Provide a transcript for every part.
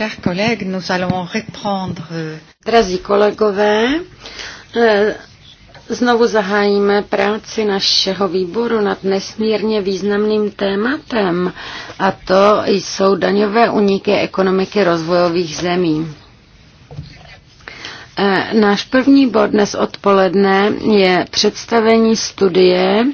chers collègues, nous allons reprendre. Euh, Drazí kolegové, eh, znovu zahájíme práci našeho výboru nad nesmírně významným tématem, a to jsou daňové uniky ekonomiky rozvojových zemí. Eh, náš první bod dnes odpoledne je představení studie,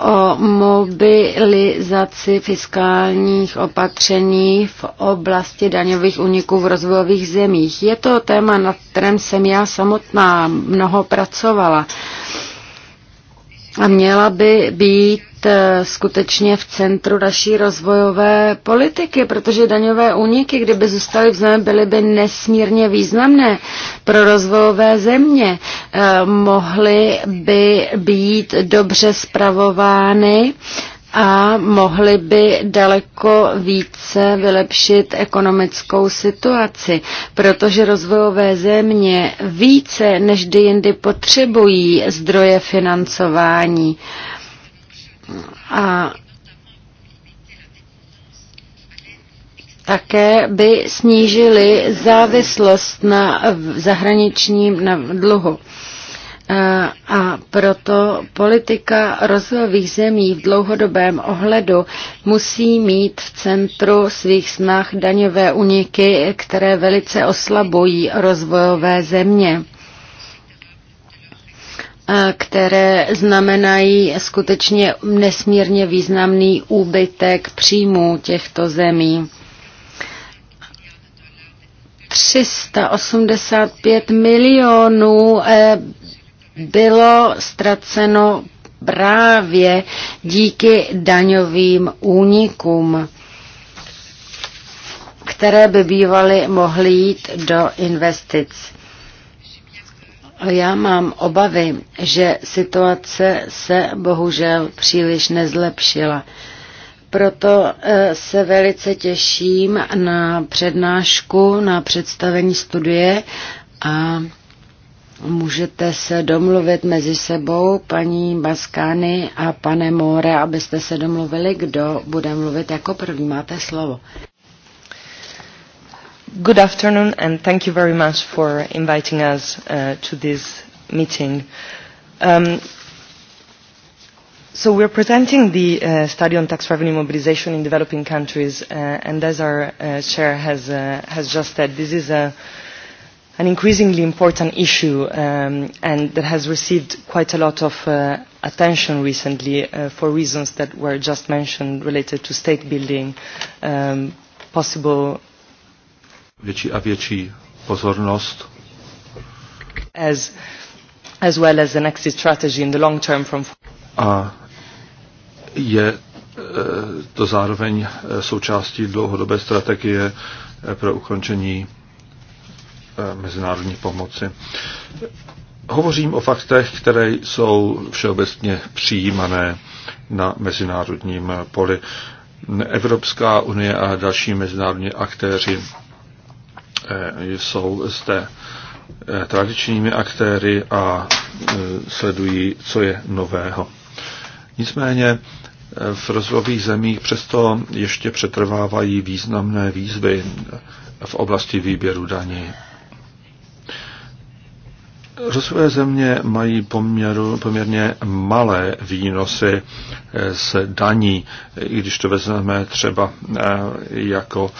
o mobilizaci fiskálních opatření v oblasti daňových úniků v rozvojových zemích. Je to téma, nad kterém jsem já samotná mnoho pracovala a měla by být eh, skutečně v centru naší rozvojové politiky, protože daňové úniky, kdyby zůstaly v zemi, byly by nesmírně významné pro rozvojové země. Eh, mohly by být dobře spravovány a mohli by daleko více vylepšit ekonomickou situaci, protože rozvojové země více než kdy jindy potřebují zdroje financování. A také by snížili závislost na zahraničním na dluhu. Eh, a proto politika rozvojových zemí v dlouhodobém ohledu musí mít v centru svých snah daňové uniky, které velice oslabují rozvojové země eh, které znamenají skutečně nesmírně významný úbytek příjmů těchto zemí. 385 milionů eh, bylo ztraceno právě díky daňovým únikům, které by bývaly mohly jít do investic. Já mám obavy, že situace se bohužel příliš nezlepšila. Proto eh, se velice těším na přednášku, na představení studie a Můžete se domluvit mezi sebou, paní Baskány a pane More, abyste se domluvili, kdo bude mluvit jako první. Máte slovo. Good afternoon and thank you very much for inviting us uh, to this meeting. Um, So are presenting the uh, study on tax revenue mobilization in developing countries, uh, and as our uh, chair has, uh, has just said, this is a an increasingly important issue um, and that has received quite a lot of uh, attention recently uh, for reasons that were just mentioned related to state building, um, possible větší a větší pozornost as, as well as an exit strategy in the long term from a je uh, to zároveň uh, součástí dlouhodobé strategie uh, pro ukončení Eh, mezinárodní pomoci. Hovořím o faktech, které jsou všeobecně přijímané na mezinárodním poli. Evropská unie a další mezinárodní aktéři eh, jsou zde eh, tradičními aktéry a sledují, co je nového. Nicméně v rozvojových zemích přesto ještě přetrvávají významné výzvy v oblasti výběru daní. Rozvojové země mají poměru, poměrně malé výnosy eh, z daní, i když to vezmeme třeba eh, jako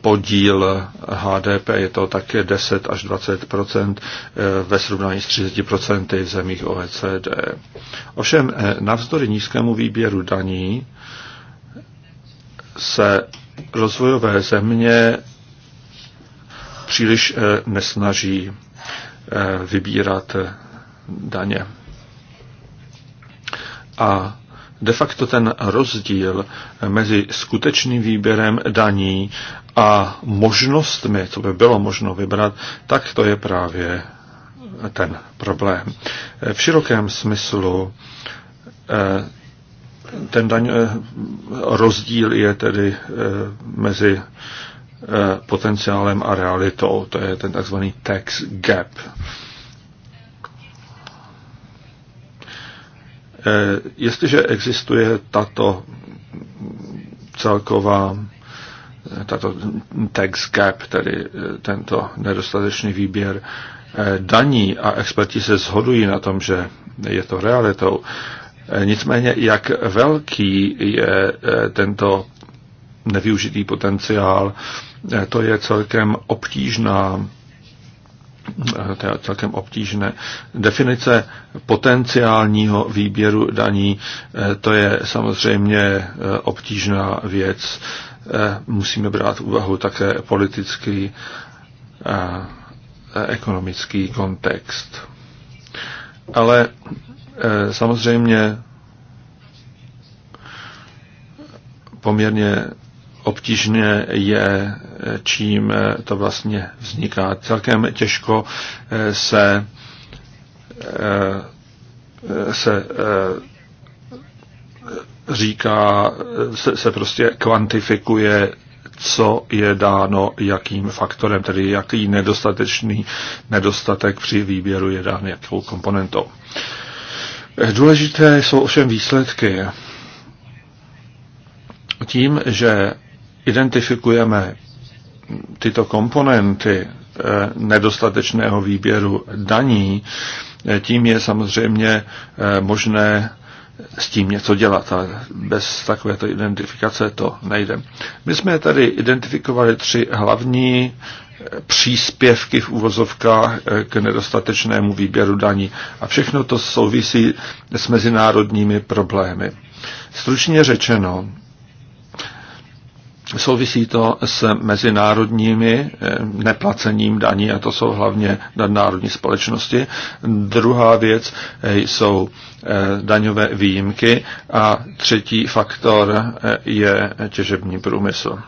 podíl HDP, je to také 10 až 20 eh, ve srovnání s 30 v zemích OECD. Ovšem navzdory nízkému výběru daní se rozvojové země příliš nesnaží Eh, vybírat eh, daně. A de facto ten rozdíl mezi skutečným výběrem daní a možnostmi, co by bylo možno vybrat, tak to je právě ten problém. Eh, v širokém smyslu ten daň, rozdíl je tedy mezi Eh, potenciálem a realitou. To je ten takzvaný tax gap. Eh, jestliže existuje tato celková eh, tato tax gap, tedy tento nedostatečný výběr daní a experti se shodují na tom, že je to realitou. Nicméně, jak velký je tento nevyužitý potenciál. Eh, to je celkem obtížná eh, to je celkem obtížné. Definice potenciálního výběru daní, eh, to je samozřejmě obtížná věc. Musíme brát v úvahu také politický a ekonomický kontext. Ale samozřejmě poměrně obtížně je, čím to vlastně vzniká. Celkem těžko eh, se, eh, se eh, říká, se, se prostě kvantifikuje, co je dáno jakým faktorem, tedy jaký nedostatečný nedostatek při výběru je dán jakou komponentou. Důležité jsou ovšem výsledky. Tím, že identifikujeme tyto komponenty eh, nedostatečného výběru daní, eh, tím je samozřejmě eh, možné s tím něco dělat, ale bez takovéto identifikace to nejde. My jsme tady identifikovali tři hlavní příspěvky v uvozovkách k nedostatečnému výběru daní. A všechno to souvisí s mezinárodními problémy. Stručně řečeno, Souvisí to s mezinárodními eh, neplacením daní, a to jsou hlavně nadnárodní společnosti. Druhá věc eh, jsou eh, daňové výjimky a třetí faktor je těžební průmysl.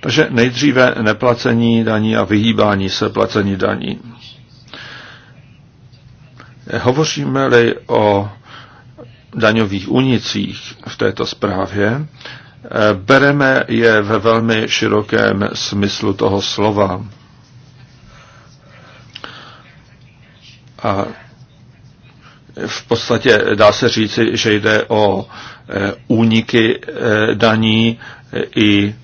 Takže nejdříve neplacení daní a vyhýbání se placení daní. Hovoříme-li o daňových unicích v této zprávě, bereme je ve velmi širokém smyslu toho slova. A v podstatě dá se říci, že jde o eh, úniky eh, daní eh, i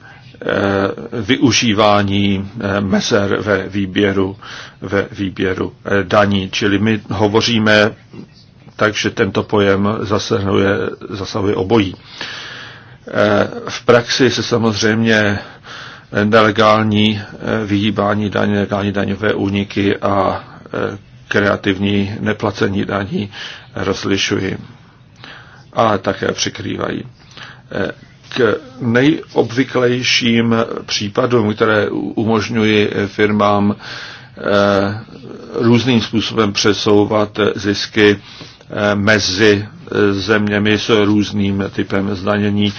využívání mezer ve výběru, ve výběru daní. Čili my hovoříme takže tento pojem zasahuje, zasahuje obojí. Eh, v praxi se samozřejmě eh, nelegální eh, vyhýbání daní, nelegální daňové úniky a kreativní neplacení daní rozlišují a také překrývají. K nejobvyklejším případům, které umožňují firmám různým způsobem přesouvat zisky Eh, mezi eh, zeměmi s různým typem zdanění.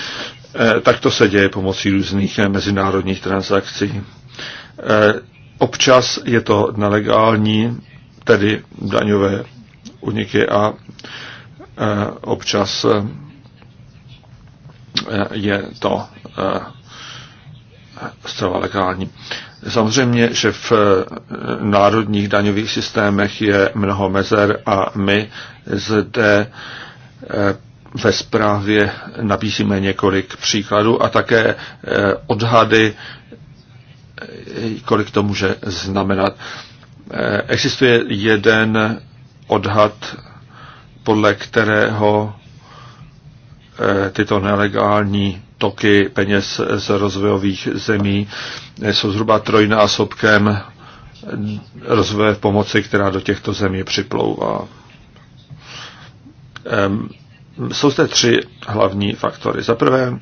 Eh, tak to se děje pomocí různých mezinárodních transakcí. Občas je to nelegální, tedy daňové uniky a občas je to zcela legální. Samozřejmě, že v národních daňových systémech je mnoho mezer a my zde eh, ve zprávě nabízíme několik příkladů a také eh, odhady, eh, kolik to může znamenat. Existuje jeden odhad, podle kterého tyto nelegální toky peněz z rozvojových zemí jsou zhruba trojnásobkem rozvoje pomoci, která do těchto zemí připlouvá. Ehm, jsou zde tři hlavní faktory. Za prvé,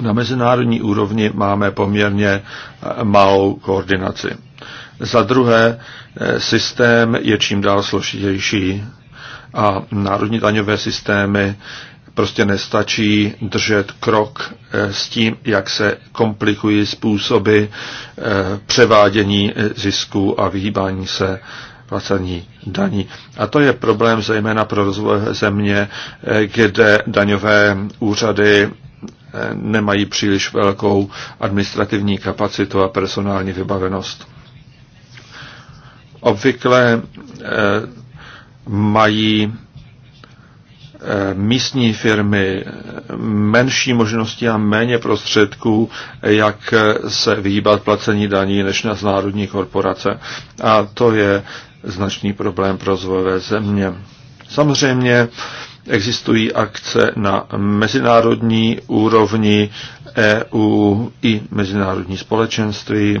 na mezinárodní úrovni máme poměrně eh, malou koordinaci. Za druhé, eh, systém je čím dál složitější a národní daňové systémy prostě nestačí držet krok eh, s tím, jak se komplikují způsoby převádění zisku a vyhýbání se placení daní. A to je problém zejména pro rozvoj země, kde daňové úřady eh, nemají příliš velkou administrativní kapacitu a personální vybavenost. Obvykle eh, mají eh, místní firmy menší možnosti a méně prostředků, jak se vyhýbat placení daní než na národní korporace. A to je značný problém pro rozvojové země. Samozřejmě existují akce na mezinárodní úrovni EU i mezinárodní společenství. E,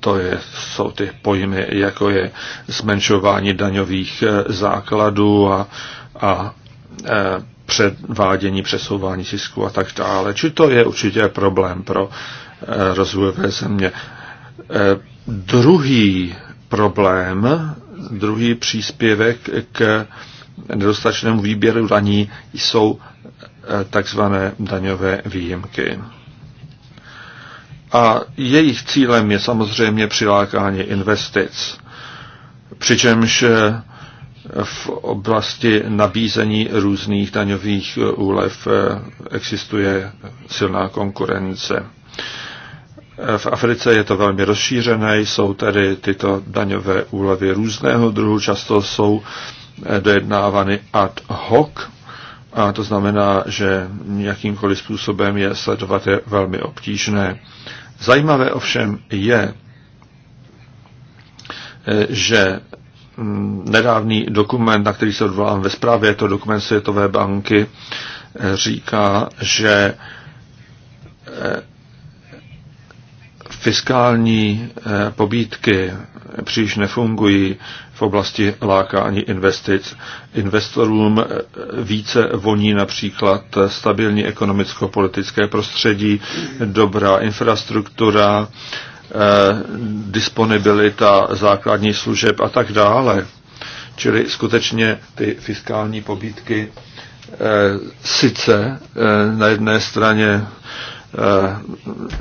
to je, jsou ty pojmy, jako je zmenšování daňových e, základů a, a e, předvádění, přesouvání zisku a tak dále. Či to je určitě problém pro rozvojové země Druhý problém, druhý příspěvek k nedostatečnému výběru daní jsou eh, takzvané daňové výjimky. A jejich cílem je samozřejmě přilákání investic. Přičemž eh, v oblasti nabízení různých daňových úlev eh, existuje silná konkurence. V Africe je to velmi rozšířené, jsou tedy tyto daňové úlevy různého druhu, často jsou eh, dojednávány ad hoc, a to znamená, že jakýmkoliv způsobem je sledovat je velmi obtížné. Zajímavé ovšem je, eh, že mm, nedávný dokument, na který se odvolám ve zprávě, je to dokument Světové banky, eh, říká, že fiskální eh, pobídky příliš nefungují v oblasti lákání investic. Investorům eh, více voní například stabilní ekonomicko-politické prostředí, dobrá infrastruktura, eh, disponibilita základních služeb a tak dále. Čili skutečně ty fiskální pobídky sice na jedné straně Eh,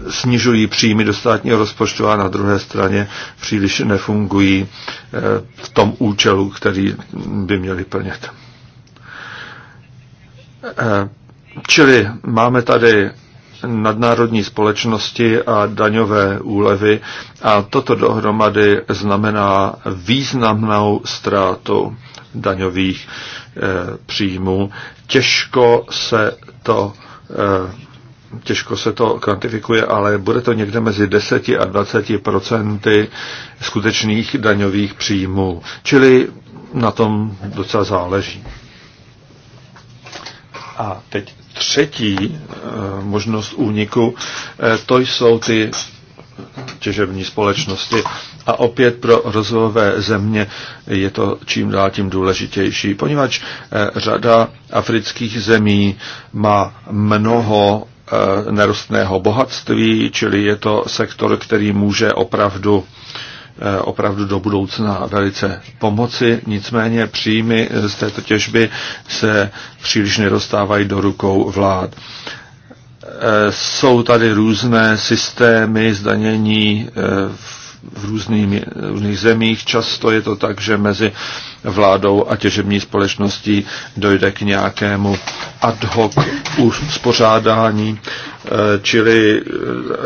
snižují příjmy do státního rozpočtu a na druhé straně příliš nefungují eh, v tom účelu, který by měli plnit. Eh, čili máme tady nadnárodní společnosti a daňové úlevy a toto dohromady znamená významnou ztrátu daňových e, příjmů. Těžko se to e, těžko se to kvantifikuje, ale bude to někde mezi 10 a 20 procenty skutečných daňových příjmů. Čili na tom docela záleží. A teď třetí eh, možnost úniku, eh, to jsou ty těžební společnosti. A opět pro rozvojové země je to čím dál tím důležitější, poněvadž eh, řada afrických zemí má mnoho Eh, nerostného bohatství, čili je to sektor, který může opravdu eh, opravdu do budoucna velice pomoci. Nicméně příjmy z této těžby se příliš nedostávají do rukou vlád. Eh, jsou tady různé systémy zdanění v v různých, různých zemích. Často je to tak, že mezi vládou a těžební společností dojde k nějakému ad hoc uspořádání, eh, čili eh,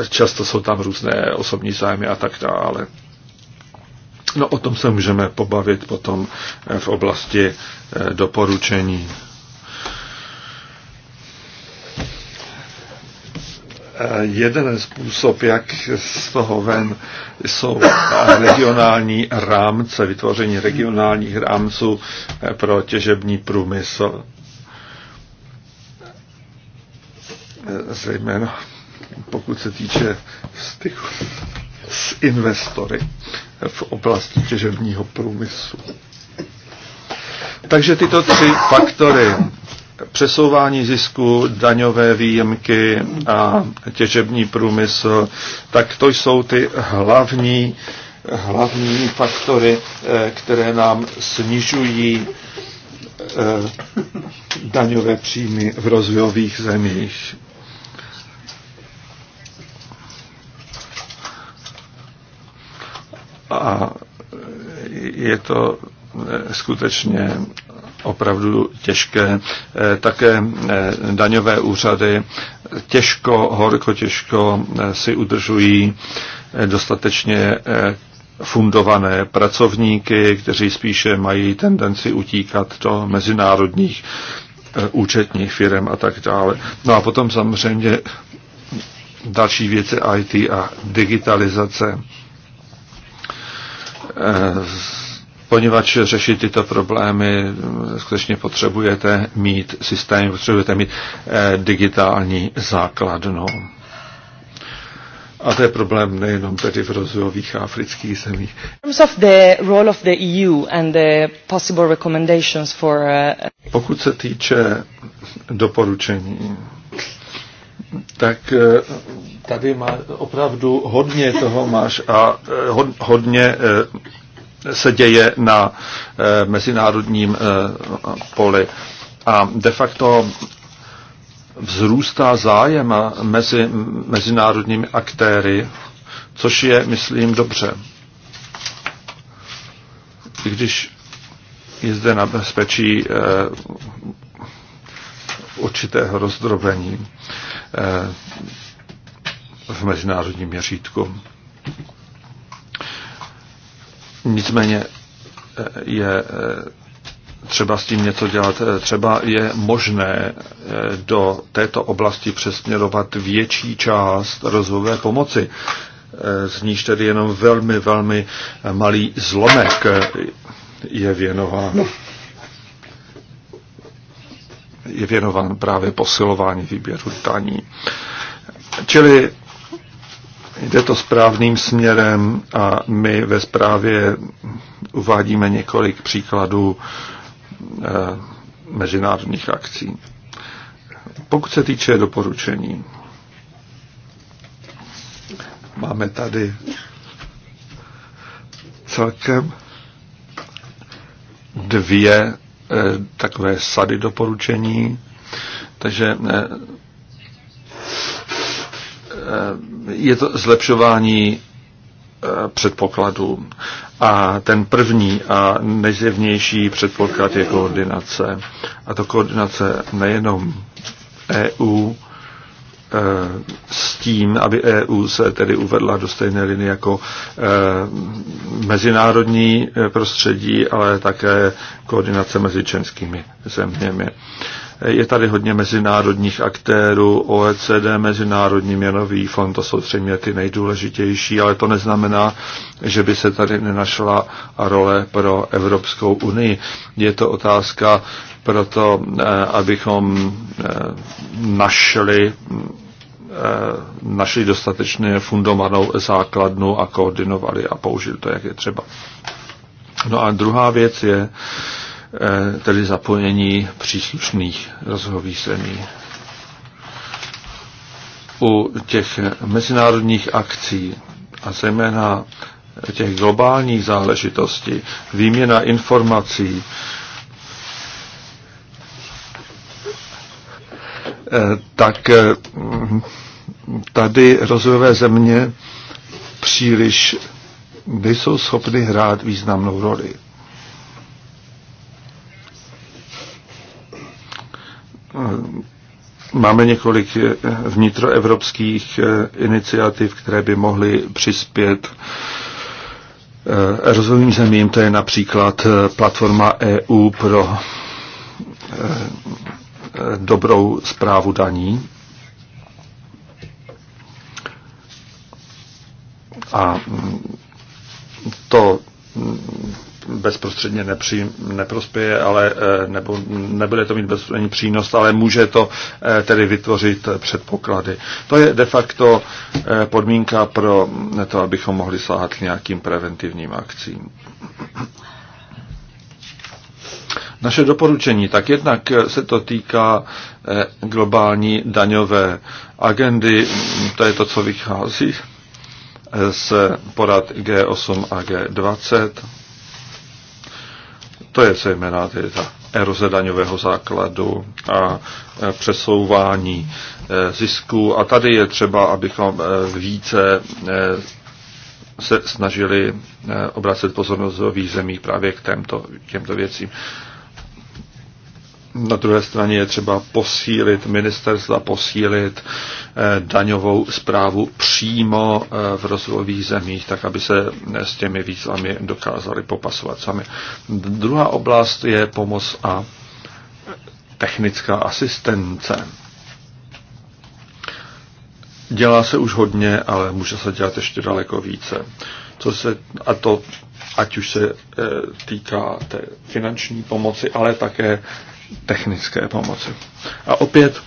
často jsou tam různé osobní zájmy a tak dále. No o tom se můžeme pobavit potom eh, v oblasti doporučení. jeden způsob, jak z toho ven, jsou regionální rámce, vytvoření regionálních rámců eh, pro těžební průmysl. Eh, zejména pokud se týče styku s investory eh, v oblasti těžebního průmyslu. Takže tyto tři faktory přesouvání zisku, daňové výjimky a těžební průmysl, tak to jsou ty hlavní, hlavní faktory, eh, které nám snižují eh, daňové příjmy v rozvojových zemích. A je to eh, skutečně opravdu těžké. Eh, také eh, daňové úřady těžko, horko těžko eh, si udržují dostatečně fundované pracovníky, kteří spíše mají tendenci utíkat do mezinárodních účetních firm a tak dále. No a potom samozřejmě další věci IT a digitalizace poněvadž řešit tyto problémy skutečně potřebujete mít systém, potřebujete mít eh, digitální základnu. A to je problém nejenom tedy v rozvojových a afrických zemích. E uh, Pokud se týče doporučení, tak eh, tady má opravdu hodně toho máš a eh, hodně se děje na eh, mezinárodním eh, poli. A de facto vzrůstá zájem mezi mezinárodními aktéry, což je, myslím, dobře. I když je zde na bezpečí eh, určitého rozdrobení v mezinárodním měřítku. Nicméně eh, je eh, třeba s tím něco dělat. Eh, třeba je možné do této oblasti přesměrovat větší část rozvojové pomoci, z níž tedy jenom velmi, velmi malý zlomek je věnován. Je věnován právě posilování výběru daní. Čili Jde to správným směrem a my ve zprávě uvádíme několik příkladů eh, mezinárodních akcí. Pokud se týče doporučení, máme tady celkem dvě eh, takové sady doporučení. Takže eh, Eh, je to zlepšování eh, předpokladů. A ten první a nejzjevnější předpoklad je koordinace. A to koordinace nejenom EU eh, s tím, aby EU se tedy uvedla do stejné linie jako mezinárodní prostředí, ale také koordinace mezi členskými zeměmi. Je tady hodně mezinárodních aktérů, OECD, Mezinárodní měnový fond, to jsou třeba ty nejdůležitější, ale to neznamená, že by se tady nenašla role pro Evropskou unii. Je to otázka proto, eh, abychom eh, našli eh, našli dostatečně fundovanou základnu a koordinovali a použili to, jak je třeba. No a druhá věc je, Eh, tedy zapojení příslušných rozhových zemí. U těch mezinárodních akcí a zejména těch globálních záležitostí, výměna informací, eh, tak eh, tady rozvojové země příliš nejsou schopny hrát významnou roli. Máme několik eh, vnitroevropských eh, iniciativ, které by mohly přispět eh, rozvojovým zemím. To je například platforma EU pro dobrou zprávu daní. A mm, to mm, bezprostředně nepří, neprospěje, ale eh, nebo nebude to mít bezprostřední přínos, ale může to eh, tedy vytvořit předpoklady. To je de facto eh, podmínka pro to, abychom mohli sáhat k nějakým preventivním akcím. Naše doporučení, tak jednak se to týká globální daňové agendy, to je to, co vychází z porad G8 a G20. To je zejména tedy ta eroze daňového základu a e, přesouvání e, zisku. A tady je třeba, abychom e, více se snažili obracet pozornost do zemí právě k těmto, těmto věcím. Na druhé straně je třeba posílit ministerstva, posílit eh, daňovou zprávu přímo eh, v rozvojových zemích, tak aby se eh, s těmi výzvami dokázali popasovat sami. Druhá oblast je pomoc a technická asistence. Dělá se už hodně, ale může se dělat ještě daleko více. Co se, a to ať už se e, týká té finanční pomoci, ale také technické pomoci. A opět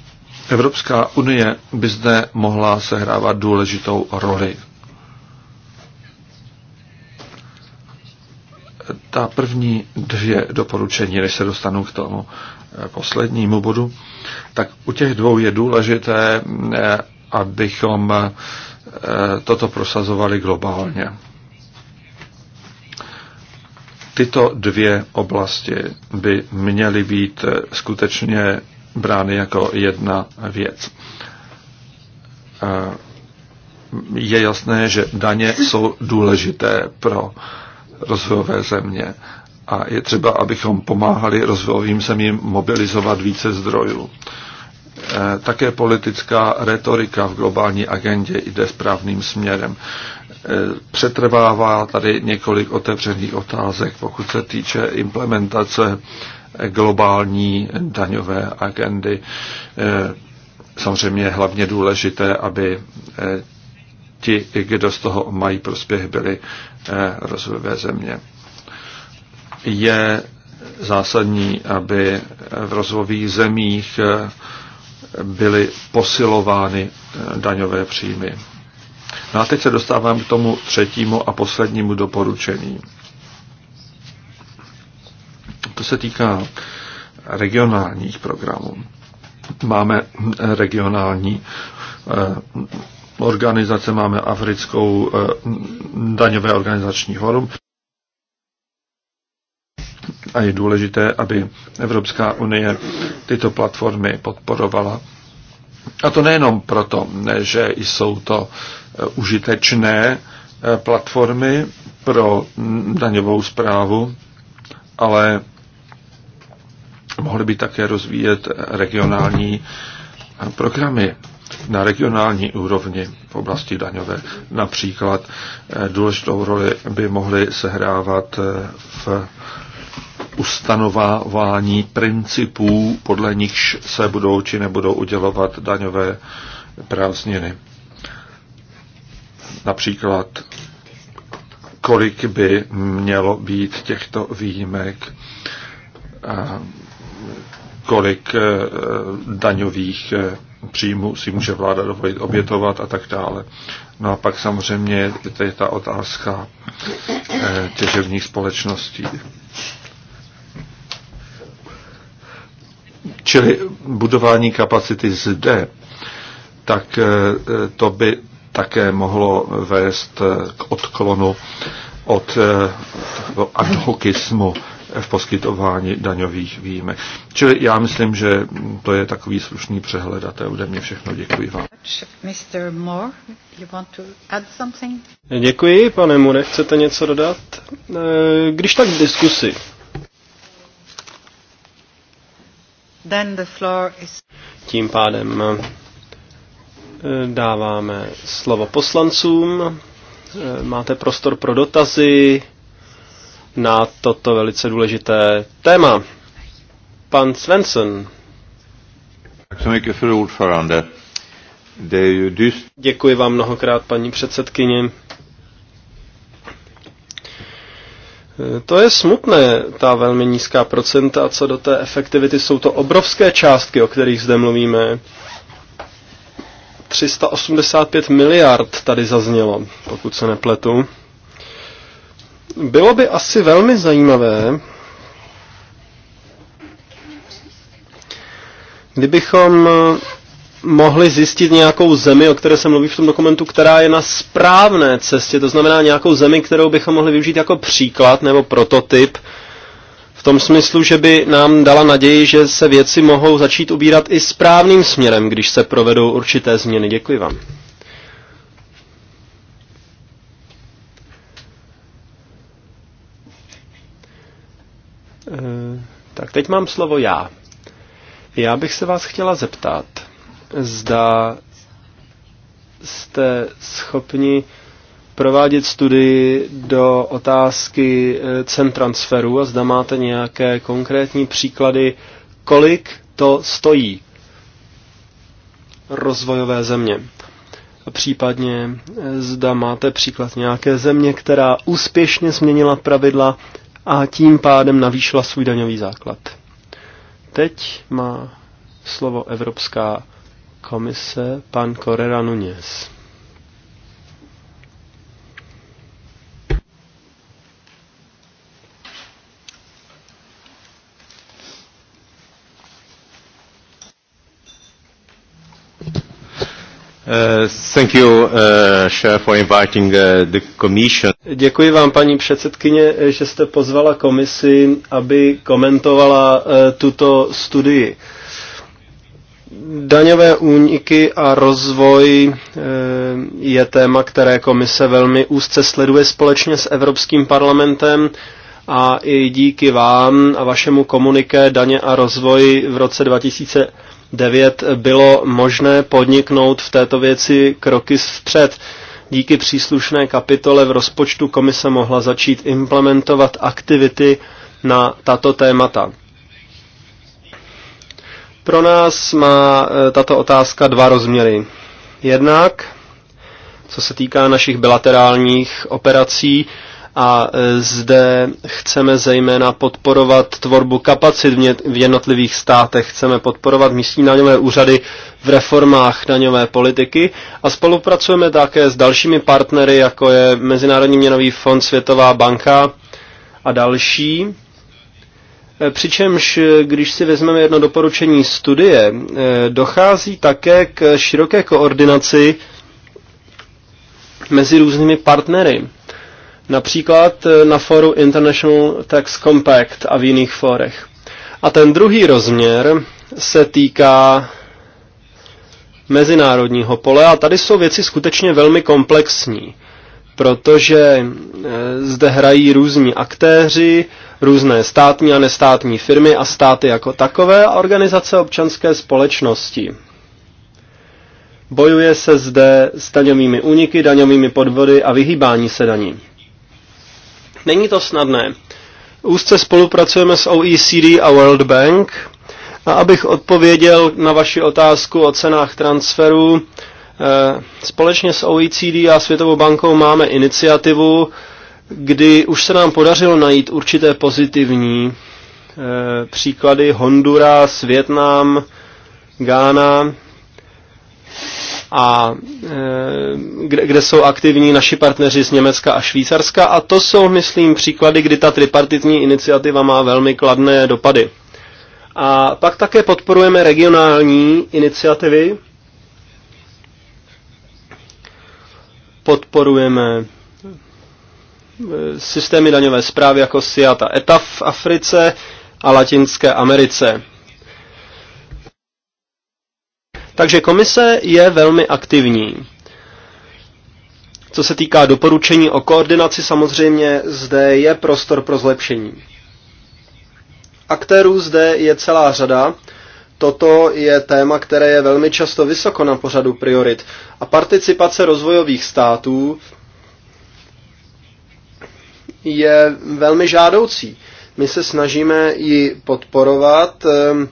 Evropská unie by zde mohla sehrávat důležitou roli. Ta první dvě doporučení, než se dostanu k tomu eh, poslednímu bodu, tak u těch dvou je důležité, eh, abychom eh, toto prosazovali globálně. Tyto dvě oblasti by měly být eh, skutečně brány jako jedna věc. Eh, je jasné, že daně jsou důležité pro rozvojové země a je třeba, abychom pomáhali rozvojovým zemím mobilizovat více zdrojů. Eh, také politická retorika v globální agendě jde správným směrem přetrvává tady několik otevřených otázek, pokud se týče implementace globální daňové agendy. Eh, samozřejmě je hlavně důležité, aby eh, ti, kdo z toho mají prospěch, byli eh, rozvojové země. Je zásadní, aby v rozvojových zemích byly posilovány daňové příjmy. No a teď se dostávám k tomu třetímu a poslednímu doporučení. To se týká regionálních programů. Máme regionální eh, organizace, máme africkou eh, daňové organizační forum. A je důležité, aby Evropská unie tyto platformy podporovala. A to nejenom proto, že jsou to Eh, užitečné eh, platformy pro daňovou zprávu, ale mohly by také rozvíjet regionální programy na regionální úrovni v oblasti daňové. Například eh, důležitou roli by mohly sehrávat v ustanovávání principů, podle nichž se budou či nebudou udělovat daňové prázdniny. Například, kolik by mělo být těchto výjimek, kolik eh, daňových eh, příjmů si může vláda dovolit obětovat a tak dále. No a pak samozřejmě je ta otázka eh, těževních společností. Čili budování kapacity zde, tak to by také mohlo vést eh, k odklonu od eh, adhokismu v poskytování daňových výjimek. Čili já myslím, že to je takový slušný přehled a to je ode mě všechno. Děkuji vám. Mr. Moore, you want to add something? Děkuji, pane Moore, chcete něco dodat? Eh, když tak v diskusi. Then the floor is... Tím pádem Dáváme slovo poslancům. Eh, máte prostor pro dotazy na toto velice důležité téma. Pan Svensson. Děkuji vám mnohokrát, paní předsedkyně. Eh, to je smutné, ta velmi nízká procenta, co do té efektivity jsou to obrovské částky, o kterých zde mluvíme. 385 miliard tady zaznělo, pokud se nepletu. Bylo by asi velmi zajímavé, kdybychom mohli zjistit nějakou zemi, o které se mluví v tom dokumentu, která je na správné cestě, to znamená nějakou zemi, kterou bychom mohli využít jako příklad nebo prototyp tom smyslu, že by nám dala naději, že se věci mohou začít ubírat i správným směrem, když se provedou určité změny. Děkuji vám. Eh, tak teď mám slovo já. Já bych se vás chtěla zeptat, zda jste schopni provádět studii do otázky eh, cen transferu a zda máte nějaké konkrétní příklady, kolik to stojí rozvojové země. Případně eh, zda máte příklad nějaké země, která úspěšně změnila pravidla a tím pádem navýšila svůj daňový základ. Teď má slovo Evropská komise pan Correra Nunes. Děkuji vám, paní předsedkyně, že jste pozvala komisi, aby komentovala uh, tuto studii. Daňové úniky a rozvoj uh, je téma, které komise velmi úzce sleduje společně s Evropským parlamentem a i díky vám a vašemu komuniké Daně a rozvoj v roce 2000 9 bylo možné podniknout v této věci kroky vpřed. Díky příslušné kapitole v rozpočtu komise mohla začít implementovat aktivity na tato témata. Pro nás má e, tato otázka dva rozměry. Jednak, co se týká našich bilaterálních operací, a e, zde chceme zejména podporovat tvorbu kapacit v jednotlivých státech, chceme podporovat místní daňové úřady v reformách daňové politiky a spolupracujeme také s dalšími partnery, jako je Mezinárodní měnový fond, Světová banka a další. E, přičemž, když si vezmeme jedno doporučení studie, e, dochází také k široké koordinaci mezi různými partnery například eh, na foru International Tax Compact a v jiných forech. A ten druhý rozměr se týká mezinárodního pole a tady jsou věci skutečně velmi komplexní, protože eh, zde hrají různí aktéři, různé státní a nestátní firmy a státy jako takové a organizace občanské společnosti. Bojuje se zde s daňovými úniky, daňovými podvody a vyhýbání se daní. Není to snadné. Úzce spolupracujeme s OECD a World Bank. A abych odpověděl na vaši otázku o cenách transferu, eh, společně s OECD a Světovou bankou máme iniciativu, kdy už se nám podařilo najít určité pozitivní eh, příklady Honduras, Vietnam, Ghana, a e, kde, kde jsou aktivní naši partneři z Německa a Švýcarska a to jsou, myslím, příklady, kdy ta tripartitní iniciativa má velmi kladné dopady. A pak také podporujeme regionální iniciativy. Podporujeme e, systémy daňové zprávy jako SIAT a ETA v Africe a Latinské Americe. Takže komise je velmi aktivní. Co se týká doporučení o koordinaci, samozřejmě zde je prostor pro zlepšení. Aktérů zde je celá řada. Toto je téma, které je velmi často vysoko na pořadu priorit. A participace rozvojových států je velmi žádoucí. My se snažíme ji podporovat. Ehm,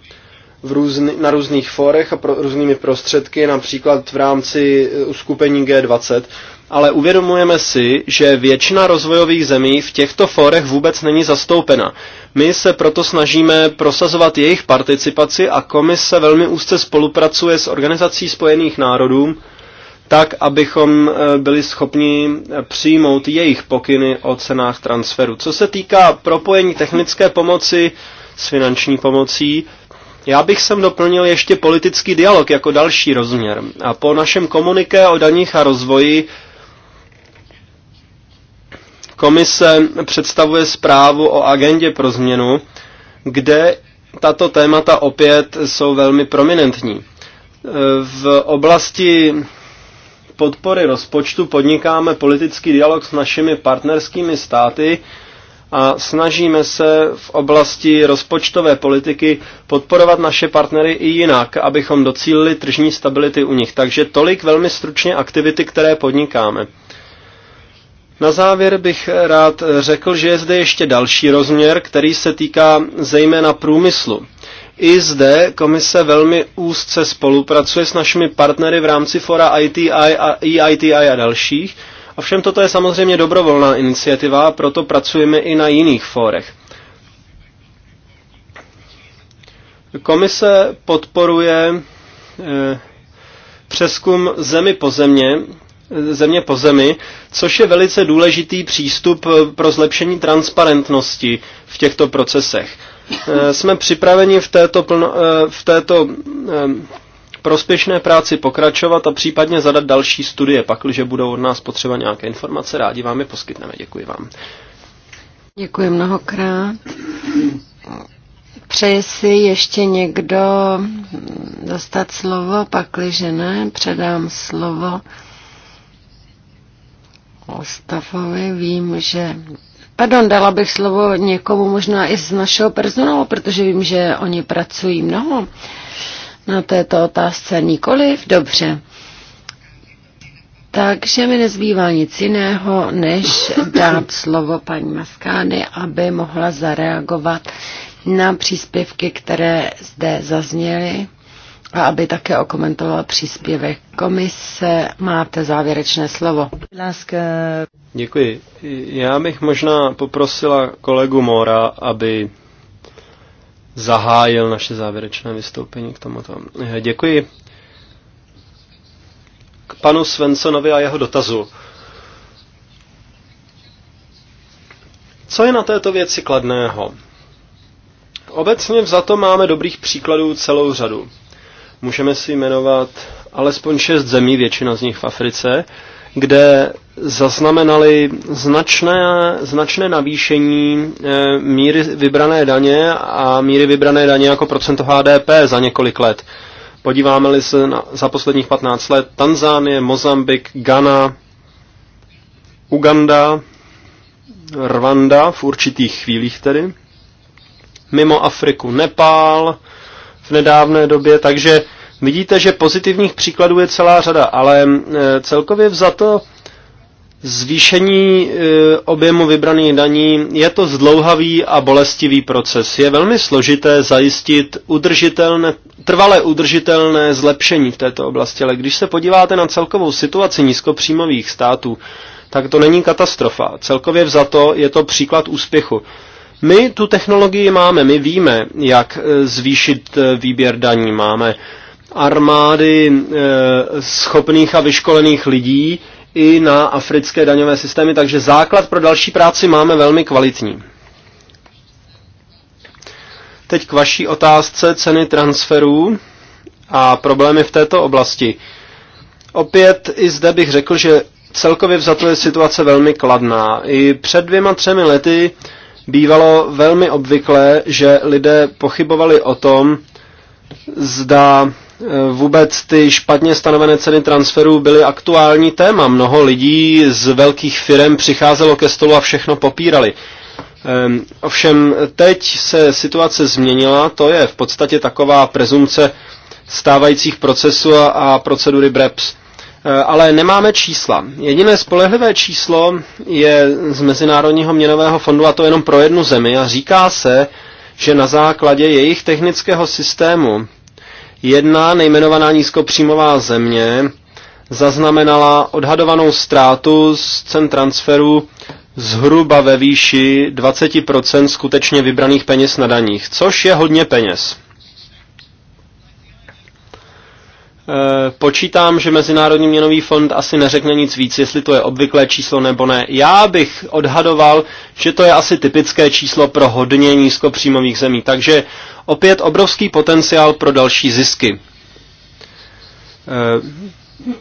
v různy, na různých fórech a pro, různými prostředky, například v rámci eh, uskupení G20, ale uvědomujeme si, že většina rozvojových zemí v těchto fórech vůbec není zastoupena. My se proto snažíme prosazovat jejich participaci a komise velmi úzce spolupracuje s Organizací spojených národů, tak, abychom eh, byli schopni eh, přijmout jejich pokyny o cenách transferu. Co se týká propojení technické pomoci s finanční pomocí, já bych sem doplnil ještě politický dialog jako další rozměr. A po našem komuniké o daních a rozvoji komise představuje zprávu o agendě pro změnu, kde tato témata opět jsou velmi prominentní. V oblasti podpory rozpočtu podnikáme politický dialog s našimi partnerskými státy, a snažíme se v oblasti rozpočtové politiky podporovat naše partnery i jinak, abychom docílili tržní stability u nich. Takže tolik velmi stručně aktivity, které podnikáme. Na závěr bych rád řekl, že je zde ještě další rozměr, který se týká zejména průmyslu. I zde komise velmi úzce spolupracuje s našimi partnery v rámci fora ITI a EITI a dalších, Ovšem toto je samozřejmě dobrovolná iniciativa, proto pracujeme i na jiných fórech. Komise podporuje eh, přeskum zemi po země, eh, země po zemi, což je velice důležitý přístup eh, pro zlepšení transparentnosti v těchto procesech. Jsme připraveni v této, plno, v této prospěšné práci pokračovat a případně zadat další studie. Pakliže budou od nás potřeba nějaké informace, rádi vám je poskytneme. Děkuji vám. Děkuji mnohokrát. Přeje si ještě někdo dostat slovo, pakliže ne, předám slovo Ostafovi. Vím, že... Pardon, dala bych slovo někomu možná i z našeho personálu, protože vím, že oni pracují mnoho na této otázce? Nikoliv? Dobře. Takže mi nezbývá nic jiného, než dát slovo paní Maskány, aby mohla zareagovat na příspěvky, které zde zazněly a aby také okomentovala příspěvek komise. Máte závěrečné slovo. Láska. Děkuji. Já bych možná poprosila kolegu Mora, aby zahájil naše závěrečné vystoupení k tomuto. Eh, děkuji. K panu Svensonovi a jeho dotazu. Co je na této věci kladného? Obecně vzato máme dobrých příkladů celou řadu. Můžeme si jmenovat alespoň šest zemí, většina z nich v Africe, kde zaznamenali značné, značné navýšení eh, míry vybrané daně a míry vybrané daně jako procento HDP za několik let. Podíváme-li se na, za posledních 15 let Tanzánie, Mozambik, Ghana, Uganda, Rwanda v určitých chvílích tedy, mimo Afriku Nepál v nedávné době, takže Vidíte, že pozitivních příkladů je celá řada, ale e, celkově vzato zvýšení e, objemu vybraných daní je to zdlouhavý a bolestivý proces. Je velmi složité zajistit udržitelné, trvalé udržitelné zlepšení v této oblasti, ale když se podíváte na celkovou situaci nízkopříjmových států, tak to není katastrofa. Celkově vzato je to příklad úspěchu. My tu technologii máme, my víme, jak e, zvýšit výběr daní. Máme armády e, schopných a vyškolených lidí i na africké daňové systémy, takže základ pro další práci máme velmi kvalitní. Teď k vaší otázce ceny transferů a problémy v této oblasti. Opět i zde bych řekl, že celkově vzato je situace velmi kladná. I před dvěma, třemi lety bývalo velmi obvyklé, že lidé pochybovali o tom, zda Eh, vůbec ty špatně stanovené ceny transferů byly aktuální téma. Mnoho lidí z velkých firm přicházelo ke stolu a všechno popírali. Ehm, ovšem teď se situace změnila, to je v podstatě taková prezumce stávajících procesů a, a procedury BREPS. Eh, ale nemáme čísla. Jediné spolehlivé číslo je z Mezinárodního měnového fondu a to jenom pro jednu zemi a říká se, že na základě jejich technického systému Jedna nejmenovaná nízkopříjmová země zaznamenala odhadovanou ztrátu z cen transferu zhruba ve výši 20% skutečně vybraných peněz na daních, což je hodně peněz. Eh, počítám, že Mezinárodní měnový fond asi neřekne nic víc, jestli to je obvyklé číslo nebo ne. Já bych odhadoval, že to je asi typické číslo pro hodně nízkopříjmových zemí, takže opět obrovský potenciál pro další zisky. Eh,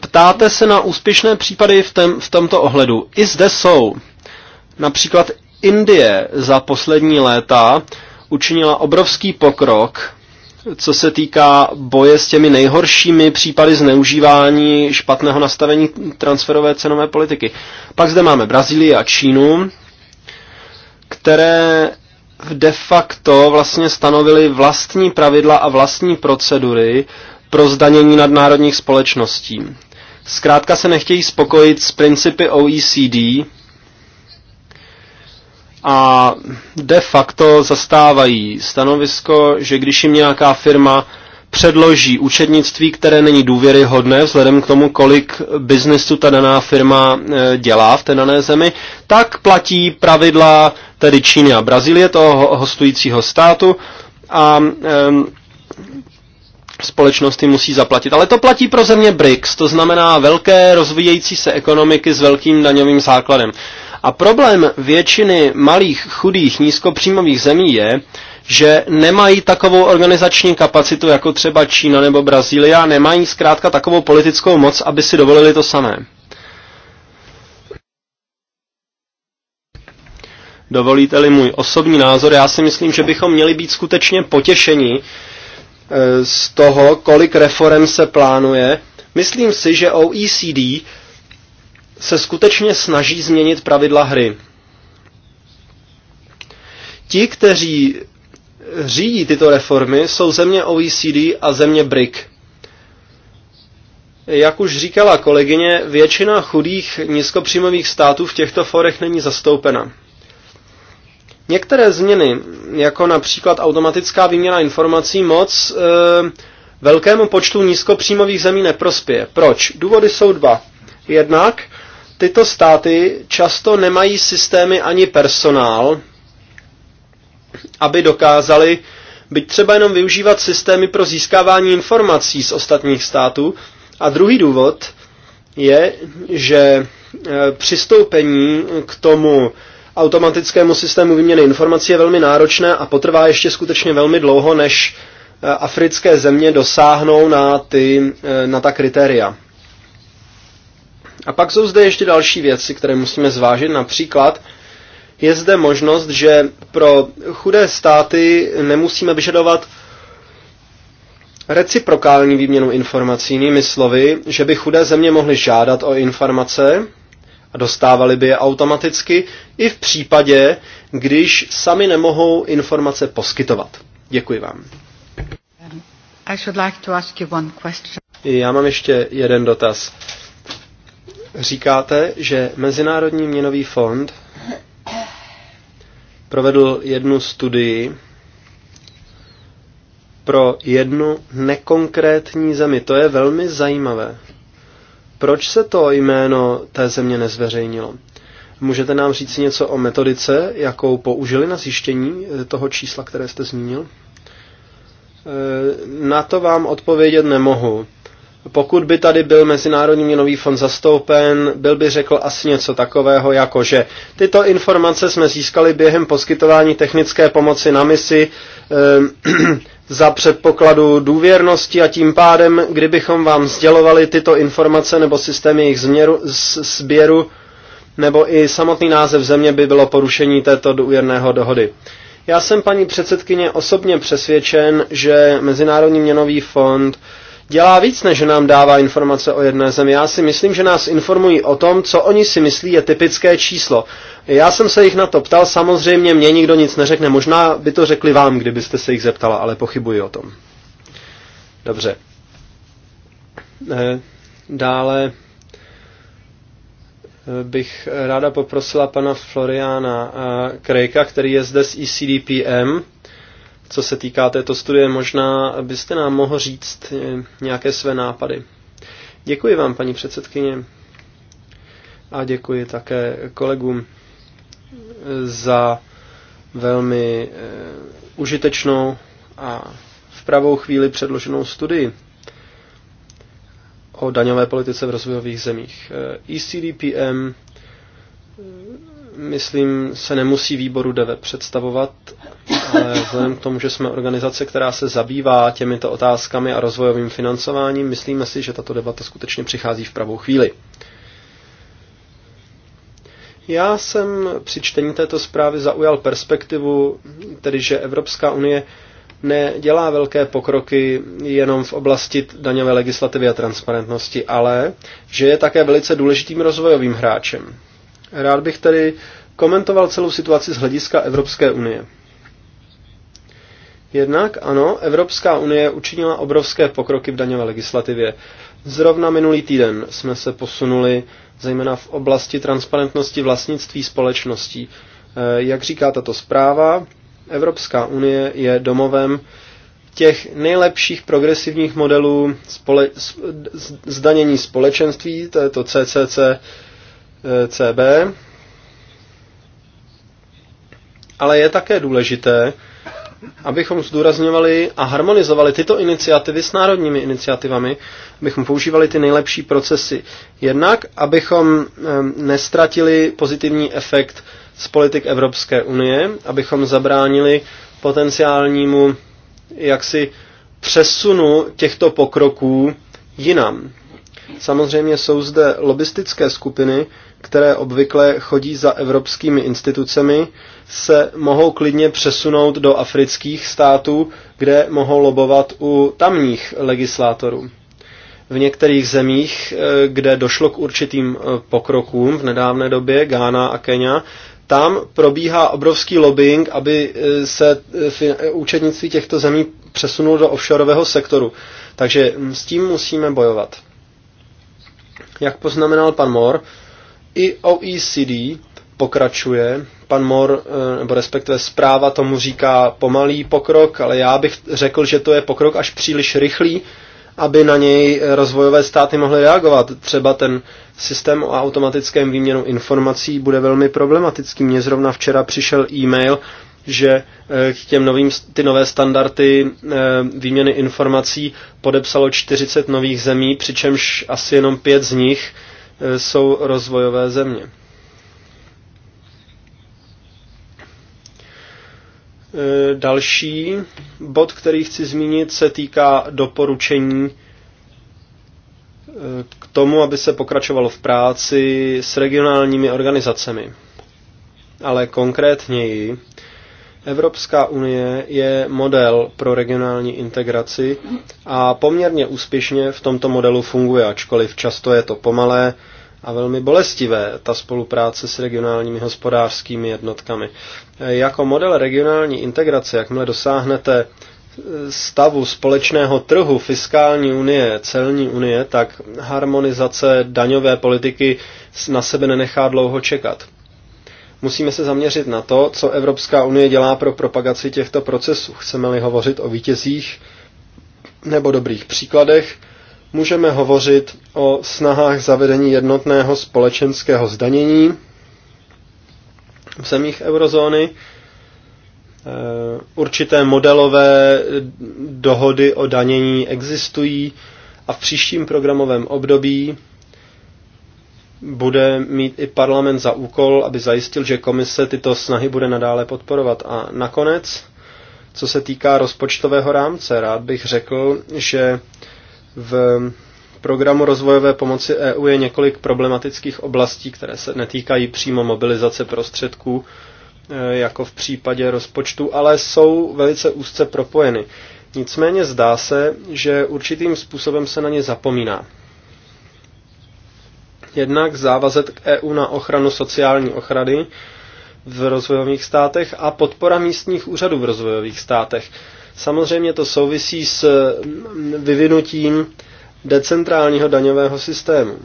ptáte se na úspěšné případy v, tem, v tomto ohledu. I zde jsou. Například Indie za poslední léta učinila obrovský pokrok co se týká boje s těmi nejhoršími případy zneužívání špatného nastavení transferové cenové politiky. Pak zde máme Brazílii a Čínu, které de facto vlastně stanovily vlastní pravidla a vlastní procedury pro zdanění nadnárodních společností. Zkrátka se nechtějí spokojit s principy OECD, a de facto zastávají stanovisko, že když jim nějaká firma předloží účetnictví, které není důvěryhodné vzhledem k tomu, kolik biznesu ta daná firma e, dělá v té dané zemi, tak platí pravidla tedy Číny a Brazílie, toho hostujícího státu a um, společnosti musí zaplatit. Ale to platí pro země BRICS, to znamená velké rozvíjející se ekonomiky s velkým daňovým základem. A problém většiny malých, chudých, nízkopříjmových zemí je, že nemají takovou organizační kapacitu jako třeba Čína nebo Brazílie nemají zkrátka takovou politickou moc, aby si dovolili to samé. Dovolíte-li můj osobní názor, já si myslím, že bychom měli být skutečně potěšeni e, z toho, kolik reform se plánuje. Myslím si, že OECD se skutečně snaží změnit pravidla hry. Ti, kteří řídí tyto reformy, jsou země OECD a země BRIC. Jak už říkala kolegyně, většina chudých nízkopříjmových států v těchto forech není zastoupena. Některé změny, jako například automatická výměna informací, moc e, velkému počtu nízkopříjmových zemí neprospěje. Proč? Důvody jsou dva. Jednak tyto státy často nemají systémy ani personál, aby dokázali byť třeba jenom využívat systémy pro získávání informací z ostatních států. A druhý důvod je, že e, přistoupení k tomu automatickému systému výměny informací je velmi náročné a potrvá ještě skutečně velmi dlouho, než e, africké země dosáhnou na, ty, e, na ta kritéria. A pak jsou zde ještě další věci, které musíme zvážit. Například je zde možnost, že pro chudé státy nemusíme vyžadovat reciprokální výměnu informací, jinými slovy, že by chudé země mohly žádat o informace a dostávali by je automaticky i v případě, když sami nemohou informace poskytovat. Děkuji vám. Um, I should like to ask you one question. Já mám ještě jeden dotaz. Říkáte, že Mezinárodní měnový fond provedl jednu studii pro jednu nekonkrétní zemi. To je velmi zajímavé. Proč se to jméno té země nezveřejnilo? Můžete nám říct něco o metodice, jakou použili na zjištění eh, toho čísla, které jste zmínil? Eh, na to vám odpovědět nemohu. Pokud by tady byl Mezinárodní měnový fond zastoupen, byl by řekl asi něco takového, jako že tyto informace jsme získali během poskytování technické pomoci na misi eh, za předpokladu důvěrnosti a tím pádem, kdybychom vám sdělovali tyto informace nebo systémy jejich změru, z, sběru, nebo i samotný název země by bylo porušení této důvěrného dohody. Já jsem paní předsedkyně osobně přesvědčen, že Mezinárodní měnový fond eh, dělá víc, než nám dává informace o jedné zemi. Já si myslím, že nás informují o tom, co oni si myslí je typické číslo. Já jsem se jich na to ptal, samozřejmě mě nikdo nic neřekne. Možná by to řekli vám, kdybyste se jich zeptala, ale pochybuji o tom. Dobře. Eh, dále eh, bych ráda poprosila pana Floriana eh, Krejka, který je zde z ECDPM, co se týká této studie. Možná byste nám mohl říct eh, nějaké své nápady. Děkuji vám, paní předsedkyně, a děkuji také kolegům eh, za velmi eh, užitečnou a v pravou chvíli předloženou studii o daňové politice v rozvojových zemích. ECDPM e myslím, se nemusí výboru DEVE představovat, ale vzhledem k tomu, že jsme organizace, která se zabývá těmito otázkami a rozvojovým financováním, myslíme si, že tato debata skutečně přichází v pravou chvíli. Já jsem při čtení této zprávy zaujal perspektivu, tedy že Evropská unie nedělá velké pokroky jenom v oblasti daňové legislativy a transparentnosti, ale že je také velice důležitým rozvojovým hráčem. Rád bych tedy komentoval celou situaci z hlediska Evropské unie. Jednak ano, Evropská unie učinila obrovské pokroky v daňové legislativě. Zrovna minulý týden jsme se posunuli zejména v oblasti transparentnosti vlastnictví společností. Eh, jak říká tato zpráva, Evropská unie je domovem těch nejlepších progresivních modelů spole- zdanění společenství, to je to CCC CB, ale je také důležité, abychom zdůrazňovali a harmonizovali tyto iniciativy s národními iniciativami, abychom používali ty nejlepší procesy. Jednak, abychom nestratili pozitivní efekt z politik Evropské unie, abychom zabránili potenciálnímu jaksi přesunu těchto pokroků jinam. Samozřejmě jsou zde lobistické skupiny, které obvykle chodí za evropskými institucemi, se mohou klidně přesunout do afrických států, kde mohou lobovat u tamních legislátorů. V některých zemích, eh, kde došlo k určitým eh, pokrokům v nedávné době, Gána a Kenya, tam probíhá obrovský lobbying, aby eh, se účetnictví těchto zemí přesunulo do offshoreového sektoru. Takže hm, s tím musíme bojovat. Jak poznamenal pan Mor, i OECD pokračuje. Pan Mor, eh, nebo respektive zpráva tomu říká pomalý pokrok, ale já bych řekl, že to je pokrok až příliš rychlý, aby na něj rozvojové státy mohly reagovat. Třeba ten systém o automatickém výměnu informací bude velmi problematický. Mně zrovna včera přišel e-mail že eh, k těm novým, ty nové standardy eh, výměny informací podepsalo 40 nových zemí, přičemž asi jenom pět z nich eh, jsou rozvojové země. Další bod, který chci zmínit, se týká doporučení k tomu, aby se pokračovalo v práci s regionálními organizacemi. Ale konkrétněji Evropská unie je model pro regionální integraci a poměrně úspěšně v tomto modelu funguje, ačkoliv často je to pomalé a velmi bolestivé, ta spolupráce s regionálními hospodářskými jednotkami. Jako model regionální integrace, jakmile dosáhnete stavu společného trhu, fiskální unie, celní unie, tak harmonizace daňové politiky na sebe nenechá dlouho čekat. Musíme se zaměřit na to, co Evropská unie dělá pro propagaci těchto procesů. Chceme-li hovořit o vítězích nebo dobrých příkladech, můžeme hovořit o snahách zavedení jednotného společenského zdanění v zemích eurozóny, eh, určité modelové dohody o danění existují a v příštím programovém období bude mít i parlament za úkol, aby zajistil, že komise tyto snahy bude nadále podporovat. A nakonec, co se týká rozpočtového rámce, rád bych řekl, že v programu rozvojové pomoci EU je několik problematických oblastí, které se netýkají přímo mobilizace prostředků, e, jako v případě rozpočtu, ale jsou velice úzce propojeny. Nicméně zdá se, že určitým způsobem se na ně zapomíná. Jednak závazek EU na ochranu sociální ochrany v rozvojových státech a podpora místních úřadů v rozvojových státech. Samozřejmě to souvisí s mm, vyvinutím decentrálního daňového systému.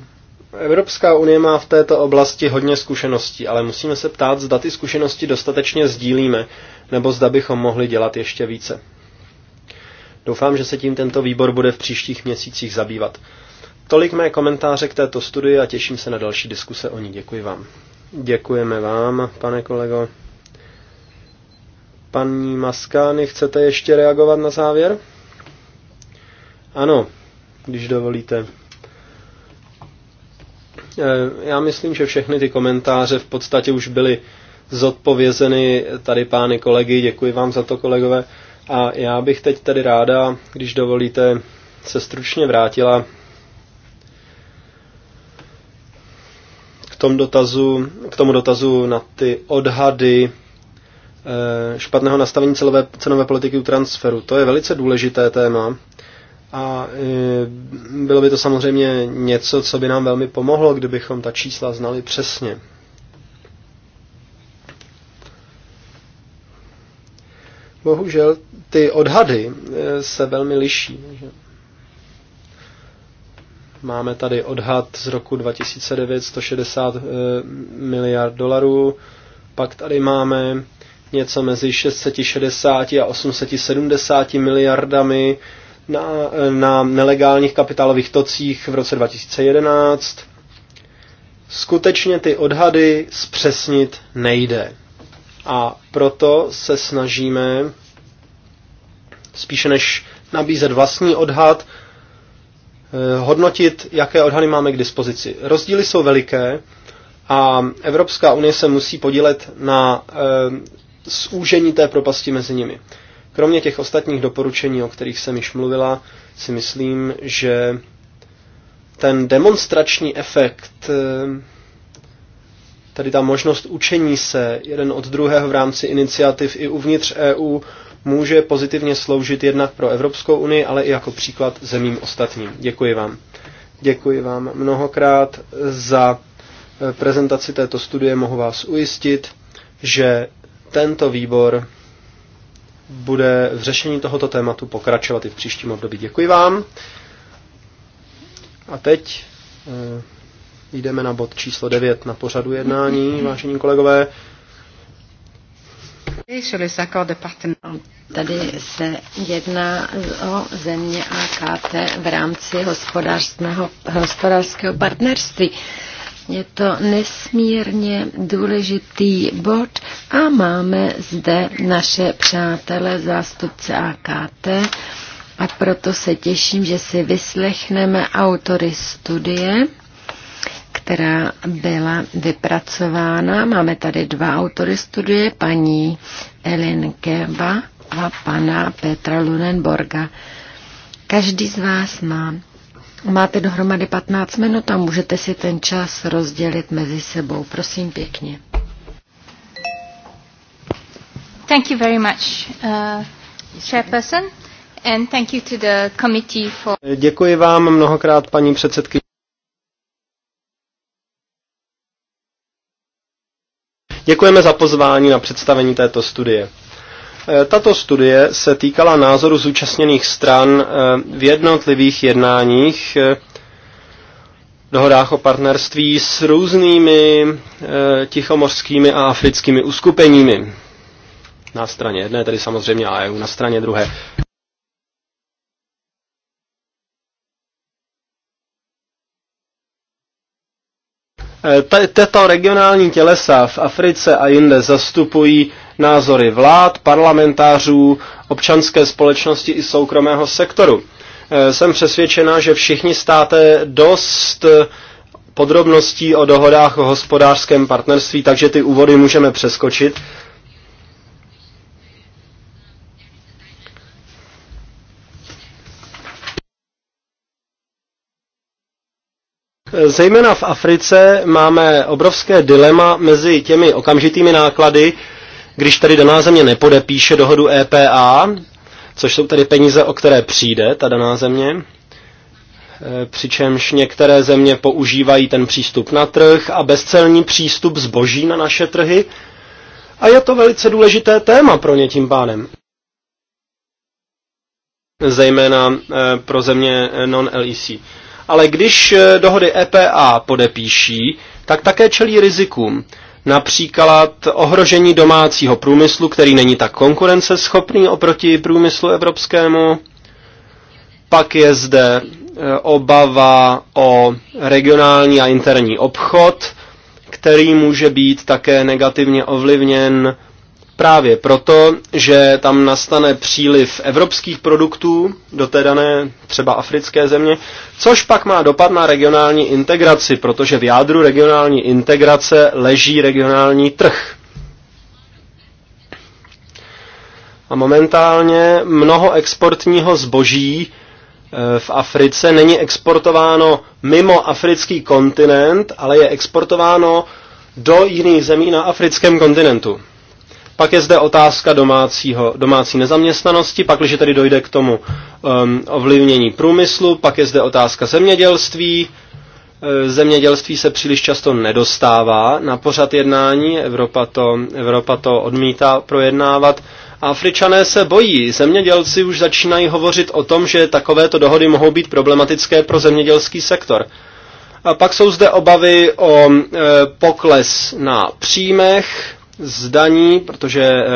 Evropská unie má v této oblasti hodně zkušeností, ale musíme se ptát, zda ty zkušenosti dostatečně sdílíme, nebo zda bychom mohli dělat ještě více. Doufám, že se tím tento výbor bude v příštích měsících zabývat. Tolik mé komentáře k této studii a těším se na další diskuse o ní. Děkuji vám. Děkujeme vám, pane kolego. Paní Maskány, chcete ještě reagovat na závěr? Ano, když dovolíte. Eh, já myslím, že všechny ty komentáře v podstatě už byly zodpovězeny tady pány kolegy. Děkuji vám za to, kolegové. A já bych teď tedy ráda, když dovolíte, se stručně vrátila tom dotazu, k tomu dotazu na ty odhady eh, špatného nastavení celové, cenové politiky u transferu. To je velice důležité téma a eh, bylo by to samozřejmě něco, co by nám velmi pomohlo, kdybychom ta čísla znali přesně. Bohužel ty odhady eh, se velmi liší. Že? Máme tady odhad z roku 2009 160 eh, miliard dolarů. Pak tady máme něco mezi 660 a 870 miliardami na, eh, na nelegálních kapitálových tocích v roce 2011. Skutečně ty odhady zpřesnit nejde. A proto se snažíme spíše než nabízet vlastní odhad, Eh, hodnotit, jaké odhady máme k dispozici. Rozdíly jsou veliké a Evropská unie se musí podílet na eh, zúžení té propasti mezi nimi. Kromě těch ostatních doporučení, o kterých jsem již mluvila, si myslím, že ten demonstrační efekt, eh, tady ta možnost učení se jeden od druhého v rámci iniciativ i uvnitř EU, může pozitivně sloužit jednak pro Evropskou unii, ale i jako příklad zemím ostatním. Děkuji vám. Děkuji vám mnohokrát za eh, prezentaci této studie. Mohu vás ujistit, že tento výbor bude v řešení tohoto tématu pokračovat i v příštím období. Děkuji vám. A teď eh, jdeme na bod číslo 9 na pořadu jednání, vážení kolegové. Tady se jedná o země AKT v rámci hospodářského partnerství. Je to nesmírně důležitý bod a máme zde naše přátele, zástupce AKT, a proto se těším, že si vyslechneme autory studie která byla vypracována. Máme tady dva autory studie, paní Elin Keba a pana Petra Lunenborga. Každý z vás má. Máte dohromady 15 minut a můžete si ten čas rozdělit mezi sebou. Prosím pěkně. Thank you very much, uh, Chairperson, and thank you to the committee for... Děkuji vám mnohokrát, paní předsedkyně. Děkujeme za pozvání na představení této studie. E, tato studie se týkala názoru zúčastněných stran e, v jednotlivých jednáních, e, dohodách o partnerství s různými tichomorskými a africkými uskupeními. Na straně jedné, tedy samozřejmě a EU na straně druhé. Eh, tato regionální tělesa v Africe a jinde zastupují názory vlád, parlamentářů, občanské společnosti i soukromého sektoru. Eh, jsem přesvědčena, že všichni státe dost eh, podrobností o dohodách o hospodářském partnerství, takže ty úvody můžeme přeskočit Zejména v Africe máme obrovské dilema mezi těmi okamžitými náklady, když tady daná země nepodepíše dohodu EPA, což jsou tedy peníze, o které přijde ta daná země, e, přičemž některé země používají ten přístup na trh a bezcelní přístup zboží na naše trhy. A je to velice důležité téma pro ně tím pádem. Zejména e, pro země non-LEC ale když eh, dohody EPA podepíší, tak také čelí rizikům. Například ohrožení domácího průmyslu, který není tak konkurenceschopný oproti průmyslu evropskému. Pak je zde eh, obava o regionální a interní obchod, který může být také negativně ovlivněn Právě proto, že tam nastane příliv evropských produktů do té dané třeba africké země, což pak má dopad na regionální integraci, protože v jádru regionální integrace leží regionální trh. A momentálně mnoho exportního zboží eh, v Africe není exportováno mimo africký kontinent, ale je exportováno do jiných zemí na africkém kontinentu. Pak je zde otázka domácího, domácí nezaměstnanosti, pak, když tedy dojde k tomu um, ovlivnění průmyslu, pak je zde otázka zemědělství. E, zemědělství se příliš často nedostává na pořad jednání, Evropa to, Evropa to odmítá projednávat. Afričané se bojí, zemědělci už začínají hovořit o tom, že takovéto dohody mohou být problematické pro zemědělský sektor. A pak jsou zde obavy o e, pokles na příjmech, zdaní, protože e,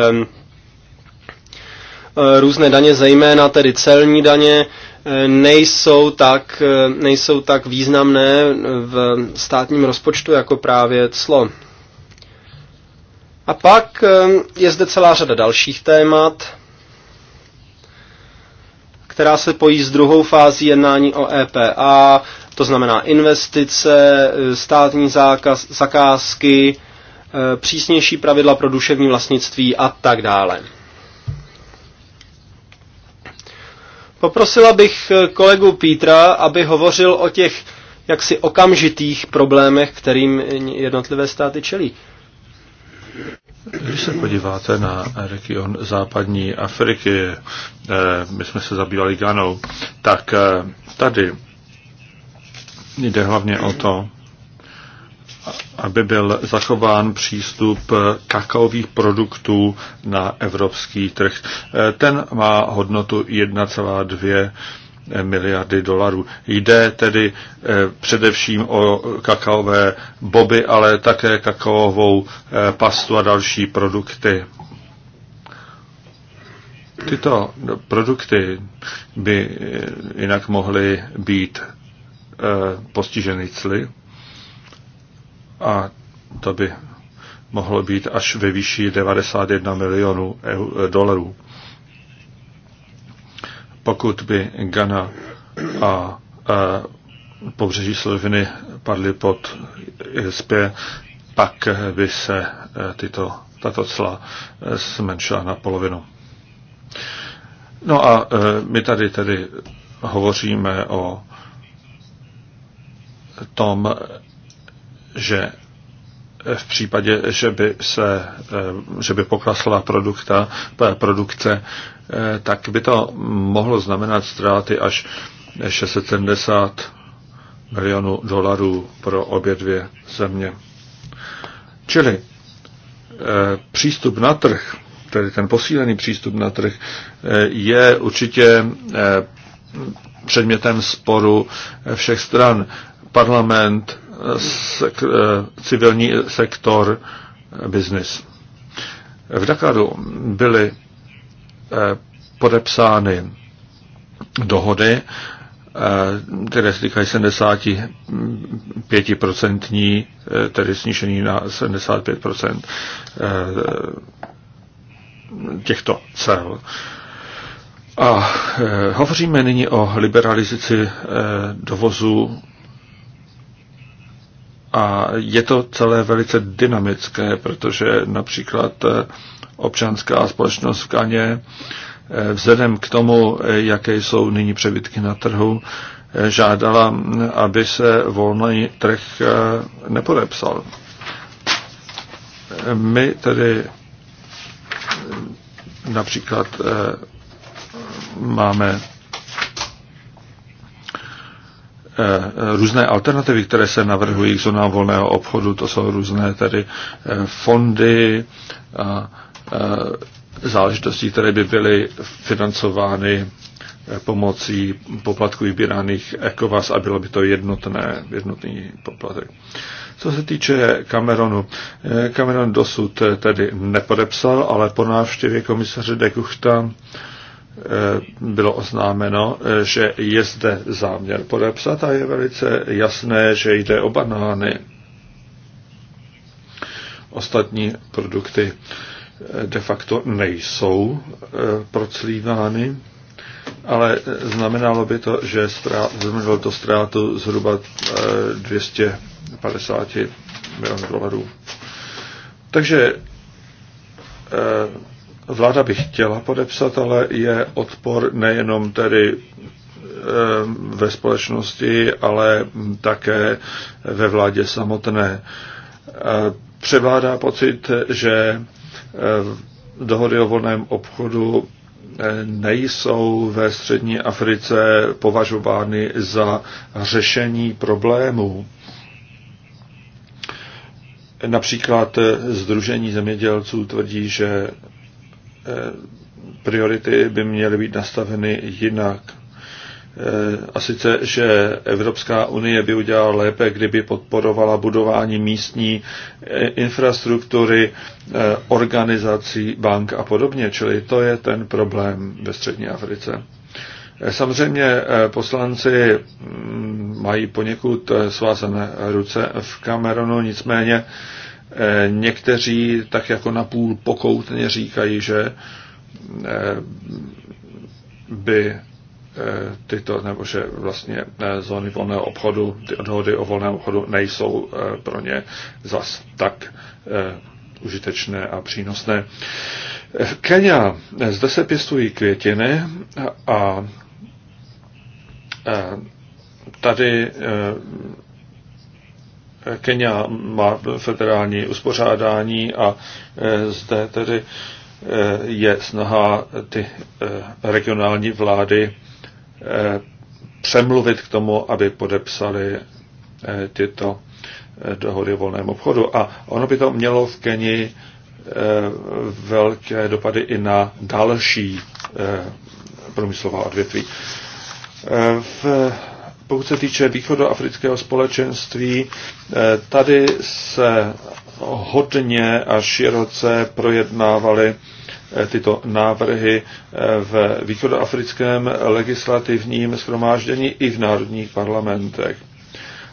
různé daně, zejména tedy celní daně, e, nejsou tak, e, nejsou tak významné v státním rozpočtu jako právě clo. A pak je zde celá řada dalších témat, která se pojí s druhou fází jednání o EPA, to znamená investice, státní zákaz, zakázky, Eh, přísnější pravidla pro duševní vlastnictví a tak dále. Poprosila bych eh, kolegu Pítra, aby hovořil o těch jaksi okamžitých problémech, kterým jednotlivé státy čelí. Když se podíváte na region západní Afriky, eh, my jsme se zabývali Ganou, tak tady jde hlavně o to, aby byl zachován přístup kakaových produktů na evropský trh. Ten má hodnotu 1,2 miliardy dolarů. Jde tedy eh, především o kakaové boby, ale také kakaovou eh, pastu a další produkty. Tyto produkty by eh, jinak mohly být postiženy cly a to by mohlo být až ve výši 91 milionů eh, dolarů. Pokud by Ghana a, a eh, pobřeží Sloviny padly pod ISP, pak by se eh, tyto, tato cla zmenšila na polovinu. No a my tady tedy hovoříme o tom, že v případě, že by, se, eh, že by poklasla produkta, eh, produkce, eh, tak by to mohlo znamenat ztráty až 670 milionů dolarů pro obě dvě země. Čili přístup na trh, tedy ten posílený přístup na trh, je určitě předmětem sporu všech stran. Parlament, sek, eh, civilní sektor, eh, biznis. V Dakaru byly eh, podepsány dohody, které se týkají 75%, tedy snížení na 75% těchto cel. A hovoříme nyní o liberalizaci dovozu a je to celé velice dynamické, protože například eh, občanská společnost v Kaně eh, vzhledem k tomu, eh, jaké jsou nyní přebytky na trhu, žádala, mm, aby se volný trh nepodepsal. My tedy například máme Eh, eh, různé alternativy, které se navrhují k zónám volného obchodu, to jsou různé tedy eh, fondy a záležitosti, které by byly financovány pomocí poplatků vybíraných ECOVAS a bylo by to jednotné, jednotný poplatek. Co se týče Cameronu, Cameron dosud tedy nepodepsal, ale po návštěvě komisaře de Guchta Eh, bylo oznámeno, eh, že je zde záměr podepsat a je velice jasné, že jde o banány. Ostatní produkty eh, de facto nejsou proclívány, ale znamenalo by to, že znamenalo to ztrátu zhruba 250 milionů dolarů. Takže vláda by chtěla podepsat, ale je odpor nejenom tedy eh, ve společnosti, ale také ve vládě samotné. Eh, převládá pocit, že eh, dohody o volném obchodu nejsou ve střední Africe považovány za řešení problémů. Například Združení zemědělců tvrdí, že Eh, priority by měly být nastaveny jinak. Eh, a sice, že Evropská unie by udělala lépe, kdyby podporovala budování místní eh, infrastruktury, organizací, bank a podobně. Čili to je ten problém ve střední Africe. Samozřejmě poslanci mm, mají poněkud svázané ruce v Kamerunu, nicméně Eh, někteří tak jako napůl pokoutně říkají, že eh, by eh, tyto, nebo že vlastně zóny volného obchodu, ty dohody o volném obchodu nejsou pro ně zas tak užitečné a přínosné. Kenia, zde se pěstují květiny a tady Kenya má federální uspořádání a e, zde tedy e, je snaha ty e, regionální vlády přemluvit k tomu, aby podepsali tyto dohody o volném obchodu. A ono by to mělo v Keni velké dopady i na další průmyslová odvětví. V pokud se týče východoafrického společenství, eh, tady se hodně a široce projednávaly eh, tyto návrhy eh, v východoafrickém legislativním schromáždění i v národních parlamentech.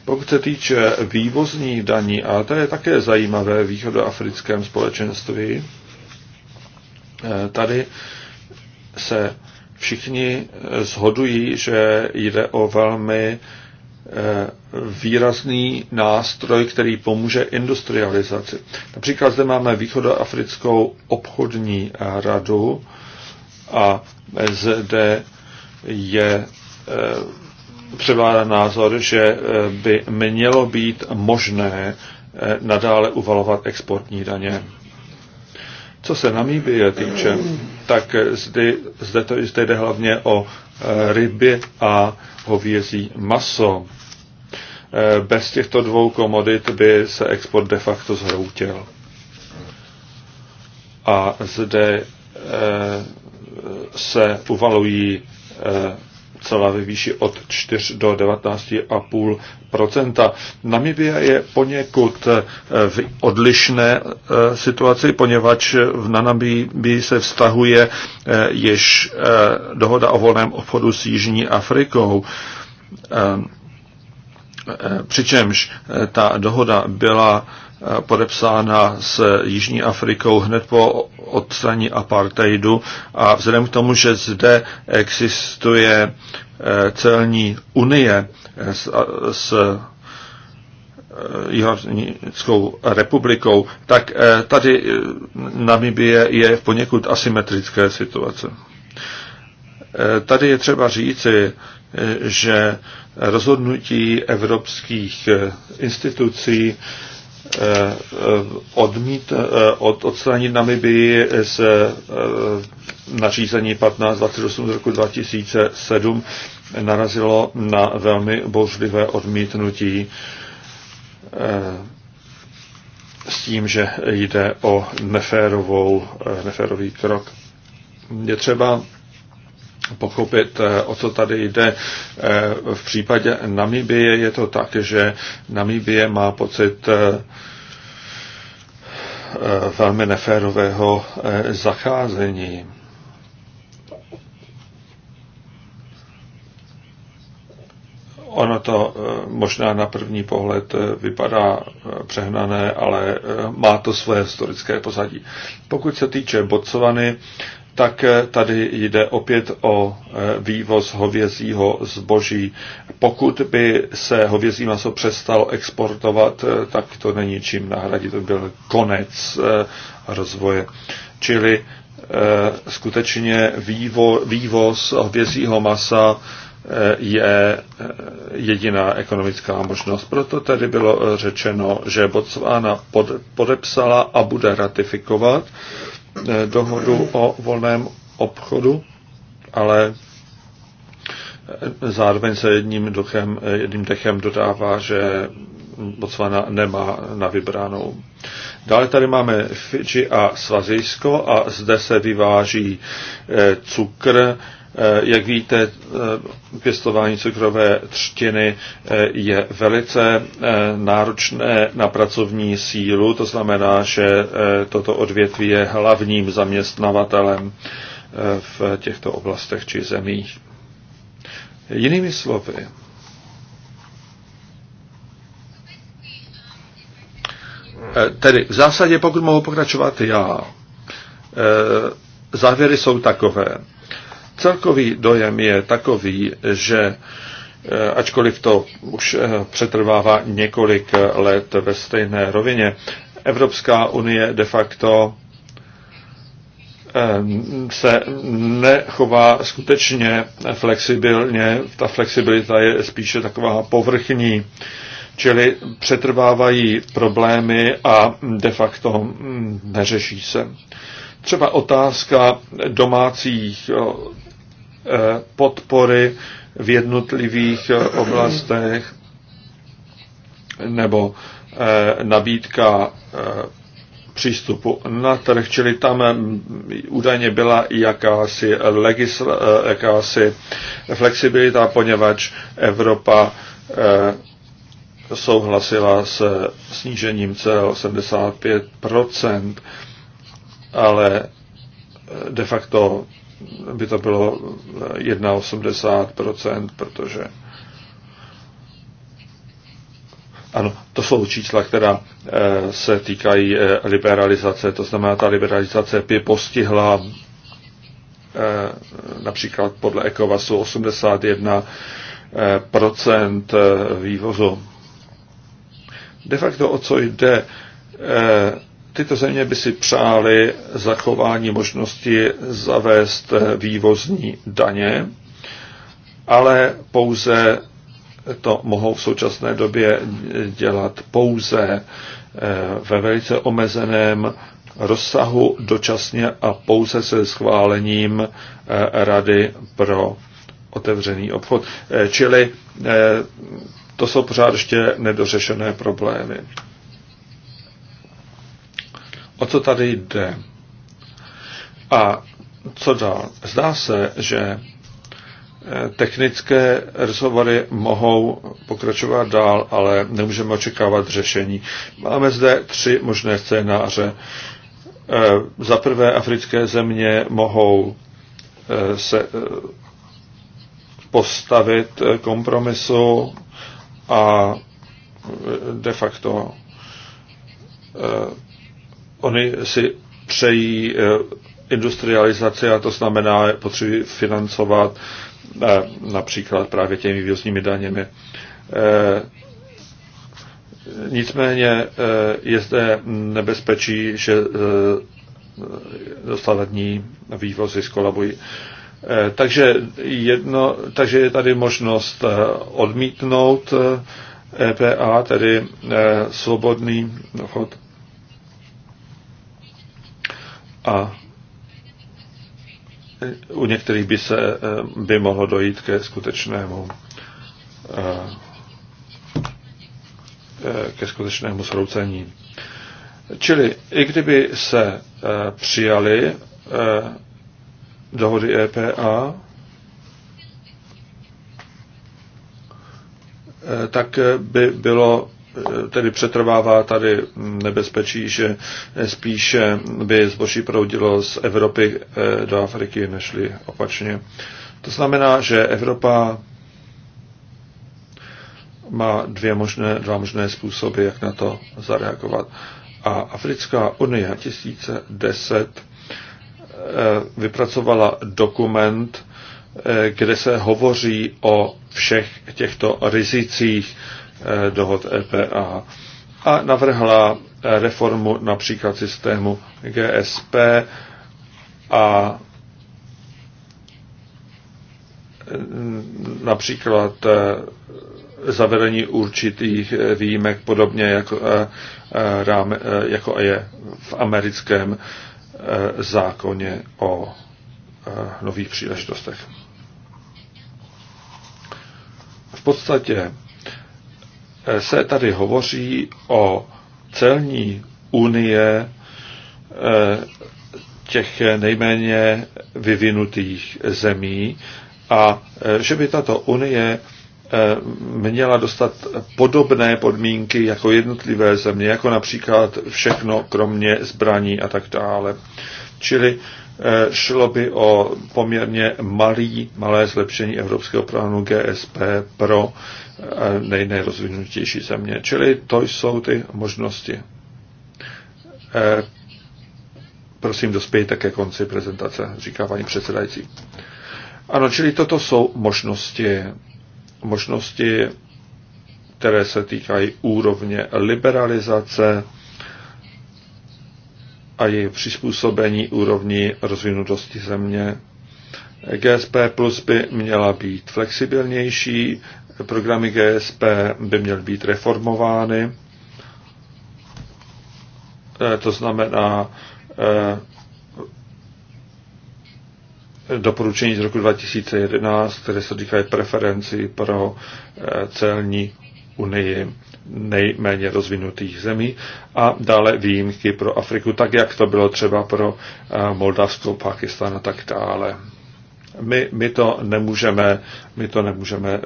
Pokud se týče vývozních daní, a to je také zajímavé v východoafrickém společenství, tady se všichni eh, shodují, že jde o velmi eh, výrazný nástroj, který pomůže industrializaci. Například zde máme východoafrickou obchodní radu a zde je eh, převládá názor, že by mělo být možné nadále uvalovat exportní daně. Co se Namíbie týče, tak zde, zde, to, zde jde hlavně o eh, ryby a hovězí maso. Eh, bez těchto dvou komodit by se export de facto zhroutil. A zde eh, se uvalují celá ve výši od 4 do 19,5 Namibia je poněkud eh, v odlišné eh, situaci, poněvadž v Namibii se vztahuje eh, již dohoda o volném obchodu s Jižní Afrikou. Přičemž ta dohoda byla podepsána s Jižní Afrikou hned po odstraní apartheidu a vzhledem k tomu, že zde existuje eh, celní unie eh, s, s eh, Jihoafrickou republikou, tak tady Namibie je v poněkud asymetrické situace. Tady je třeba říci, že rozhodnutí evropských institucí Eh, odmít, eh, od, odstranit Namibii z eh, nařízení 1528 z roku 2007 narazilo na velmi bouřlivé odmítnutí s tím, že jde o neférovou, neférový krok. Je třeba pochopit, eh, o co tady jde. Eh, v případě Namibie je to tak, že Namibie má pocit eh, velmi neférového zacházení. Ono to možná na první pohled vypadá přehnané, ale má to své historické pozadí. Pokud se týče Botsovany, tak eh, tady jde opět o eh, vývoz hovězího zboží. Pokud by se hovězí maso přestalo exportovat, eh, tak to není čím nahradit, to byl konec rozvoje. Čili skutečně vývo, vývoz hovězího masa je jediná ekonomická možnost. Proto tedy bylo řečeno, že Botswana podepsala a bude ratifikovat Eh, dohodu o volném obchodu, ale eh, zároveň se jedním, duchem, eh, jedním dechem dodává, že Botswana nemá na vybranou. Dále tady máme Fidži a Svazijsko a zde se vyváží cukr Eh, jak víte, eh, pěstování cukrové třtiny eh, je velice náročné na pracovní sílu, to znamená, že toto odvětví je hlavním zaměstnavatelem v těchto oblastech či zemích. Jinými slovy, tedy v zásadě, pokud mohu pokračovat já, závěry jsou takové. Celkový dojem je takový, že eh, ačkoliv to už eh, přetrvává několik eh, let ve stejné rovině, Evropská unie de facto se nechová skutečně flexibilně. Ta flexibilita je spíše taková povrchní, čili přetrvávají problémy a de facto mm, neřeší se. Třeba otázka domácích podpory v jednotlivých eh, oblastech nebo eh, nabídka eh, přístupu na trh, čili tam mm, údajně byla jakási, legisla, jakási flexibilita, poněvadž Evropa souhlasila s snížením cel 75%, ale de facto by to bylo 1,80%, protože ano, to jsou čísla, která eh, se týkají eh, liberalizace. To znamená, ta liberalizace by postihla eh, například podle ECOVASu 81 procent vývozu. De facto o co jde, tyto země by si přály zachování možnosti zavést vývozní daně, ale pouze to mohou v současné době dělat pouze eh, ve velice omezeném rozsahu dočasně a pouze se schválením eh, Rady pro otevřený obchod. Eh, čili to jsou pořád ještě nedořešené problémy o co tady jde. A co dál? Zdá se, že eh, technické rozhovory mohou pokračovat dál, ale nemůžeme očekávat řešení. Máme zde tři možné scénáře. Eh, za prvé africké země mohou eh, se postavit kompromisu a de facto Oni si přejí eh, industrializaci a to znamená potřebují financovat eh, například právě těmi vývozními daněmi. Eh, nicméně je zde nebezpečí, že dostavadní vývozy skolabují. Takže, jedno, takže je tady možnost odmítnout EPA, e tedy svobodný chod a u některých by se eh, by mohlo dojít ke skutečnému eh, eh, ke skutečnému sroucení. Čili i kdyby se přijali dohody EPA, tak by bylo tedy přetrvává tady nebezpečí, že spíše by zboží proudilo z Evropy eh, do Afriky, nežli opačně. To znamená, že Evropa má dvě možné, dva možné způsoby, jak na to zareagovat. A Africká unie 2010 eh, vypracovala dokument, eh, kde se hovoří o všech těchto rizicích Eh, dohod EPA a navrhla reformu například systému GSP a eh, například eh, zavedení určitých výjimek, podobně jako, jako je v americkém zákoně o nových příležitostech. V podstatě se tady hovoří o celní unie eh, těch nejméně vyvinutých zemí a eh, že by tato unie eh, měla dostat podobné podmínky jako jednotlivé země, jako například všechno kromě zbraní a tak dále. Čili Eh, šlo by o poměrně malý, malé zlepšení evropského plánu GSP pro eh, nejnerozvinutější země. Čili to jsou ty možnosti. Eh, prosím, dospějte ke konci prezentace, říká paní předsedající. Ano, čili toto jsou možnosti. Možnosti, které se týkají úrovně liberalizace, a jejich přizpůsobení úrovni rozvinutosti země. GSP Plus by měla být flexibilnější, programy GSP by měly být reformovány, eh, to znamená eh, doporučení z roku 2011, které se týkají preferenci pro eh, celní unii nejméně rozvinutých zemí a dále výjimky pro Afriku, tak jak to bylo třeba pro eh, Moldavsko, Pakistan a tak dále. My, my, to nemůžeme, my to nemůžeme eh,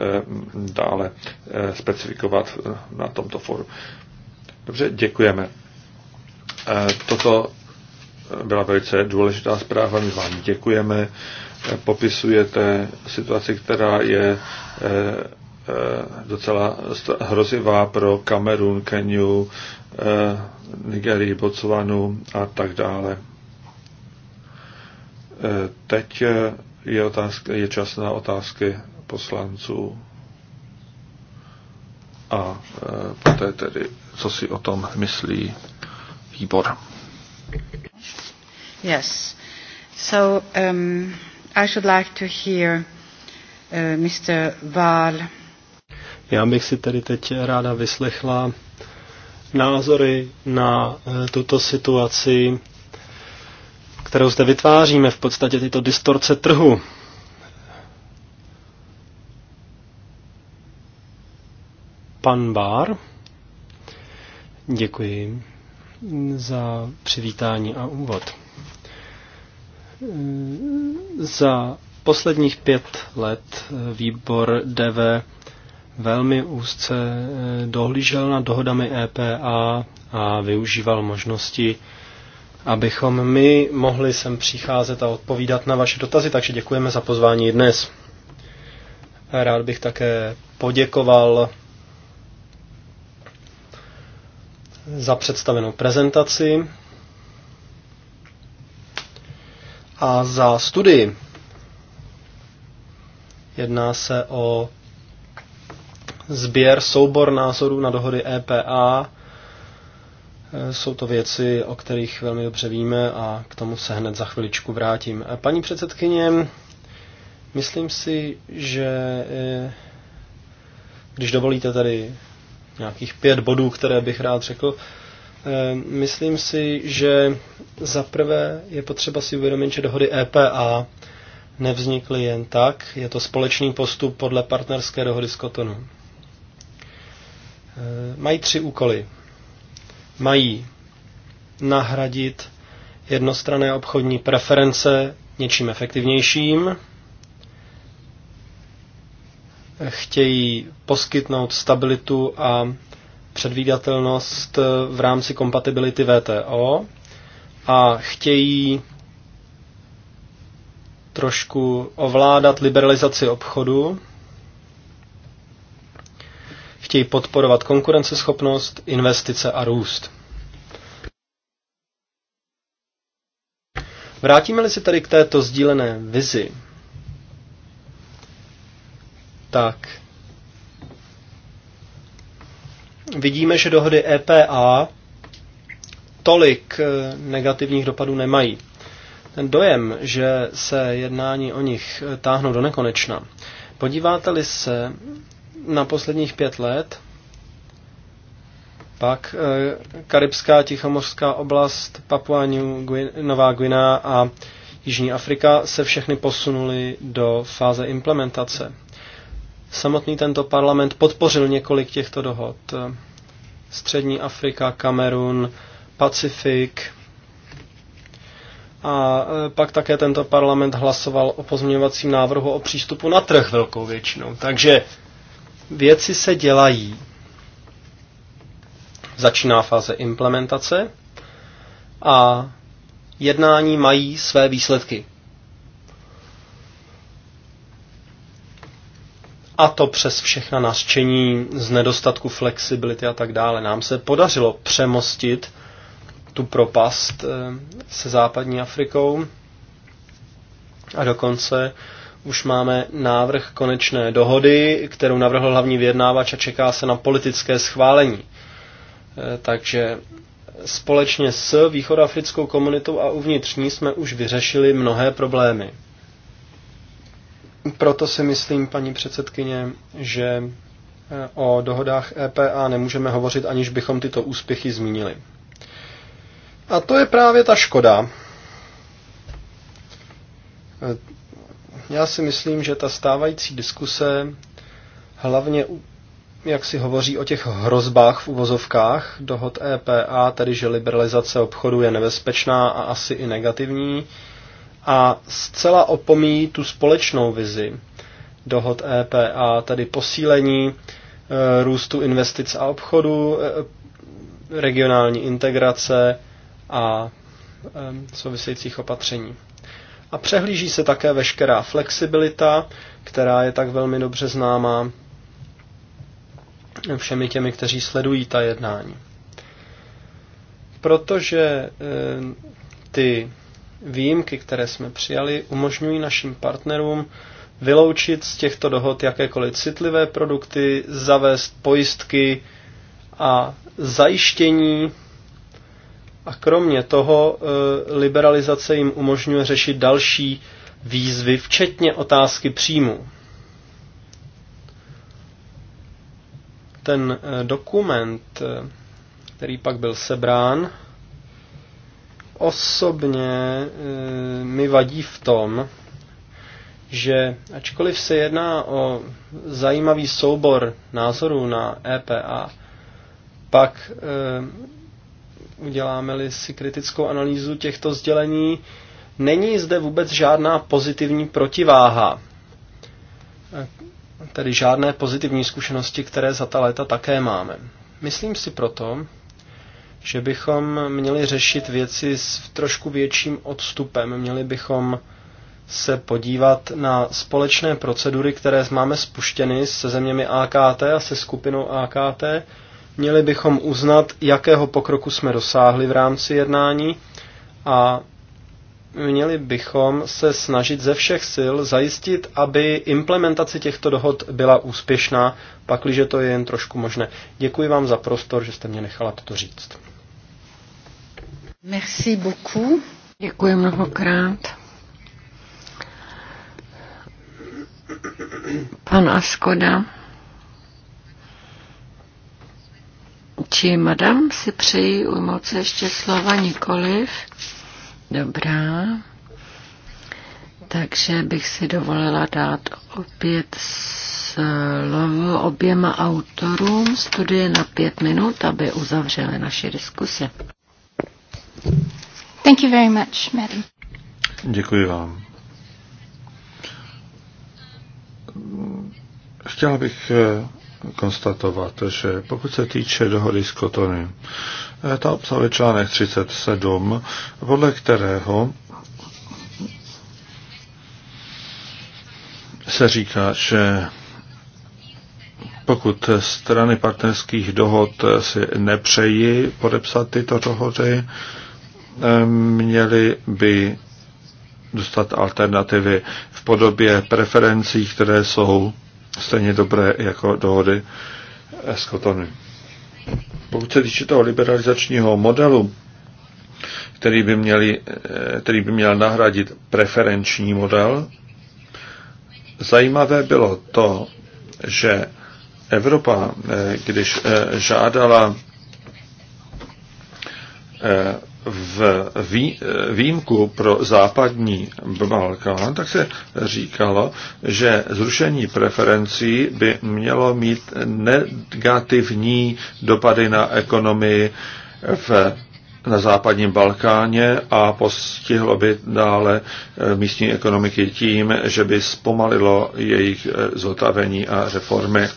dále eh, specifikovat na tomto foru. Dobře, děkujeme. Toto byla velice důležitá zpráva, my vám děkujeme. Popisujete situaci, která je Eh, docela hrozivá pro Kamerun, Keniu, eh, Nigerii, Botswanu a tak dále. Eh, teď je, otázka, je čas na otázky poslanců a poté tedy, co si o tom myslí výbor. Yes. So um, I should like to hear uh, Mr. Val. Já bych si tedy teď ráda vyslechla názory na eh, tuto situaci, kterou zde vytváříme, v podstatě tyto distorce trhu. Pan Bár, děkuji za přivítání a úvod. Eh, za posledních pět let eh, výbor DV velmi úzce eh, dohlížel nad dohodami EPA a využíval možnosti, abychom my mohli sem přicházet a odpovídat na vaše dotazy, takže děkujeme za pozvání dnes. Rád bych také poděkoval za představenou prezentaci a za studii. Jedná se o sběr, soubor názorů na dohody EPA. E, jsou to věci, o kterých velmi dobře víme a k tomu se hned za chviličku vrátím. E, paní předsedkyně, myslím si, že e, když dovolíte tady nějakých pět bodů, které bych rád řekl, myslím si, že zaprvé je potřeba si uvědomit, že dohody EPA nevznikly jen tak, je to společný postup podle partnerské dohody z Kotonu. Eh, mají tři úkoly. Mají nahradit jednostrané obchodní preference něčím efektivnějším, chtějí poskytnout stabilitu a předvídatelnost eh, v rámci kompatibility VTO a chtějí trošku ovládat liberalizaci obchodu chtějí podporovat konkurenceschopnost, investice a růst. Vrátíme-li se tady k této sdílené vizi, tak vidíme, že dohody EPA tolik eh, negativních dopadů nemají. Ten dojem, že se jednání o nich eh, táhnou do nekonečna. Podíváte-li se na posledních pět let. Pak eh, Karibská, Tichomořská oblast, Papua Nová Guinea a Jižní Afrika se všechny posunuly do fáze implementace. Samotný tento parlament podpořil několik těchto dohod. Střední Afrika, Kamerun, Pacifik. A eh, pak také tento parlament hlasoval o pozměňovacím návrhu o přístupu na trh velkou většinou. Takže Věci se dělají. Začíná fáze implementace a jednání mají své výsledky. A to přes všechna nařčení z nedostatku flexibility a tak dále. Nám se podařilo přemostit tu propast eh, se západní Afrikou a dokonce už máme návrh konečné dohody, kterou navrhl hlavní vyjednávač a čeká se na politické schválení. Eh, takže společně s východoafrickou komunitou a uvnitř ní jsme už vyřešili mnohé problémy. Proto si myslím, paní předsedkyně, že eh, o dohodách EPA nemůžeme hovořit, aniž bychom tyto úspěchy zmínili. A to je právě ta škoda. Eh, já si myslím, že ta stávající diskuse hlavně jak si hovoří o těch hrozbách v uvozovkách dohod EPA, tedy že liberalizace obchodu je nebezpečná a asi i negativní, a zcela opomíjí tu společnou vizi dohod EPA, tedy posílení e, růstu investic a obchodu, e, regionální integrace a e, souvisejících opatření. A přehlíží se také veškerá flexibilita, která je tak velmi dobře známá všemi těmi, kteří sledují ta jednání. Protože eh, ty výjimky, které jsme přijali, umožňují našim partnerům vyloučit z těchto dohod jakékoliv citlivé produkty, zavést pojistky a zajištění a kromě toho eh, liberalizace jim umožňuje řešit další výzvy, včetně otázky příjmu. Ten eh, dokument, eh, který pak byl sebrán, osobně mi vadí v tom, že ačkoliv se jedná o zajímavý soubor názorů na EPA, pak uděláme-li si kritickou analýzu těchto sdělení, není zde vůbec žádná pozitivní protiváha. Tedy žádné pozitivní zkušenosti, které za ta léta také máme. Myslím si proto, že bychom měli řešit věci s trošku větším odstupem. Měli bychom se podívat na společné procedury, které máme spuštěny se zeměmi AKT a se skupinou AKT, Měli bychom uznat, jakého pokroku jsme dosáhli v rámci jednání a měli bychom se snažit ze všech sil zajistit, aby implementace těchto dohod byla úspěšná, pakliže to je jen trošku možné. Děkuji vám za prostor, že jste mě nechala toto říct. Merci beaucoup. Děkuji mnohokrát. Pan Askoda. Či madam si přeji ujmout se ještě slova nikoliv? Dobrá. Takže bych si dovolila dát opět slovo oběma autorům studie na pět minut, aby uzavřeli naše diskuse. Thank you very much, madam. Děkuji vám. Chtěla bych eh, konstatovat, že pokud se týče dohody s Kotony, eh, ta obsahuje článek 37, podle kterého se říká, že pokud strany partnerských dohod si nepřejí podepsat tyto dohody, eh, měly by dostat alternativy v podobě preferencí, které jsou stejně dobré jako dohody s Kotony. Pokud se týče toho liberalizačního modelu, který by, měli, eh, který by měl nahradit preferenční model, zajímavé bylo to, že Evropa, eh, když eh, žádala v výjimku pro západní Balkán, tak se říkalo, že zrušení preferencí by mělo mít negativní dopady na ekonomii v, na západním Balkáně a postihlo by dále eh, místní ekonomiky tím, že by zpomalilo jejich eh, zotavení a reformy.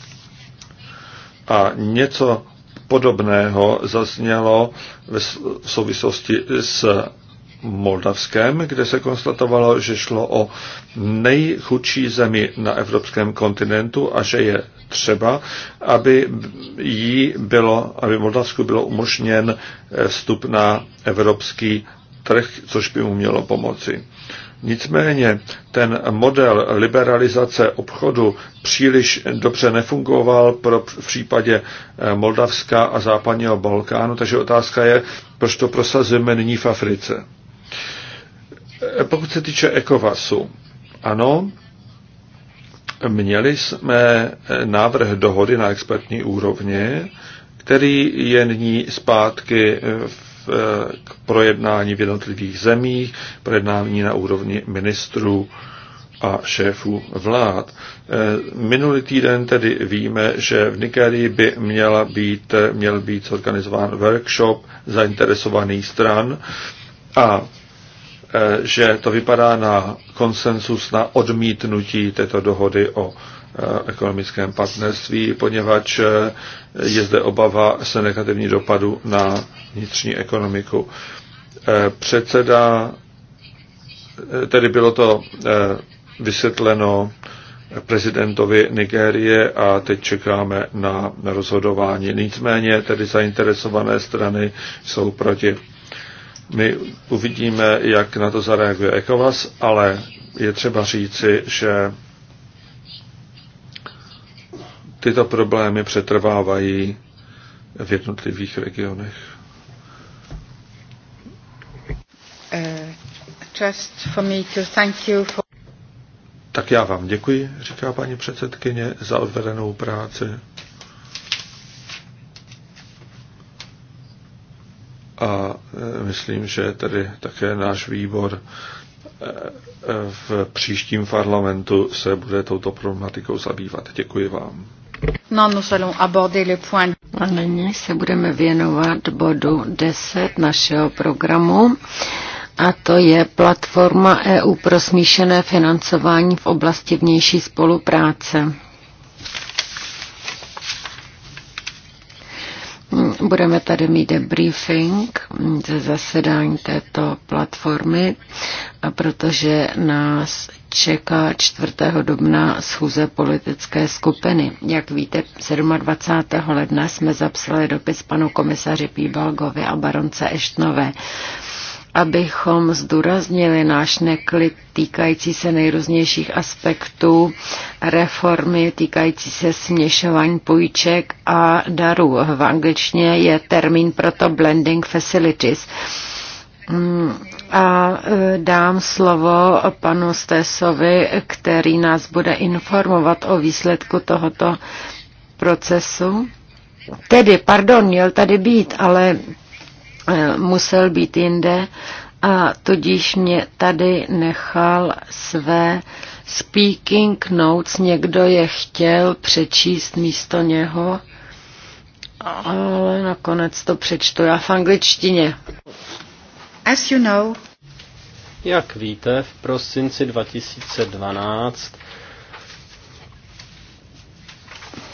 A něco podobného zaznělo v souvislosti s Moldavském, kde se konstatovalo, že šlo o nejchudší zemi na evropském kontinentu a že je třeba, aby jí bylo, aby Moldavsku bylo umožněn vstup na evropský trh, což by mu mělo pomoci. Nicméně ten model liberalizace obchodu příliš dobře nefungoval pro, v případě eh, Moldavska a západního Balkánu, takže otázka je, proč to prosazujeme nyní v Africe. Eh, pokud se týče ECOVASu, ano, měli jsme eh, návrh dohody na expertní úrovni, který je nyní zpátky v Eh, k projednání v jednotlivých zemích, projednání na úrovni ministrů a šéfů vlád. Eh, minulý týden tedy víme, že v Nigerii by měla být, eh, měl být zorganizován workshop zainteresovaných stran a že to vypadá na konsensus na odmítnutí této dohody o Eh, ekonomickém partnerství, poněvadž eh, je zde obava se negativní dopadu na vnitřní ekonomiku. Eh, předseda, tedy bylo to vysvětleno prezidentovi Nigérie a teď čekáme na rozhodování. Nicméně tedy zainteresované strany jsou proti. My uvidíme, jak na to zareaguje ECOWAS, ale je třeba říci, že tyto problémy přetrvávají v jednotlivých regionech. Uh, for... Tak já vám děkuji, říká paní předsedkyně, za odvedenou práci. A eh, myslím, že tedy také náš výbor eh, eh, v příštím parlamentu se bude touto problematikou zabývat. Děkuji vám. No, nous allons aborder le point. A nyní se budeme věnovat bodu 10 našeho programu a to je platforma EU pro smíšené financování v oblasti vnější spolupráce. Budeme tady mít debriefing ze zasedání této platformy, a protože nás čeká 4. dubna schůze politické skupiny. Jak víte, 27. ledna jsme zapsali dopis panu komisaři Píbalgovi a baronce Eštnové abychom zdůraznili náš neklid týkající se nejrůznějších aspektů reformy, týkající se směšování půjček a darů. V angličtině je termín proto blending facilities. Hmm, a e, dám slovo panu Stesovi, který nás bude informovat o výsledku tohoto procesu. Tedy, pardon, měl tady být, ale e, musel být jinde a tudíž mě tady nechal své speaking notes, někdo je chtěl přečíst místo něho, ale nakonec to přečtu já v angličtině. As you know, jak víte, v prosinci 2012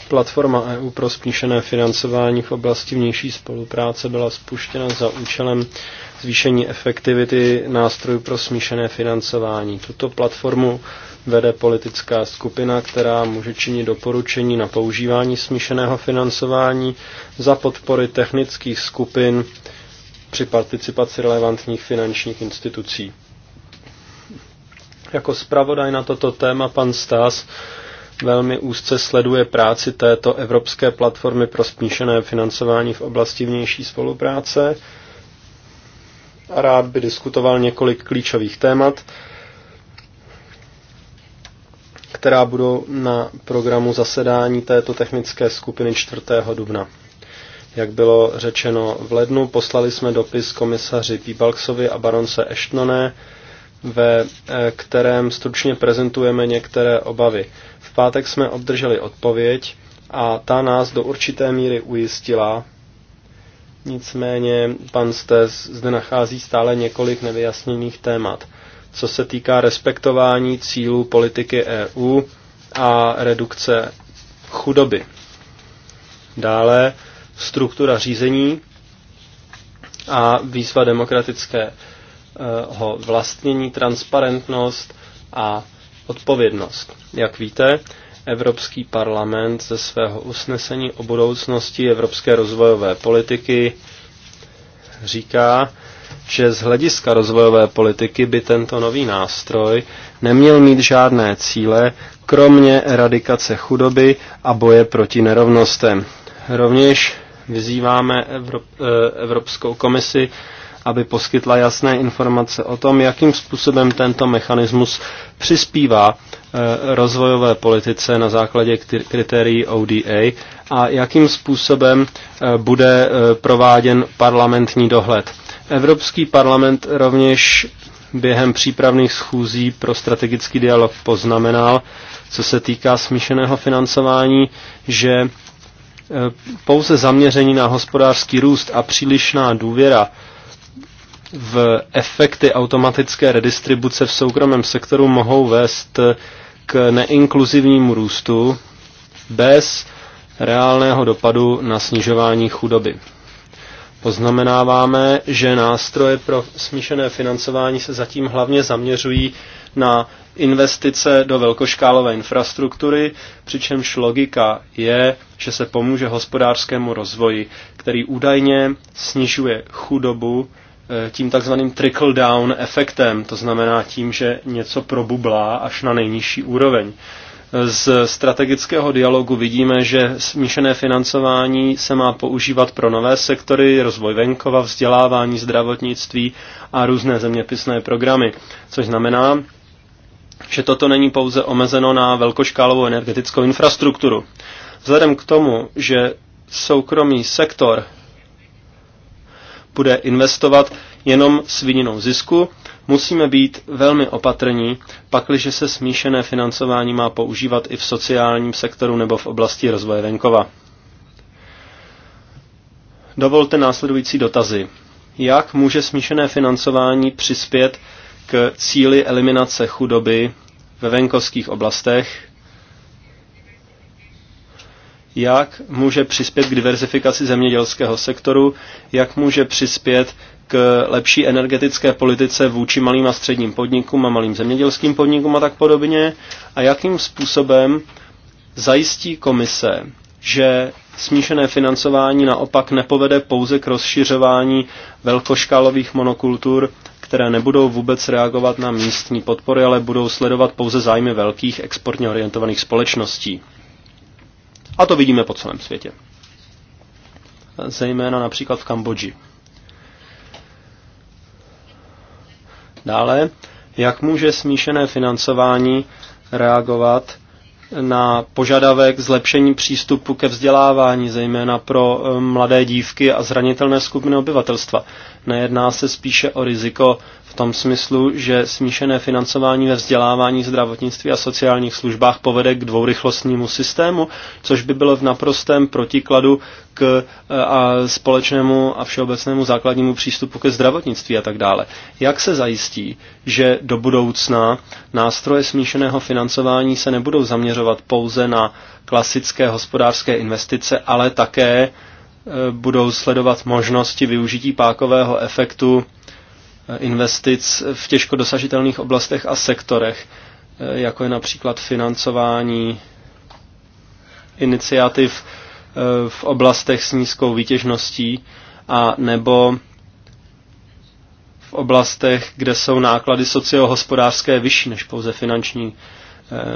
platforma EU pro smíšené financování v oblasti vnější spolupráce byla spuštěna za účelem zvýšení efektivity nástrojů pro smíšené financování. Tuto platformu vede politická skupina, která může činit doporučení na používání smíšeného financování za podpory technických skupin při participaci relevantních finančních institucí. Jako zpravodaj na toto téma pan Stás velmi úzce sleduje práci této Evropské platformy pro smíšené financování v oblasti vnější spolupráce a rád by diskutoval několik klíčových témat, která budou na programu zasedání této technické skupiny 4. dubna. Jak bylo řečeno v lednu, poslali jsme dopis komisaři Pibalksovi a baronce Eštnoné, ve eh, kterém stručně prezentujeme některé obavy. V pátek jsme obdrželi odpověď a ta nás do určité míry ujistila. Nicméně pan Stes zde nachází stále několik nevyjasněných témat. Co se týká respektování cílů politiky EU a redukce chudoby. Dále struktura řízení a výzva demokratického eh, vlastnění, transparentnost a odpovědnost. Jak víte, Evropský parlament ze svého usnesení o budoucnosti evropské rozvojové politiky říká, že z hlediska rozvojové politiky by tento nový nástroj neměl mít žádné cíle, kromě eradikace chudoby a boje proti nerovnostem. Rovněž Vyzýváme eh, Evropskou komisi, aby poskytla jasné informace o tom, jakým způsobem tento mechanismus přispívá eh, rozvojové politice na základě kritérií ODA a jakým způsobem eh, bude prováděn parlamentní dohled. Evropský parlament rovněž během přípravných schůzí pro strategický dialog poznamenal, co se týká smíšeného financování, že Eh, pouze zaměření na hospodářský růst a přílišná důvěra v efekty automatické redistribuce v soukromém sektoru mohou vést k neinkluzivnímu růstu bez reálného dopadu na snižování chudoby poznamenáváme, že nástroje pro smíšené financování se zatím hlavně zaměřují na investice do velkoškálové infrastruktury, přičemž logika je, že se pomůže hospodářskému rozvoji, který údajně snižuje chudobu eh, tím takzvaným trickle-down efektem, to znamená tím, že něco probublá až na nejnižší úroveň. Z strategického dialogu vidíme, že smíšené financování se má používat pro nové sektory, rozvoj venkova, vzdělávání, zdravotnictví a různé zeměpisné programy, což znamená, že toto není pouze omezeno na velkoškálovou energetickou infrastrukturu. Vzhledem k tomu, že soukromý sektor bude investovat jenom svininou zisku, Musíme být velmi opatrní, pakliže se smíšené financování má používat i v sociálním sektoru nebo v oblasti rozvoje venkova. Dovolte následující dotazy. Jak může smíšené financování přispět k cíli eliminace chudoby ve venkovských oblastech? Jak může přispět k diverzifikaci zemědělského sektoru? Jak může přispět k lepší energetické politice vůči malým a středním podnikům a malým zemědělským podnikům a tak podobně a jakým způsobem zajistí komise, že smíšené financování naopak nepovede pouze k rozšiřování velkoškálových monokultur, které nebudou vůbec reagovat na místní podpory, ale budou sledovat pouze zájmy velkých exportně orientovaných společností. A to vidíme po celém světě. Zejména například v Kambodži. Dále, jak může smíšené financování reagovat na požadavek zlepšení přístupu ke vzdělávání, zejména pro eh, mladé dívky a zranitelné skupiny obyvatelstva. Nejedná se spíše o riziko v tom smyslu, že smíšené financování ve vzdělávání, zdravotnictví a sociálních službách povede k dvourychlostnímu systému, což by bylo v naprostém protikladu k e, a společnému a všeobecnému základnímu přístupu ke zdravotnictví a tak dále. Jak se zajistí, že do budoucna nástroje smíšeného financování se nebudou zaměřovat pouze na klasické hospodářské investice, ale také e, budou sledovat možnosti využití pákového efektu Eh, investic v těžko dosažitelných oblastech a sektorech, eh, jako je například financování iniciativ eh, v oblastech s nízkou výtěžností a nebo v oblastech, kde jsou náklady sociohospodářské vyšší než pouze finanční.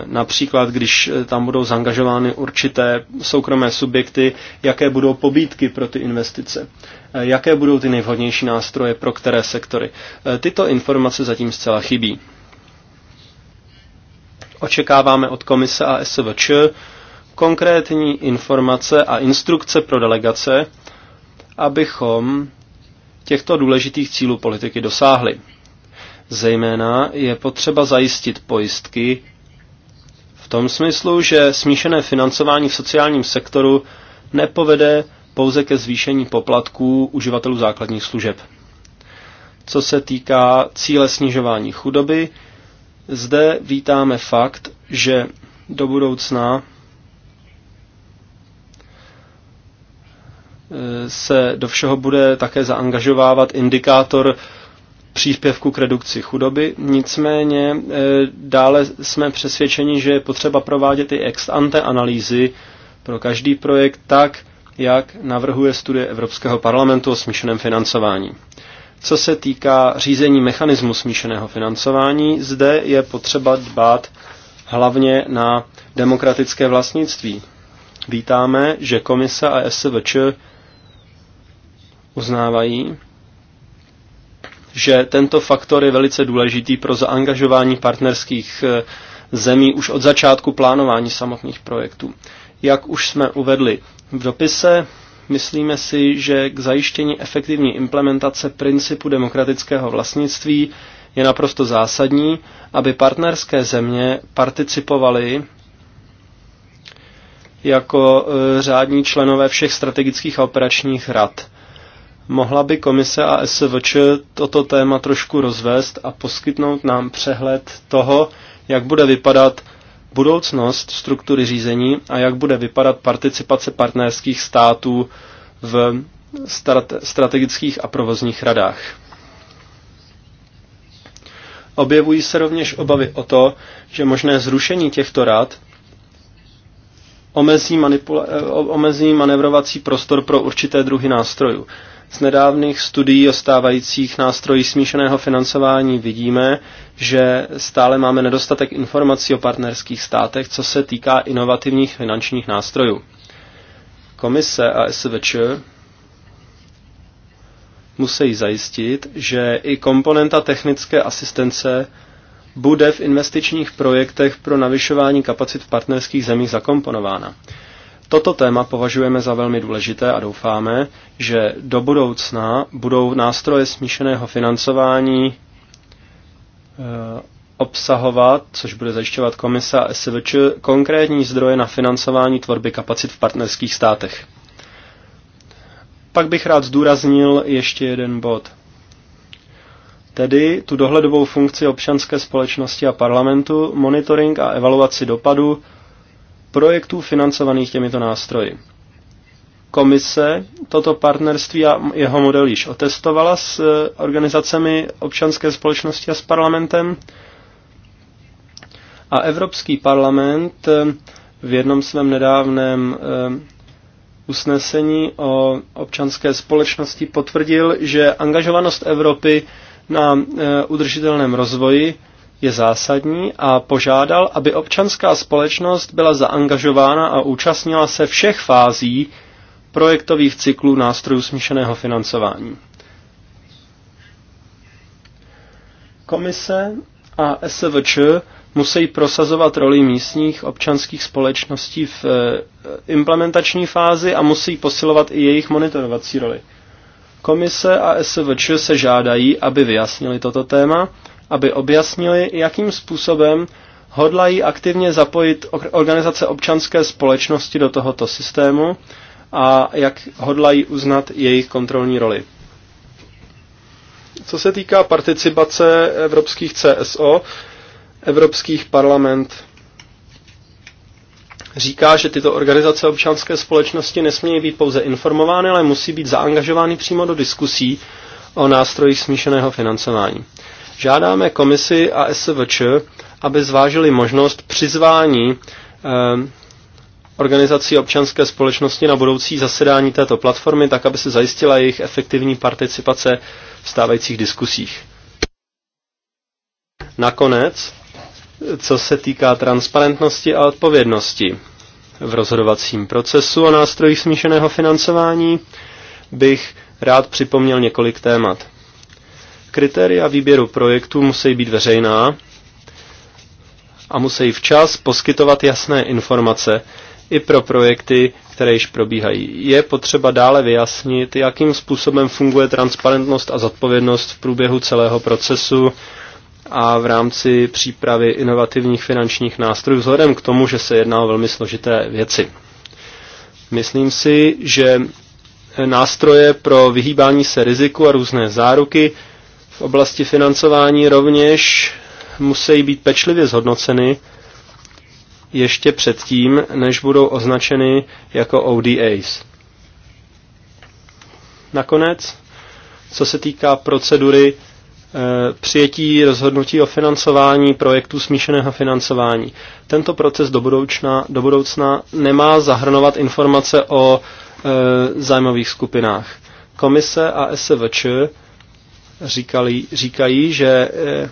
Například, když tam budou zangažovány určité soukromé subjekty, jaké budou pobídky pro ty investice. Eh, jaké budou ty nejvhodnější nástroje pro které sektory. Eh, tyto informace zatím zcela chybí. Očekáváme od komise a SVČ konkrétní informace a instrukce pro delegace, abychom těchto důležitých cílů politiky dosáhli. Zejména je potřeba zajistit pojistky v tom smyslu, že smíšené financování v sociálním sektoru nepovede pouze ke zvýšení poplatků uživatelů základních služeb. Co se týká cíle snižování chudoby, zde vítáme fakt, že do budoucna e, se do všeho bude také zaangažovávat indikátor příspěvku k redukci chudoby. Nicméně e, dále jsme přesvědčeni, že je potřeba provádět i ex ante analýzy pro každý projekt tak, jak navrhuje studie Evropského parlamentu o smíšeném financování. Co se týká řízení mechanismu smíšeného financování, zde je potřeba dbát hlavně na demokratické vlastnictví. Vítáme, že komise a SVČ uznávají, že tento faktor je velice důležitý pro zaangažování partnerských eh, zemí už od začátku plánování samotných projektů. Jak už jsme uvedli v dopise, myslíme si, že k zajištění efektivní implementace principu demokratického vlastnictví je naprosto zásadní, aby partnerské země participovaly jako e, řádní členové všech strategických a operačních rad. Mohla by komise a SVČ toto téma trošku rozvést a poskytnout nám přehled toho, jak bude vypadat budoucnost struktury řízení a jak bude vypadat participace partnerských států v strategických a provozních radách. Objevují se rovněž obavy o to, že možné zrušení těchto rad omezí, eh, omezí manevrovací prostor pro určité druhy nástrojů. Z nedávných studií o stávajících nástrojích smíšeného financování vidíme, že stále máme nedostatek informací o partnerských státech, co se týká inovativních finančních nástrojů. Komise a SVČ musí zajistit, že i komponenta technické asistence bude v investičních projektech pro navyšování kapacit v partnerských zemích zakomponována. Toto téma považujeme za velmi důležité a doufáme, že do budoucna budou nástroje smíšeného financování eh, obsahovat, což bude zajišťovat komisa, SVČ, konkrétní zdroje na financování tvorby kapacit v partnerských státech. Pak bych rád zdůraznil ještě jeden bod. Tedy tu dohledovou funkci občanské společnosti a parlamentu, monitoring a evaluaci dopadu projektů financovaných těmito nástroji. Komise toto partnerství a jeho model již otestovala s eh, organizacemi občanské společnosti a s parlamentem. A Evropský parlament eh, v jednom svém nedávném eh, usnesení o občanské společnosti potvrdil, že angažovanost Evropy na udržitelném rozvoji je zásadní a požádal, aby občanská společnost byla zaangažována a účastnila se všech fází projektových cyklů nástrojů smíšeného financování. Komise a SVČ musí prosazovat roli místních občanských společností v eh, implementační fázi a musí posilovat i jejich monitorovací roli. Komise a SVČ se žádají, aby vyjasnili toto téma aby objasnili, jakým způsobem hodlají aktivně zapojit organizace občanské společnosti do tohoto systému a jak hodlají uznat jejich kontrolní roli. Co se týká participace evropských CSO, Evropských parlament říká, že tyto organizace občanské společnosti nesmějí být pouze informovány, ale musí být zaangažovány přímo do diskusí o nástrojích smíšeného financování. Žádáme komisi a SVČ, aby zvážili možnost přizvání ehm, organizací občanské společnosti na budoucí zasedání této platformy, tak aby se zajistila jejich efektivní participace v stávajících diskusích. Nakonec, co se týká transparentnosti a odpovědnosti v rozhodovacím procesu o nástrojích smíšeného financování, bych rád připomněl několik témat. Kritéria výběru projektů musí být veřejná a musí včas poskytovat jasné informace i pro projekty, které již probíhají. Je potřeba dále vyjasnit, jakým způsobem funguje transparentnost a zodpovědnost v průběhu celého procesu a v rámci přípravy inovativních finančních nástrojů, vzhledem k tomu, že se jedná o velmi složité věci. Myslím si, že nástroje pro vyhýbání se riziku a různé záruky v oblasti financování rovněž musí být pečlivě zhodnoceny ještě předtím, než budou označeny jako ODAs. Nakonec, co se týká procedury eh, přijetí rozhodnutí o financování projektů smíšeného financování. Tento proces do budoucna, do budoucna nemá zahrnovat informace o e, zájmových skupinách. Komise a SVČ říkali, říkají, že eh,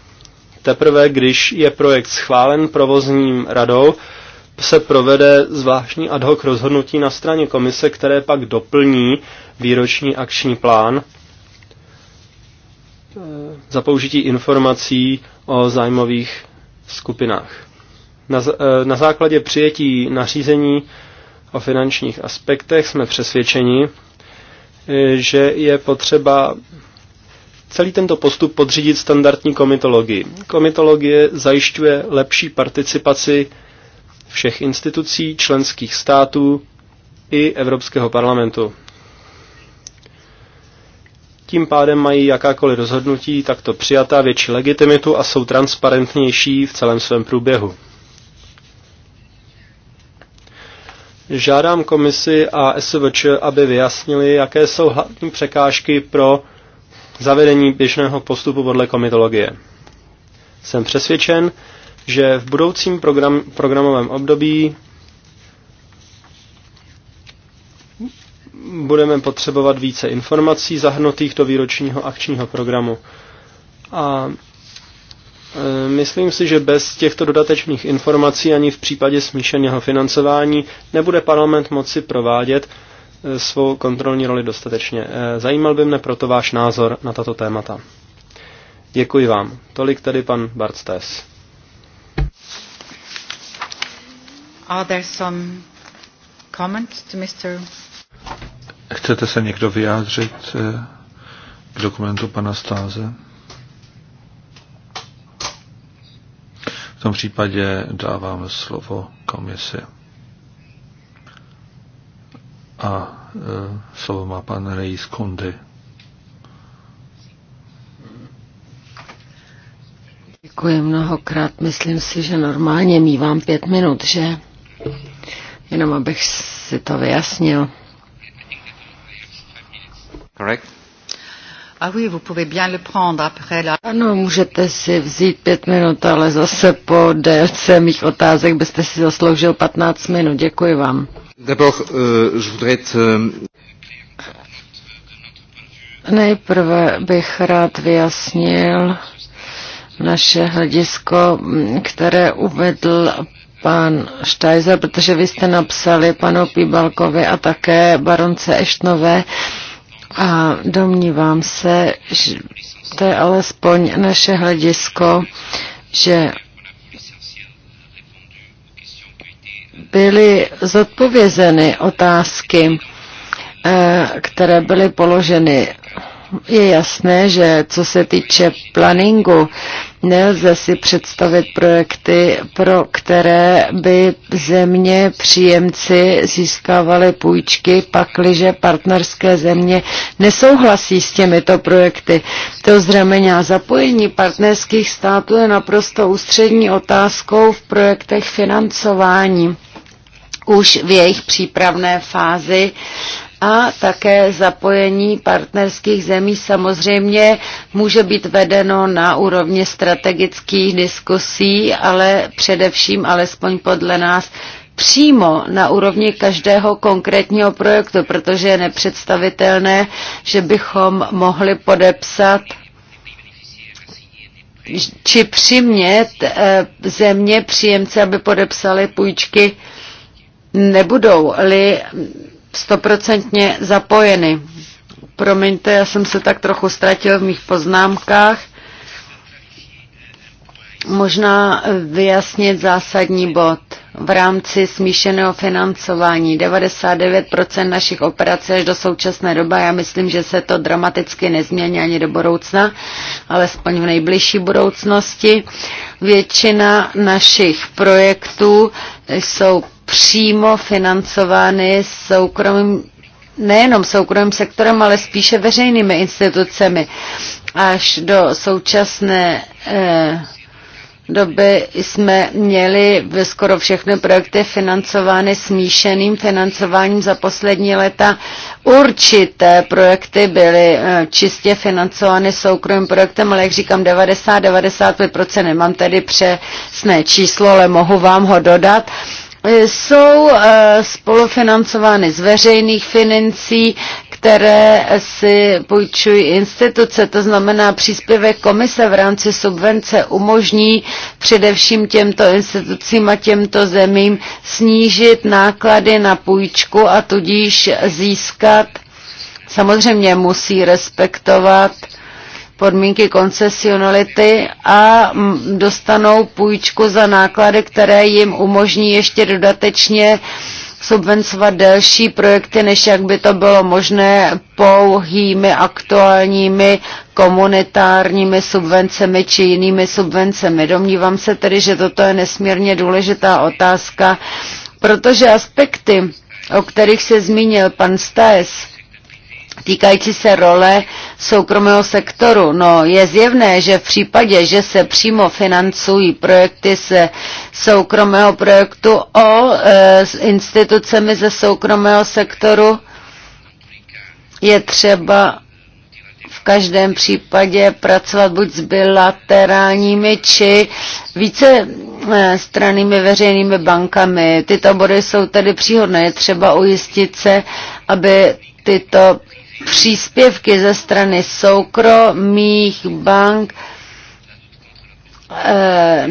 teprve když je projekt schválen provozním radou, se provede zvláštní ad hoc rozhodnutí na straně komise, které pak doplní výroční akční plán eh, za použití informací o zájmových skupinách. Na, eh, na základě přijetí nařízení o finančních aspektech jsme přesvědčeni, že je potřeba celý tento postup podřídit standardní komitologii. Komitologie zajišťuje lepší participaci všech institucí, členských států i Evropského parlamentu. Tím pádem mají jakákoliv rozhodnutí takto přijatá větší legitimitu a jsou transparentnější v celém svém průběhu. Žádám komisi a SVČ, aby vyjasnili, jaké jsou hlavní překážky pro zavedení běžného postupu podle komitologie. Jsem přesvědčen, že v budoucím program, programovém období budeme potřebovat více informací zahrnutých do výročního akčního programu. A e, myslím si, že bez těchto dodatečných informací ani v případě smíšeného financování nebude parlament moci provádět svou kontrolní roli dostatečně. Eh, zajímal by mne proto váš názor na tato témata. Děkuji vám. Tolik tady pan Bartstes. Are there some comments to Mr. Chcete se někdo vyjádřit eh, k dokumentu pana Stáze? V tom případě dávám slovo komisi. A e, slovo má pan Reis Kondy. Děkuji mnohokrát. Myslím si, že normálně mívám pět minut, že? Jenom abych si to vyjasnil. Correct. Ah oui, vous pouvez bien le prendre après la... Ano, můžete si vzít pět minut, ale zase po délce mých otázek byste si zasloužil 15 minut. Děkuji vám. Euh, euh, Nejprve bych rád vyjasnil naše hledisko, které uvedl pan Štajzer, protože vy jste napsali panu Píbalkovi a také baronce Eštnové a domnívám se, že to je alespoň naše hledisko, že byly zodpovězeny otázky, eh, které byly položeny. Je jasné, že co se týče planingu, nelze si představit projekty, pro které by země příjemci získávaly půjčky, pakliže partnerské země nesouhlasí s těmito projekty. To zřejmě zapojení partnerských států je naprosto ústřední otázkou v projektech financování už v jejich přípravné fázi a také zapojení partnerských zemí samozřejmě může být vedeno na úrovni strategických diskusí, ale především, alespoň podle nás, přímo na úrovni každého konkrétního projektu, protože je nepředstavitelné, že bychom mohli podepsat či přimět eh, země příjemce, aby podepsali půjčky nebudou-li stoprocentně zapojeny. Promiňte, já jsem se tak trochu ztratil v mých poznámkách. Možná vyjasnit zásadní bod v rámci smíšeného financování. 99% našich operací až do současné doby, já myslím, že se to dramaticky nezmění ani do budoucna, alespoň v nejbližší budoucnosti. Většina našich projektů jsou přímo financovány soukromým nejenom soukromým sektorem, ale spíše veřejnými institucemi. Až do současné eh, doby jsme měli skoro všechny projekty financovány smíšeným financováním za poslední léta. Určité projekty byly eh, čistě financovány soukromým projektem, ale jak říkám 90-95%, nemám tedy přesné číslo, ale mohu vám ho dodat jsou eh, spolufinancovány z veřejných financí, které si půjčují instituce, to znamená příspěvek komise v rámci subvence umožní především těmto institucím a těmto zemím snížit náklady na půjčku a tudíž získat Samozřejmě musí respektovat podmínky koncesionality a dostanou půjčku za náklady, které jim umožní ještě dodatečně subvencovat delší projekty, než jak by to bylo možné pouhými aktuálními komunitárními subvencemi či jinými subvencemi. Domnívám se tedy, že toto je nesmírně důležitá otázka, protože aspekty, o kterých se zmínil pan Staes, týkající se role soukromého sektoru. No, je zjevné, že v případě, že se přímo financují projekty se soukromého projektu o e, s institucemi ze soukromého sektoru, je třeba v každém případě pracovat buď s bilaterálními či více e, stranými veřejnými bankami. Tyto body jsou tedy příhodné. Je třeba ujistit se, aby tyto příspěvky ze strany soukromých bank eh,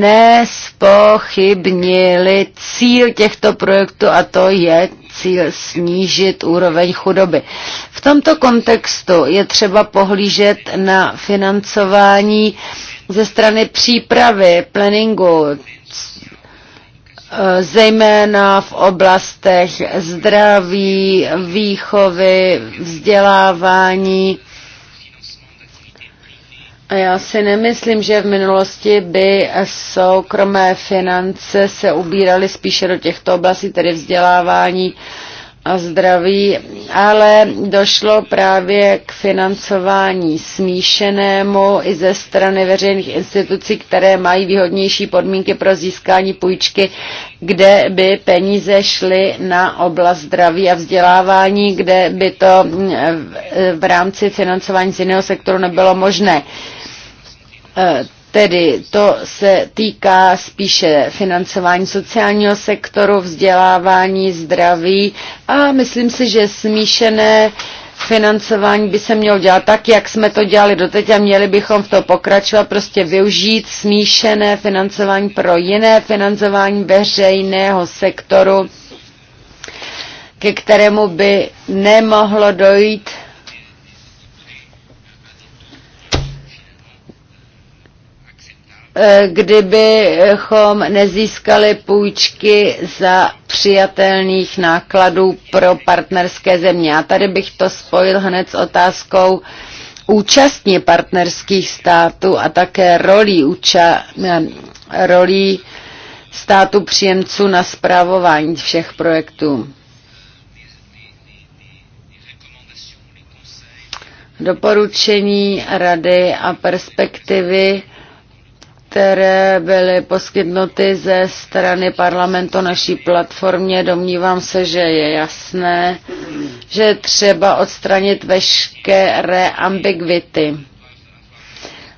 nespochybnili cíl těchto projektů a to je cíl snížit úroveň chudoby. V tomto kontextu je třeba pohlížet na financování ze strany přípravy, planningu, Eh, zejména v oblastech zdraví, výchovy, vzdělávání. A já si nemyslím, že v minulosti by soukromé finance se ubíraly spíše do těchto oblastí, tedy vzdělávání, a zdraví, ale došlo právě k financování smíšenému i ze strany veřejných institucí, které mají výhodnější podmínky pro získání půjčky, kde by peníze šly na oblast zdraví a vzdělávání, kde by to v rámci financování z jiného sektoru nebylo možné e, Tedy to se týká spíše financování sociálního sektoru, vzdělávání, zdraví a myslím si, že smíšené financování by se mělo dělat tak, jak jsme to dělali doteď a měli bychom v to pokračovat, prostě využít smíšené financování pro jiné financování veřejného sektoru, ke kterému by nemohlo dojít kdybychom nezískali půjčky za přijatelných nákladů pro partnerské země. A tady bych to spojil hned s otázkou účastně partnerských států a také rolí, úča, eh, rolí státu příjemců na zprávování všech projektů. Doporučení rady a perspektivy které byly poskytnuty ze strany parlamentu naší platformě, domnívám se, že je jasné, že třeba odstranit veškeré ambiguity.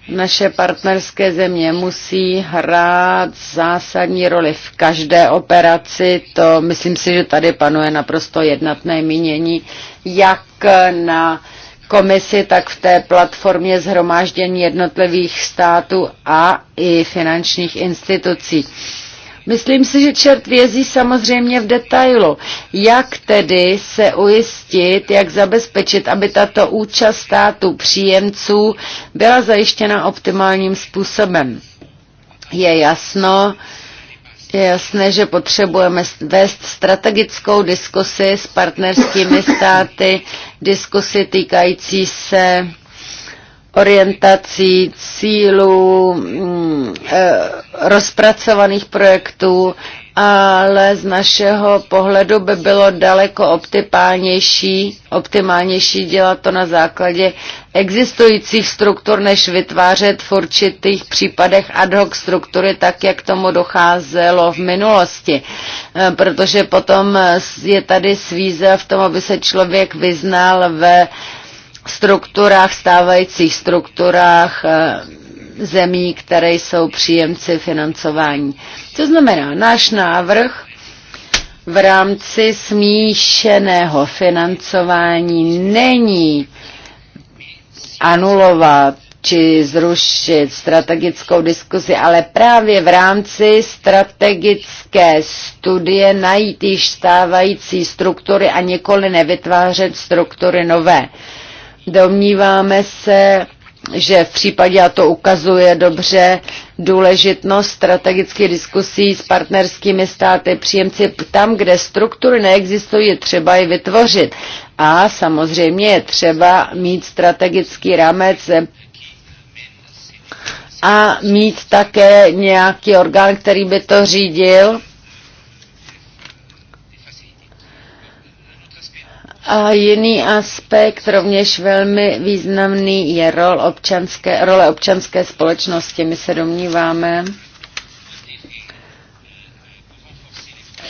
Naše partnerské země musí hrát zásadní roli v každé operaci. To myslím si, že tady panuje naprosto jednotné mínění, jak na uh, komisi, tak v té platformě zhromáždění jednotlivých států a i finančních institucí. Myslím si, že čert vězí samozřejmě v detailu. Jak tedy se ujistit, jak zabezpečit, aby tato účast států příjemců byla zajištěna optimálním způsobem? Je jasno, je jasné, že potřebujeme vést strategickou diskusi s partnerskými státy, diskusi týkající se orientací, cílů, mm, eh, rozpracovaných projektů ale z našeho pohledu by bylo daleko optimálnější, optimálnější dělat to na základě existujících struktur, než vytvářet v určitých případech ad hoc struktury, tak jak tomu docházelo v minulosti. E, protože potom je tady svíze v tom, aby se člověk vyznal ve strukturách, stávajících strukturách e, zemí, které jsou příjemci financování. To znamená, náš návrh v rámci smíšeného financování není anulovat či zrušit strategickou diskuzi, ale právě v rámci strategické studie najít již stávající struktury a nikoli nevytvářet struktury nové. Domníváme se, že v případě, a to ukazuje dobře, důležitnost strategických diskusí s partnerskými státy příjemci tam, kde struktury neexistují, je třeba je vytvořit. A samozřejmě je třeba mít strategický rámec a mít také nějaký orgán, který by to řídil A jiný aspekt, rovněž velmi významný, je rol občanské, role občanské společnosti. My se domníváme,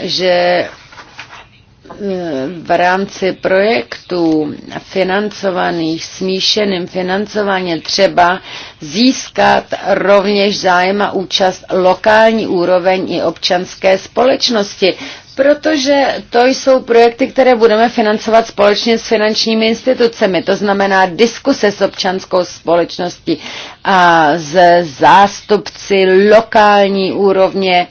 že eh, v rámci projektů financovaných smíšeným financováním třeba získat rovněž zájem a účast lokální úroveň i občanské společnosti. Protože to jsou projekty, které budeme financovat společně s finančními institucemi, to znamená diskuse s občanskou společností a s zástupci lokální úrovně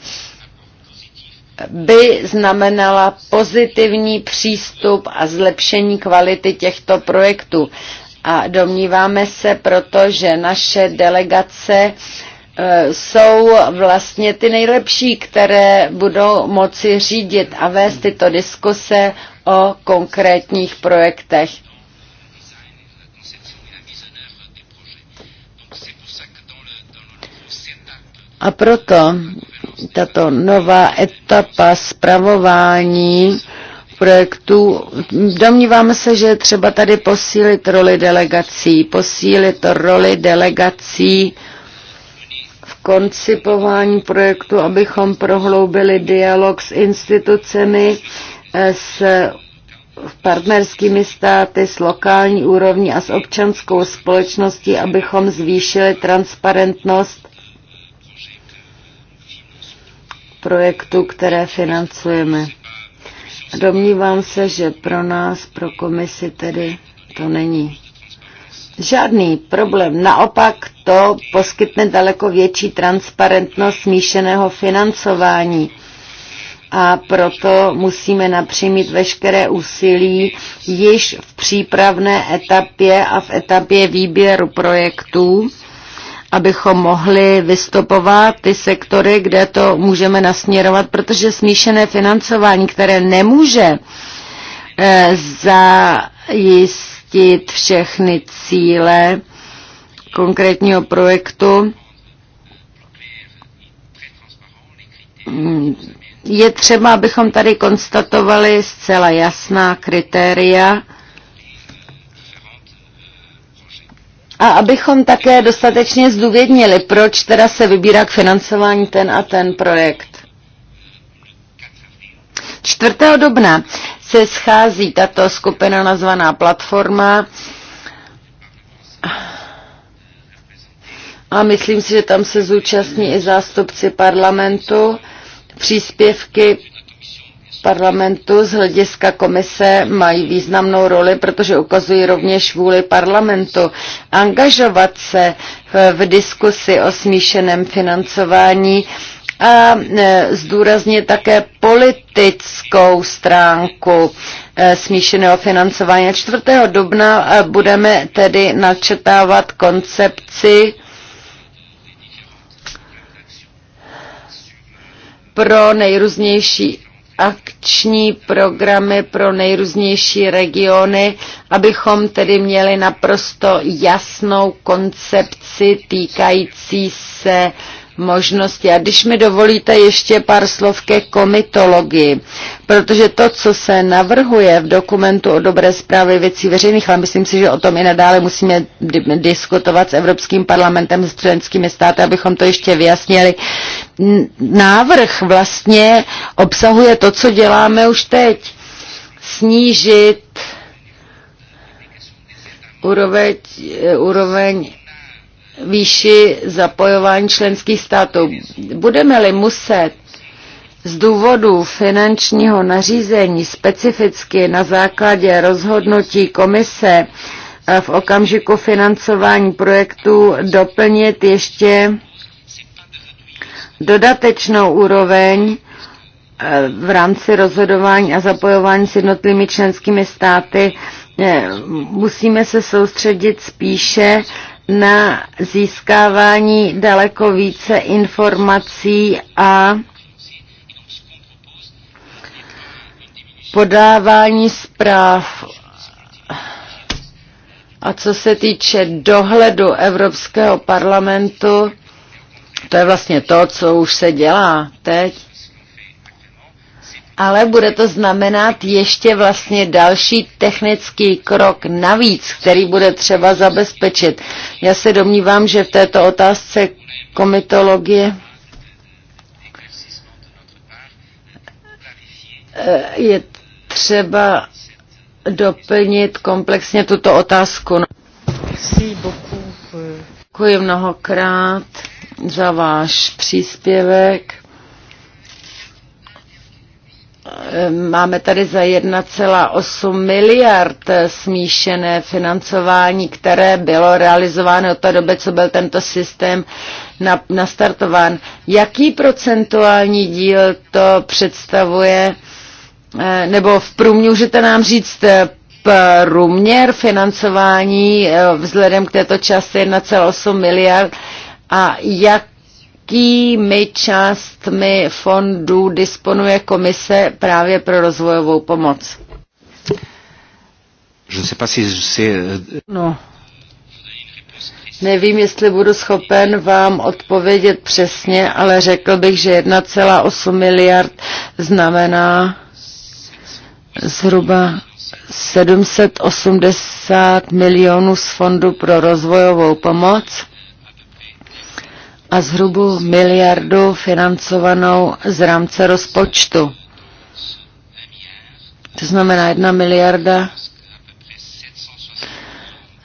by znamenala pozitivní přístup a zlepšení kvality těchto projektů. A domníváme se proto, že naše delegace uh, Eh, jsou vlastně ty nejlepší, které budou moci řídit a vést tyto diskuse o konkrétních projektech. A proto tato nová etapa zpravování projektů. Domníváme se, že je třeba tady posílit roli delegací, posílit roli delegací koncipování projektu, abychom prohloubili dialog s institucemi, eh, s partnerskými státy, s lokální úrovní a s občanskou společností, abychom zvýšili transparentnost projektů, které financujeme. Domnívám se, že pro nás, pro komisi tedy to není žádný problém. Naopak to poskytne daleko větší transparentnost smíšeného financování. A proto musíme napřímit veškeré úsilí již v přípravné etapě a v etapě výběru projektů, abychom mohli vystopovat ty sektory, kde to můžeme nasměrovat, protože smíšené financování, které nemůže eh, zajistit, zhodnotit všechny cíle konkrétního projektu. Je třeba, abychom tady konstatovali zcela jasná kritéria a abychom také dostatečně zdůvědnili, proč teda se vybírá k financování ten a ten projekt. 4. dubna se schází tato skupina nazvaná Platforma a myslím si, že tam se zúčastní i zástupci parlamentu. Příspěvky parlamentu z hlediska komise mají významnou roli, protože ukazují rovněž vůli parlamentu angažovat se v diskusi o smíšeném financování a e, zdůraznit také politickou stránku e, smíšeného financování. 4. dubna e, budeme tedy načetávat koncepci pro nejrůznější akční programy pro nejrůznější regiony, abychom tedy měli naprosto jasnou koncepci týkající se uh, možnosti. A když mi dovolíte ještě pár slov ke komitologii, protože to, co se navrhuje v dokumentu o dobré zprávě věcí veřejných, ale myslím si, že o tom i nadále musíme diskutovat s Evropským parlamentem, s členskými státy, abychom to ještě vyjasnili. Návrh vlastně obsahuje to, co děláme už teď. Snížit úroveň, úroveň výši zapojování členských států. Budeme-li muset z důvodu finančního nařízení specificky na základě rozhodnutí komise eh, v okamžiku financování projektu doplnit ještě dodatečnou úroveň eh, v rámci rozhodování a zapojování s jednotlivými členskými státy eh, musíme se soustředit spíše na získávání daleko více informací a podávání zpráv. A co se týče dohledu Evropského parlamentu, to je vlastně to, co už se dělá teď ale bude to znamenat ještě vlastně další technický krok navíc, který bude třeba zabezpečit. Já se domnívám, že v této otázce komitologie eh, je třeba doplnit komplexně tuto otázku. Euh, Děkuji mnohokrát za váš příspěvek. Máme tady za 1,8 miliard smíšené financování, které bylo realizováno od té doby, co byl tento systém nastartován. Jaký procentuální díl to představuje? Eh, nebo v průměru, můžete nám říct eh, průměr financování eh, vzhledem k této části 1,8 miliard a jak jakými částmi fondů disponuje komise právě pro rozvojovou pomoc? Euh, no, Nevím, jestli budu schopen vám odpovědět přesně, ale řekl bych, že 1,8 miliard znamená zhruba 780 milionů z Fondu pro rozvojovou pomoc a zhrubu miliardu financovanou z rámce rozpočtu. To znamená jedna miliarda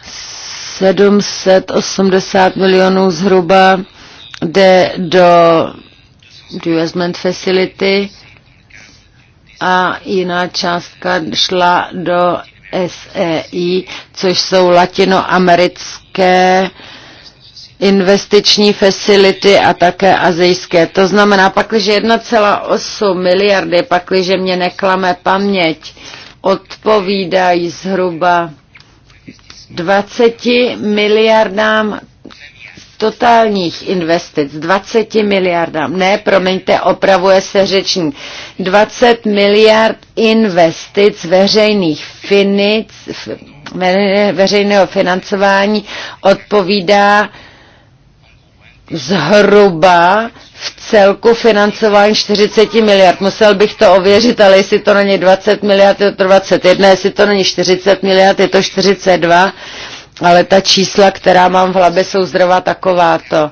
780 milionů zhruba jde do investment Facility a jiná částka šla do SEI, což jsou latinoamerické investiční facility a také azijské. To znamená, pakliže 1,8 miliardy, pakliže mě neklame paměť, odpovídají zhruba 20 miliardám totálních investic, 20 miliardám, ne, promiňte, opravuje se řeční, 20 miliard investic veřejných finic, veřejného financování odpovídá zhruba v celku financování 40 miliard. Musel bych to ověřit, ale jestli to není 20 miliard, je to 21, jestli to není 40 miliard, je to 42, ale ta čísla, která mám v hlavě, jsou zdrova takováto.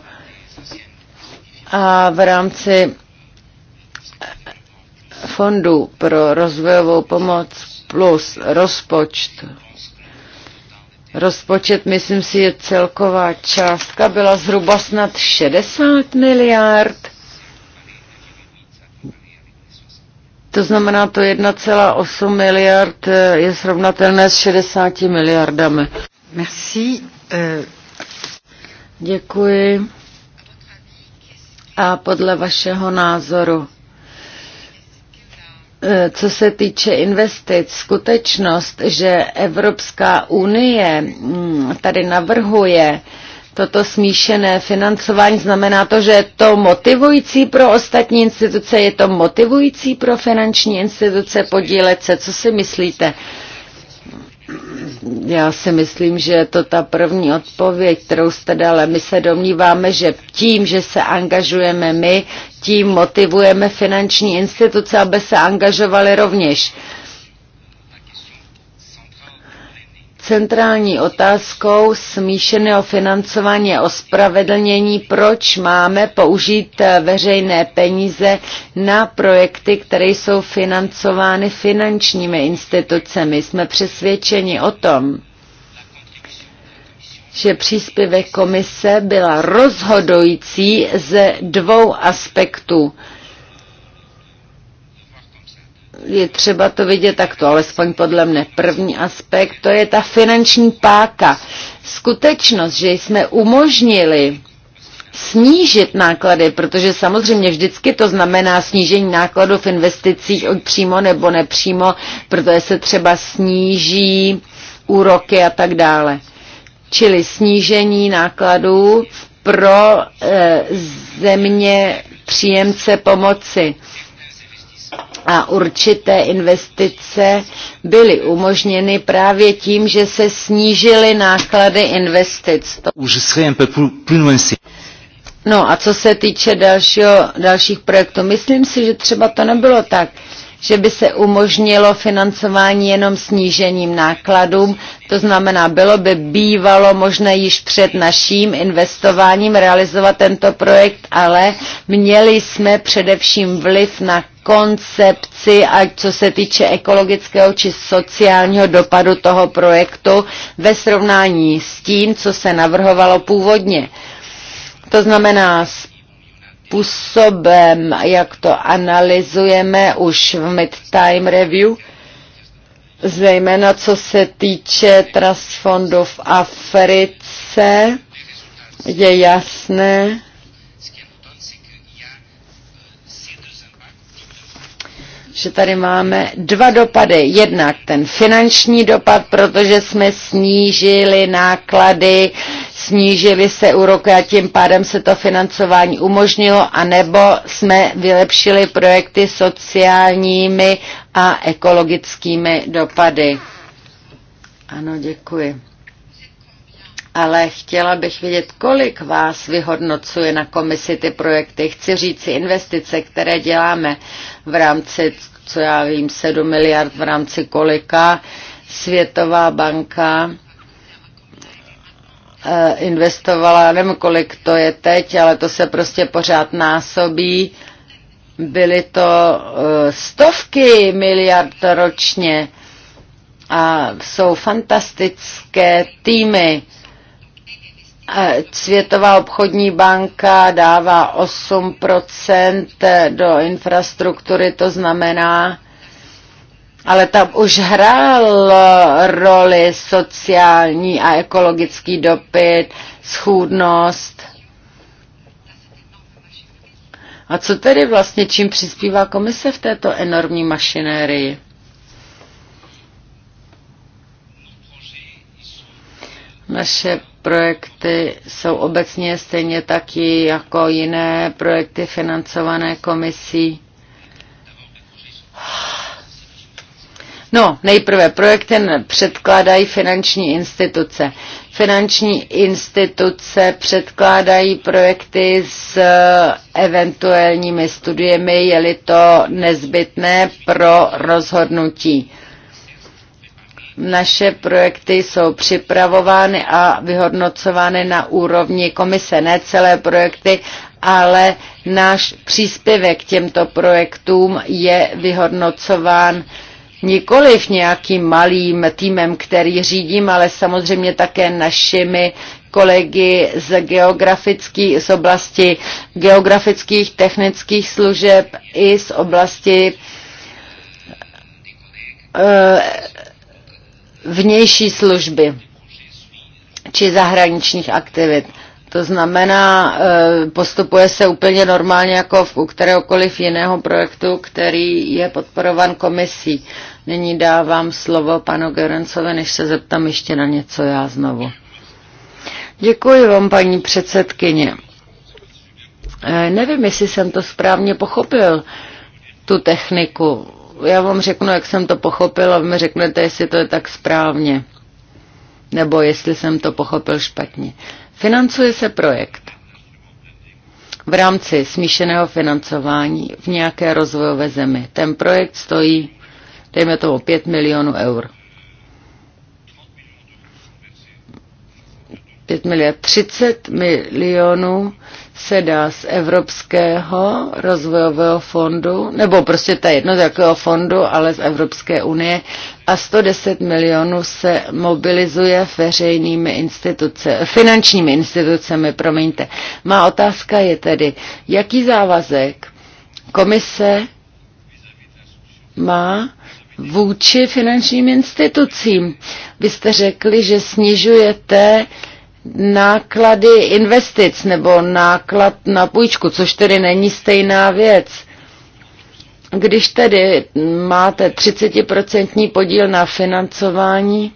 A v rámci fondu pro rozvojovou pomoc plus rozpočtu rozpočet, myslím si, je celková částka, byla zhruba snad 60 miliard. To znamená, to 1,8 miliard eh, je srovnatelné s 60 miliardami. Merci. Eh. Děkuji. A podle vašeho názoru, Eh, co se týče investic, skutečnost, že Evropská unie mm, tady navrhuje toto smíšené financování, znamená to, že je to motivující pro ostatní instituce, je to motivující pro finanční instituce podílet se. Co si myslíte? Já si myslím, že je to ta první odpověď, kterou jste dali. My se domníváme, že tím, že se angažujeme my, tím motivujeme finanční instituce, aby se angažovaly rovněž. Centrální otázkou smíšeného financování je ospravedlnění, proč máme použít eh, veřejné peníze na projekty, které jsou financovány finančními institucemi. Jsme přesvědčeni o tom, že příspěvek komise byla rozhodující ze dvou aspektů je třeba to vidět takto, alespoň podle mne. První aspekt, to je ta finanční páka. Skutečnost, že jsme umožnili snížit náklady, protože samozřejmě vždycky to znamená snížení nákladů v investicích od přímo nebo nepřímo, protože se třeba sníží úroky a tak dále. Čili snížení nákladů pro e, země příjemce pomoci a určité investice byly umožněny právě tím, že se snížily náklady investic. No a co se týče dalšího, dalších projektů, myslím si, že třeba to nebylo tak, že by se umožnilo financování jenom snížením nákladům, to znamená, bylo by bývalo možné již před naším investováním realizovat tento projekt, ale měli jsme především vliv na koncepci, ať co se týče ekologického či sociálního dopadu toho projektu ve srovnání s tím, co se navrhovalo původně. To znamená, způsobem, jak to analyzujeme už v mid-time Review, zejména co se týče trust fondu v Africe, je jasné, že tady máme dva dopady. Jednak ten finanční dopad, protože jsme snížili náklady, snížili se úroky a tím pádem se to financování umožnilo, anebo jsme vylepšili projekty sociálními a ekologickými dopady. Ano, děkuji. Ale chtěla bych vědět, kolik vás vyhodnocuje na komisi ty projekty. Chci říct si investice, které děláme v rámci, co já vím, 7 miliard v rámci kolika. Světová banka eh, investovala, nevím kolik to je teď, ale to se prostě pořád násobí. Byly to eh, stovky miliard ročně a jsou fantastické týmy Světová obchodní banka dává 8% do infrastruktury, to znamená, ale tam už hrál roli sociální a ekologický dopyt, schůdnost. A co tedy vlastně, čím přispívá komise v této enormní mašinérii? Naše projekty jsou obecně stejně taky jako jiné projekty financované komisí. No, nejprve projekty předkládají finanční instituce. Finanční instituce předkládají projekty s eventuálními studiemi, je-li to nezbytné pro rozhodnutí. Naše projekty jsou připravovány a vyhodnocovány na úrovni komise, ne celé projekty, ale náš příspěvek k těmto projektům je vyhodnocován nikoliv nějakým malým týmem, který řídím, ale samozřejmě také našimi kolegy z, geografických, z oblasti geografických technických služeb i z oblasti eh, vnější služby či zahraničních aktivit. To znamená, e, postupuje se úplně normálně jako v, u kteréhokoliv jiného projektu, který je podporovan komisí. Nyní dávám slovo panu Gerencovi, než se zeptám ještě na něco já znovu. Děkuji vám, paní předsedkyně. E, nevím, jestli jsem to správně pochopil, tu techniku já vám řeknu, jak jsem to pochopil a vy mi řeknete, jestli to je tak správně. Nebo jestli jsem to pochopil špatně. Financuje se projekt v rámci smíšeného financování v nějaké rozvojové zemi. Ten projekt stojí, dejme tomu, 5 milionů eur. 5 miliard, 30 milionů se dá z Evropského rozvojového fondu, nebo prostě ta jedno z jakého fondu, ale z Evropské unie a 110 milionů se mobilizuje veřejnými instituce, finančními institucemi, promiňte. Má otázka je tedy, jaký závazek komise má vůči finančním institucím. Vy jste řekli, že snižujete náklady investic nebo náklad na půjčku, což tedy není stejná věc. Když tedy máte 30% podíl na financování,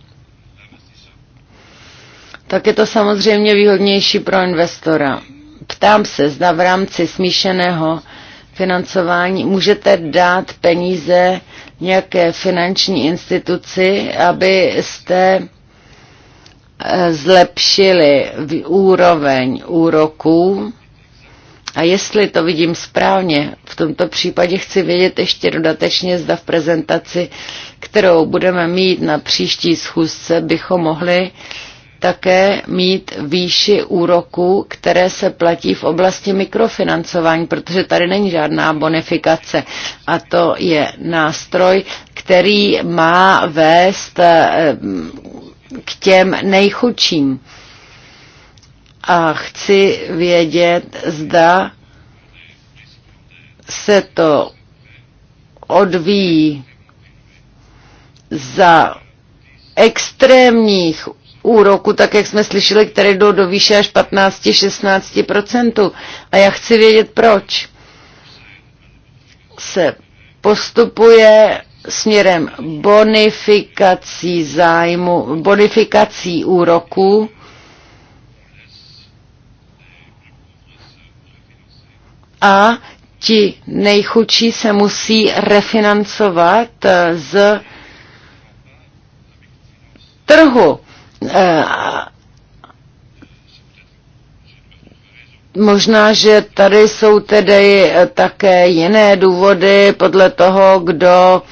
tak je to samozřejmě výhodnější pro investora. Ptám se, zda v rámci smíšeného financování můžete dát peníze nějaké finanční instituci, abyste zlepšili úroveň úroků. A jestli to vidím správně, v tomto případě chci vědět ještě dodatečně, zda v prezentaci, kterou budeme mít na příští schůzce, bychom mohli také mít výši úroků, které se platí v oblasti mikrofinancování, protože tady není žádná bonifikace. A to je nástroj, který má vést eh, k těm nejchudším. A chci vědět, zda se to odvíjí za extrémních úroku, tak jak jsme slyšeli, které jdou do výše až 15-16%. A já chci vědět, proč se postupuje směrem bonifikací zájmu, bonifikací úroků a ti nejchudší se musí refinancovat eh, z trhu. Eh, možná, že tady jsou tedy eh, také jiné důvody podle toho, kdo uh,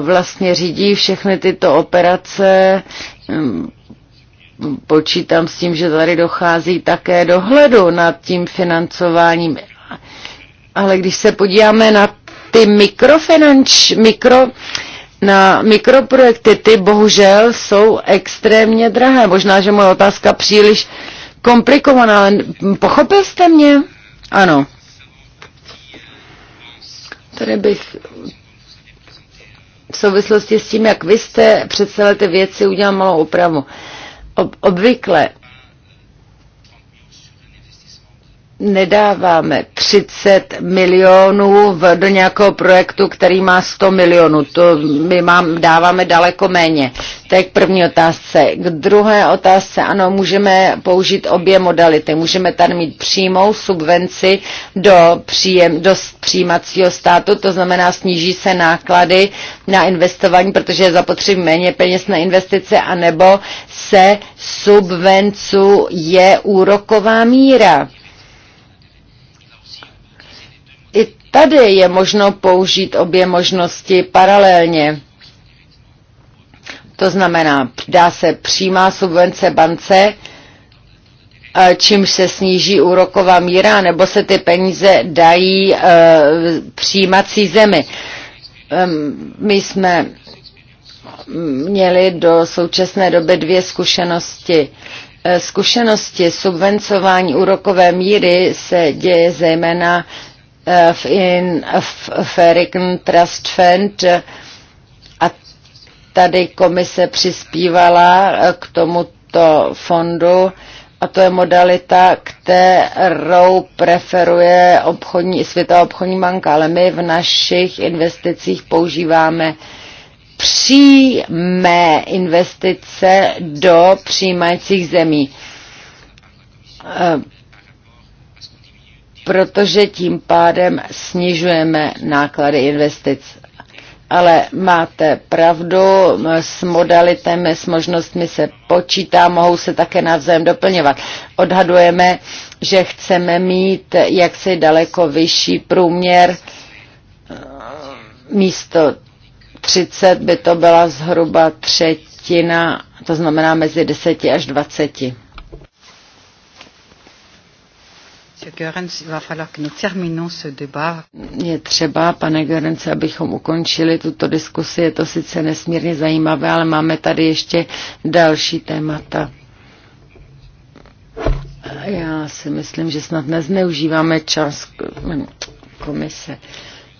vlastně řídí všechny tyto operace. Hm, počítám s tím, že tady dochází také dohledu nad tím financováním. Ale když se podíváme na ty mikrofinanč, mikro, na mikroprojekty, ty bohužel jsou extrémně drahé. Možná, že moje otázka příliš komplikovaná, ale pochopil jste mě? Ano. Tady bych v souvislosti s tím, jak vy jste představil ty věci, udělal malou opravu. Ob, obvykle nedáváme 30 milionů v, do nějakého projektu, který má 100 milionů. To my mám, dáváme daleko méně. To je k první otázce. K druhé otázce, ano, můžeme použít obě modality. Můžeme tam mít přímou subvenci do, příjem, do přijímacího státu, to znamená sníží se náklady na investování, protože je zapotřebí méně peněz na investice, anebo se je úroková míra Tady je možno použít obě možnosti paralelně. To znamená, dá se přímá subvence bance, eh, čímž se sníží úroková míra, nebo se ty peníze dají eh, přijímací zemi. Ehm, my jsme měli do současné doby dvě zkušenosti. Eh, zkušenosti subvencování úrokové míry se děje zejména v, in, African Trust Fund a tady komise přispívala eh, k tomuto fondu a to je modalita, kterou preferuje obchodní, Světová obchodní banka, ale my v našich investicích používáme přímé investice do přijímajících zemí eh, protože tím pádem snižujeme náklady investic. Ale máte pravdu, s modalitami, s možnostmi se počítá, mohou se také navzájem doplňovat. Odhadujeme, že chceme mít jaksi daleko vyšší průměr eh, místo 30 by to byla zhruba třetina, to znamená mezi 10 až 20. Je třeba, pane Görens, abychom ukončili tuto diskusi. Je to sice nesmírně zajímavé, ale máme tady ještě další témata. Já si myslím, že snad nezneužíváme čas komise.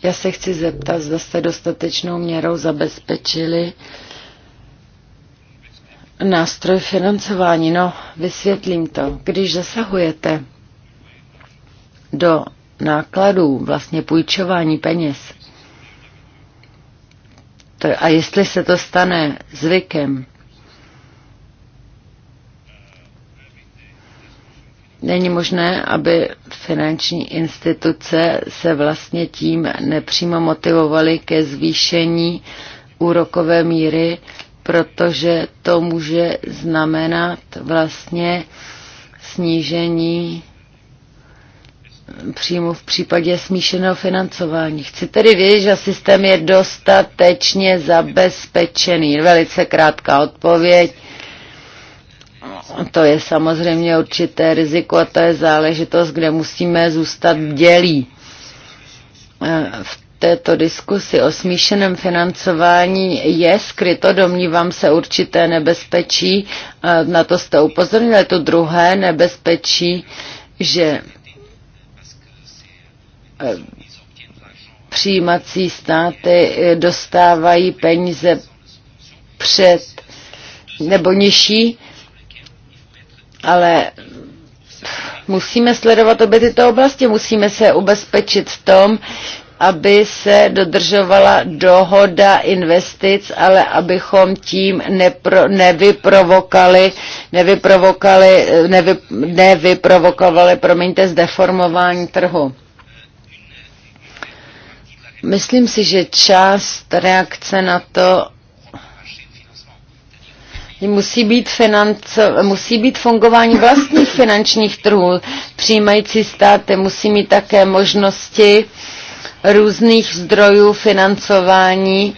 Já se chci zeptat, zda jste dostatečnou měrou zabezpečili nástroj financování. No, vysvětlím to. Když zasahujete do nákladů, vlastně půjčování peněz. To, a jestli se to stane zvykem, není možné, aby finanční instituce se vlastně tím nepřímo motivovaly ke zvýšení úrokové míry, protože to může znamenat vlastně snížení Přímo v případě smíšeného financování. Chci tedy vědět, že systém je dostatečně zabezpečený. Velice krátká odpověď. To je samozřejmě určité riziko a to je záležitost, kde musíme zůstat dělí. E, v této diskusi o smíšeném financování je skryto, domnívám se, určité nebezpečí. E, na to jste upozornili, to druhé nebezpečí, že Eh, přijímací státy eh, dostávají peníze před nebo nižší, ale musíme sledovat obě tyto oblasti, musíme se ubezpečit v tom, aby se dodržovala dohoda investic, ale abychom tím nepro, nevyprovokali, nevyprovokali, eh, nevy, nevyprovokovali, promiňte, zdeformování trhu. Myslím si, že část reakce na to musí být, financ, musí být fungování vlastních finančních trhů. Přijímající státy musí mít také možnosti různých zdrojů financování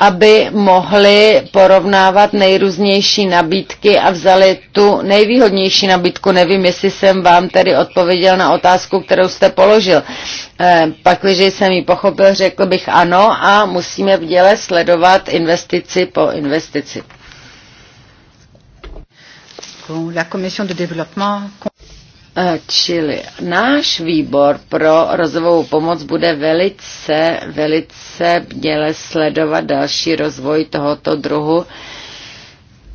aby mohli porovnávat nejrůznější nabídky a vzali tu nejvýhodnější nabídku. Nevím, jestli jsem vám tedy odpověděl na otázku, kterou jste položil. Eh, Pak, když jsem ji pochopil, řekl bych ano a musíme v děle sledovat investici po investici. La Commission de développement Eh, čili náš výbor pro rozvojovou pomoc bude velice, velice měle sledovat další rozvoj tohoto druhu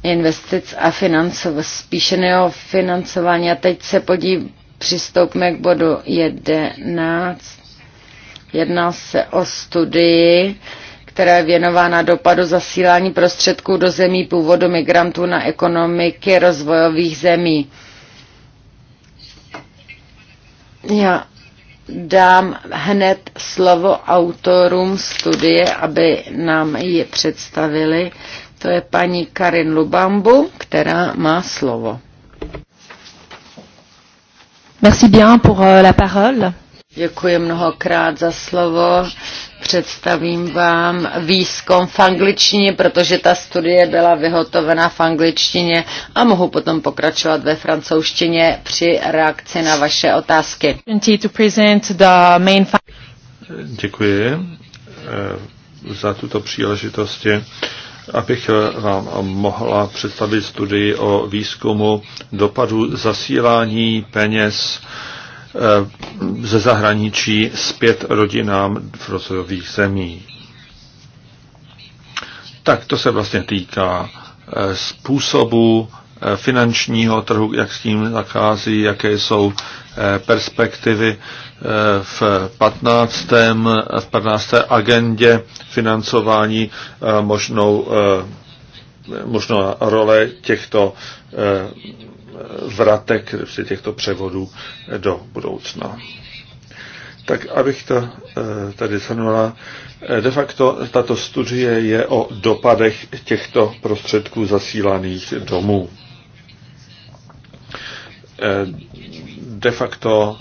investic a financov, spíše neho financování. A teď se podí, přistoupme k bodu 11. Jedná se o studii, která je věnována dopadu zasílání prostředků do zemí původu migrantů na ekonomiky rozvojových zemí. Já dám hned slovo autorům studie, aby nám ji představili. To je paní Karin Lubambu, která má slovo. Merci bien pour euh, la parole. Děkuji mnohokrát za slovo. Představím vám výzkum v angličtině, protože ta studie byla vyhotovena v angličtině a mohu potom pokračovat ve francouzštině při reakci na vaše otázky. Děkuji eh, za tuto příležitost, abych eh, vám mohla představit studii o výzkumu dopadu zasílání peněz Eh, ze zahraničí zpět rodinám v rozvojových zemí. Tak to se vlastně týká eh, způsobu eh, finančního trhu, jak s tím zakází, jaké jsou perspektivy v 15. v 15. agendě financování možnou možná role těchto vratek při těchto převodů do budoucna. Tak abych to eh, tady shrnula, eh, de facto tato studie je o dopadech těchto prostředků zasílaných domů. Eh, de facto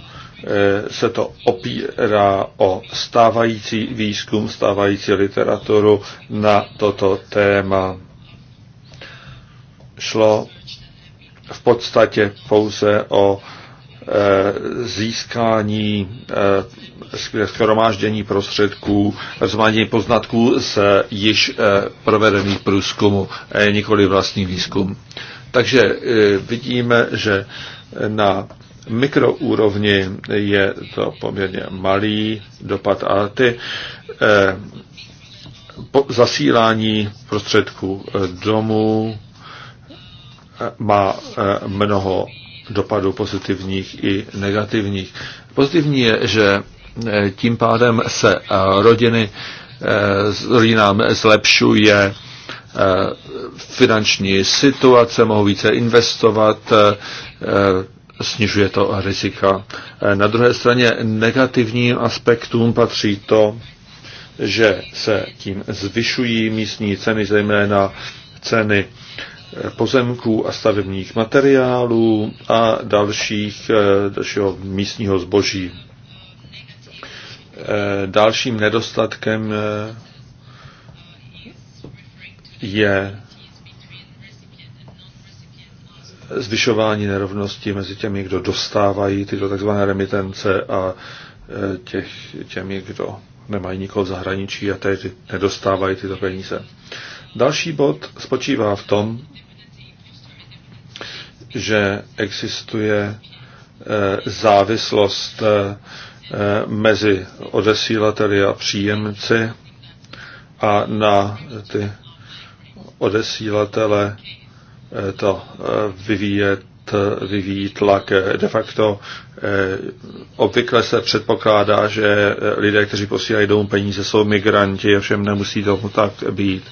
se to opírá o stávající výzkum, stávající literaturu na toto téma. Šlo v podstatě pouze o eh, získání, eh, schromáždění prostředků, zmanění poznatků z eh, již provedených e, nikoli vlastní výzkum. Takže vidíme, že na mikroúrovni je to poměrně malý dopad a ty zasílání prostředků domů, má eh, mnoho dopadů pozitivních i negativních. Pozitivní je, že eh, tím pádem se eh, rodiny, rodinám zlepšuje finanční situace, mohou více investovat, snižuje to rizika. Na druhé straně negativním aspektům patří to, že se tím zvyšují místní ceny, zejména ceny pozemků a stavebních materiálů a dalších, eh, dalšího místního zboží. Eh, dalším nedostatkem eh, je zvyšování nerovnosti mezi těmi, kdo dostávají tyto tzv. remitence a těch, těmi, kdo nemají nikoho v zahraničí a tedy nedostávají tyto peníze. Další bod spočívá v tom, že existuje e, závislost e, e, mezi odesílateli a příjemci a na ty odesílatele to vyvíjet, vyvíjí tlak. De facto obvykle se předpokládá, že lidé, kteří posílají domů peníze, jsou migranti, ovšem nemusí tomu tak být.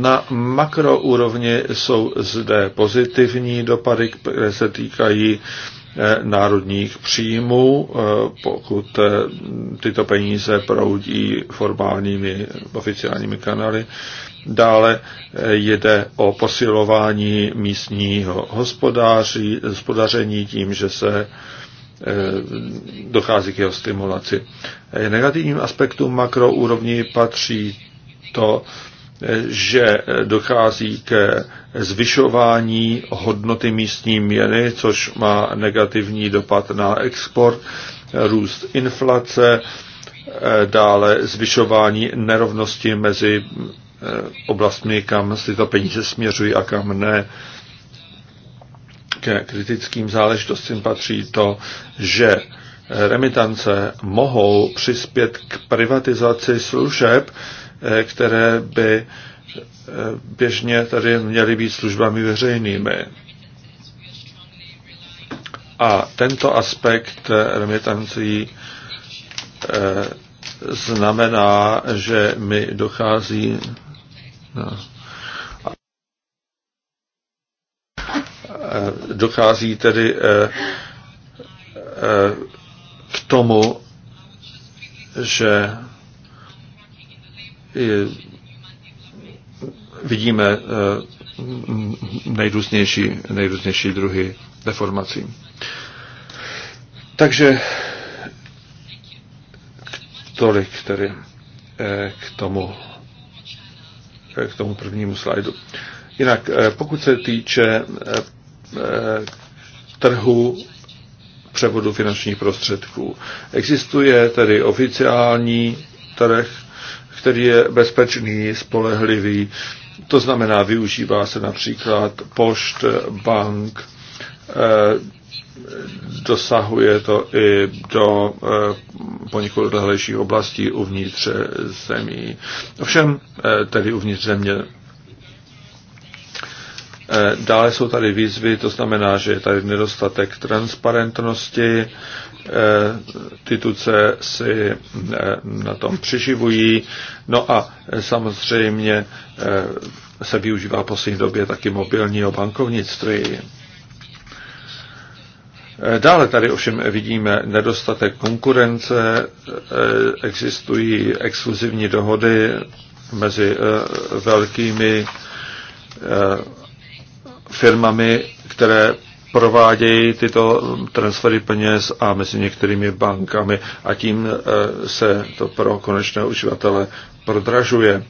Na makroúrovni jsou zde pozitivní dopady, které se týkají eh, národních příjmů, eh, pokud eh, tyto peníze proudí formálními oficiálními kanály. Dále jde o posilování místního hospodáří, hospodaření tím, že se dochází k jeho stimulaci. Negativním aspektům makroúrovni patří to, že dochází k zvyšování hodnoty místní měny, což má negativní dopad na export, růst inflace, dále zvyšování nerovnosti mezi eh, oblastmi, kam si to peníze směřují a kam ne. Ke kritickým záležitostem patří to, že eh, remitance mohou přispět k privatizaci služeb, Eh, které by eh, běžně tady měly být službami veřejnými. A tento aspekt remitancí eh, znamená, že mi dochází. dochází tedy k tomu, že vidíme eh, nejrůznější, nejrůznější druhy deformací. Takže tolik tedy eh, k tomu, eh, k tomu prvnímu slajdu. Jinak, pokud se týče trhu převodu finančních prostředků, existuje tedy oficiální trh, který je bezpečný, spolehlivý. To znamená, využívá se například pošt, bank, eh, dosahuje to i do eh, poněkud odlehlejších oblastí uvnitř zemí. Ovšem, eh, tedy uvnitř země Eh, dále jsou tady výzvy, to znamená, že je tady nedostatek transparentnosti, eh, tituce si eh, na tom přiživují, no a samozřejmě se využívá v poslední době taky mobilního bankovnictví. Dále tady ovšem vidíme nedostatek konkurence, existují exkluzivní dohody mezi velkými firmami, které provádějí tyto transfery peněz a mezi některými bankami a tím eh, se to pro konečné uživatele prodražuje.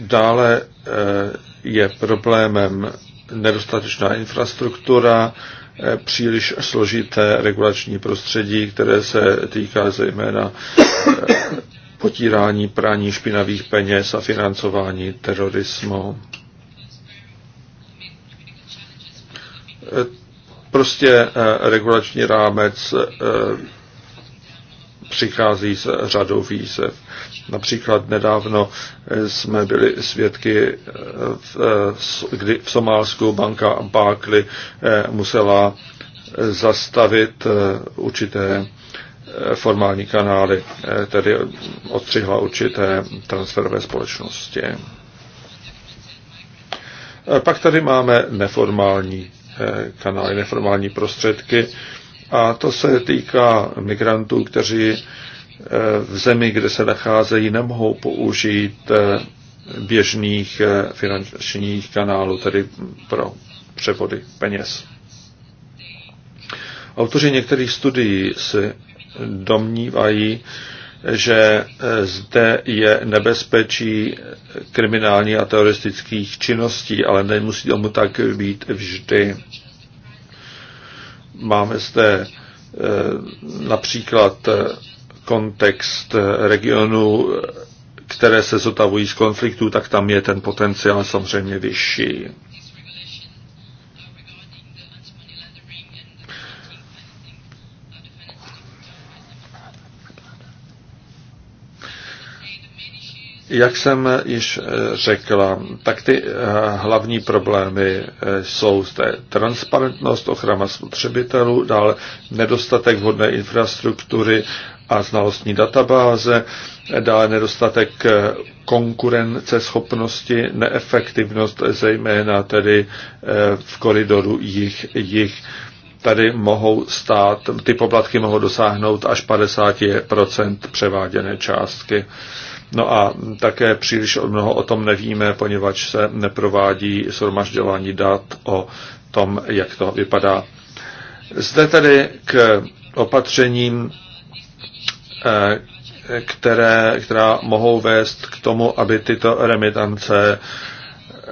Dále eh, je problémem nedostatečná infrastruktura, eh, příliš složité regulační prostředí, které se týká zejména potírání prání špinavých peněz a financování terorismu. Prostě eh, regulační rámec eh, přichází s řadou výzev. Například nedávno eh, jsme byli svědky, kdy v Somálsku banka Barclay musela zastavit určité Eh, formální kanály, eh, tedy odstřihla určité transferové společnosti. Eh, pak tady máme neformální kanály, neformální prostředky a to se týká migrantů, kteří v zemi, kde se nacházejí, nemohou použít běžných finančních kanálů, tedy pro převody peněz. Autoři některých studií si domnívají, že eh, zde je nebezpečí kriminální a teroristických činností, ale nemusí tomu tak být vždy. Máme zde eh, například eh, kontext regionu, které se zotavují z konfliktů, tak tam je ten potenciál samozřejmě vyšší. Jak jsem již eh, řekla, tak ty eh, hlavní problémy eh, jsou zde transparentnost, ochrana spotřebitelů, dále nedostatek vhodné infrastruktury a znalostní databáze, dále nedostatek konkurence schopnosti, neefektivnost, zejména tedy v koridoru jich, jich tady mohou stát, ty poplatky mohou dosáhnout až 50% převáděné částky. No a také příliš mnoho o tom nevíme, poněvadž se neprovádí shromažďování dat o tom, jak to vypadá. Zde tedy k opatřením, eh, které, která mohou vést k tomu, aby tyto remitance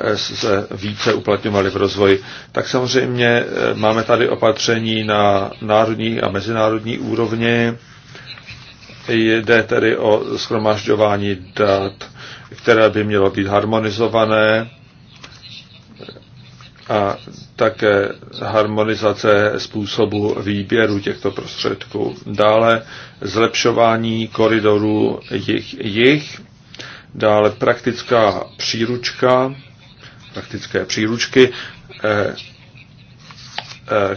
eh, se více uplatňovaly v rozvoji. Tak samozřejmě eh, máme tady opatření na národní a mezinárodní úrovni Jde tedy o schromažďování dat, které by mělo být harmonizované a také harmonizace způsobu výběru těchto prostředků. Dále zlepšování koridorů jich, jich dále praktická příručka, praktické příručky, eh, eh,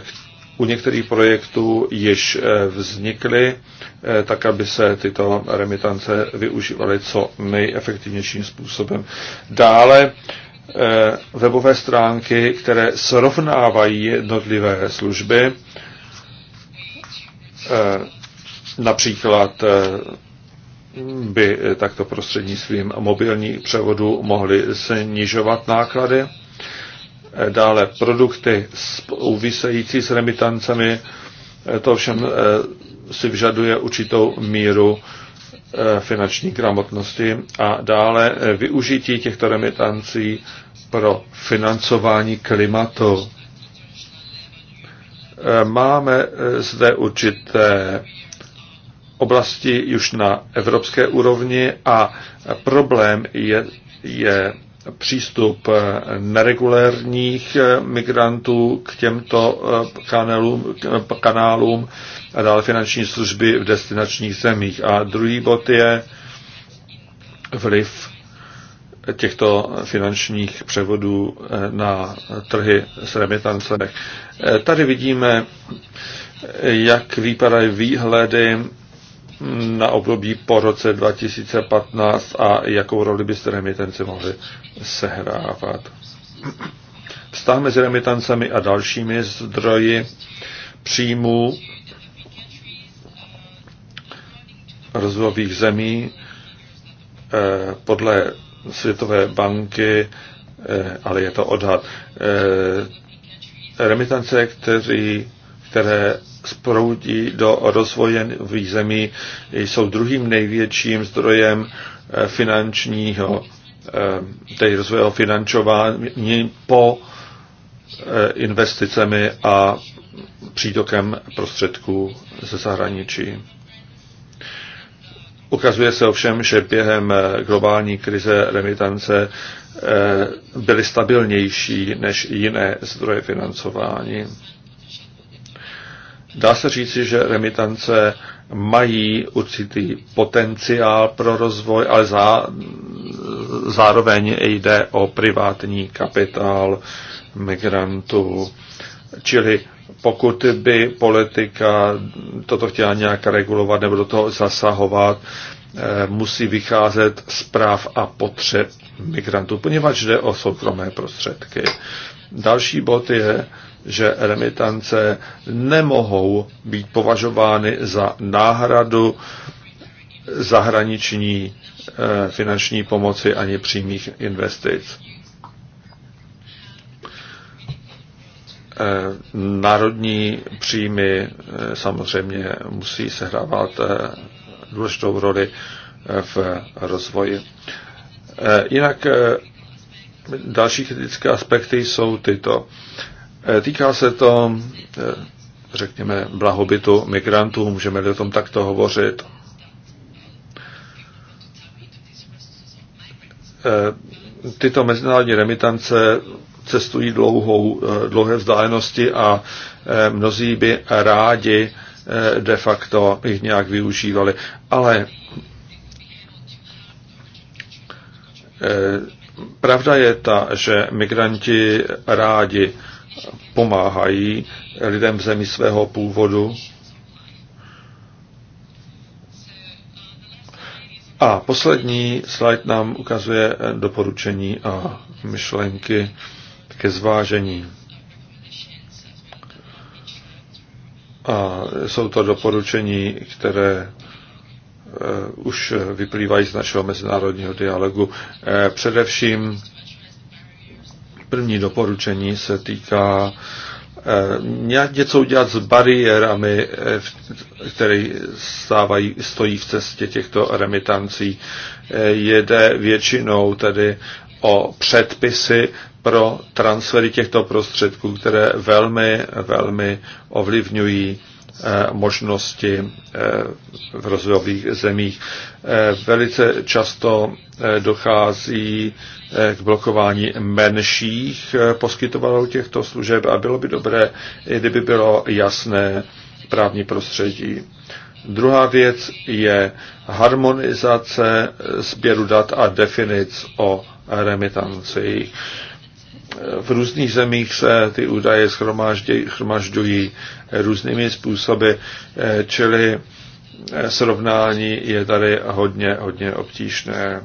u některých projektů již eh, vznikly, eh, tak aby se tyto remitance využívaly co nejefektivnějším způsobem. Dále eh, webové stránky, které srovnávají jednotlivé služby, například by takto prostřednictvím mobilních převodů mohly snižovat náklady dále produkty uvisející s remitancemi, e, to všem e, si vyžaduje určitou míru e, finanční gramotnosti a dále využití těchto remitancí pro financování klimatu. Máme zde určité oblasti už na evropské úrovni a problém je, je přístup eh, neregulérních eh, migrantů k těmto eh, kanálům, kanálům a dále finanční služby v destinačních zemích. A druhý bod je vliv těchto finančních převodů na trhy s remitancemi. Tady vidíme, jak vypadají výhledy na období po roce 2015 a jakou roli byste remitenci mohli sehrávat. Vztah mezi remitancemi a dalšími zdroji příjmů rozvojových zemí eh, podle Světové banky, eh, ale je to odhad. Eh, remitance, který, které sproudí do rozvojových zemí, jsou druhým největším zdrojem eh, finančního, eh, tedy rozvojového financování po eh, investicemi a přítokem prostředků ze zahraničí. Ukazuje se ovšem, že během globální krize remitance byly stabilnější než jiné zdroje financování. Dá se říci, že remitance mají určitý potenciál pro rozvoj, ale zá, zároveň jde o privátní kapitál migrantů. Čili pokud by politika toto chtěla nějak regulovat nebo do toho zasahovat, eh, musí vycházet z práv a potřeb migrantů, poněvadž jde o soukromé prostředky. Další bod je že remitance nemohou být považovány za náhradu zahraniční eh, finanční pomoci ani přímých investic. Eh, národní příjmy eh, samozřejmě musí sehrávat důležitou roli v rozvoji. Jinak další kritické aspekty jsou tyto. Eh, týká se to, eh, řekněme, blahobytu migrantů, můžeme o tom takto hovořit. Eh, tyto mezinárodní remitance cestují dlouhou, dlouhé vzdálenosti a mnozí by rádi de facto jich nějak využívali. Ale pravda je ta, že migranti rádi pomáhají lidem v zemi svého původu. A poslední slide nám ukazuje doporučení a myšlenky ke zvážení. A jsou to doporučení, které eh, už vyplývají z našeho mezinárodního dialogu. Eh, především První doporučení se týká eh, něco udělat s bariérami, eh, které stávají, stojí v cestě těchto remitancí. Eh, jede většinou tedy o předpisy pro transfery těchto prostředků, které velmi, velmi ovlivňují možnosti v rozvojových zemích. Velice často dochází Eh, k blokování menších eh, poskytovatelů těchto služeb a bylo by dobré, kdyby bylo jasné právní prostředí. Druhá věc je harmonizace sběru dat a definic o remitanci. V různých zemích se ty údaje schromažďují různými způsoby, eh, čili srovnání je tady hodně, hodně obtížné.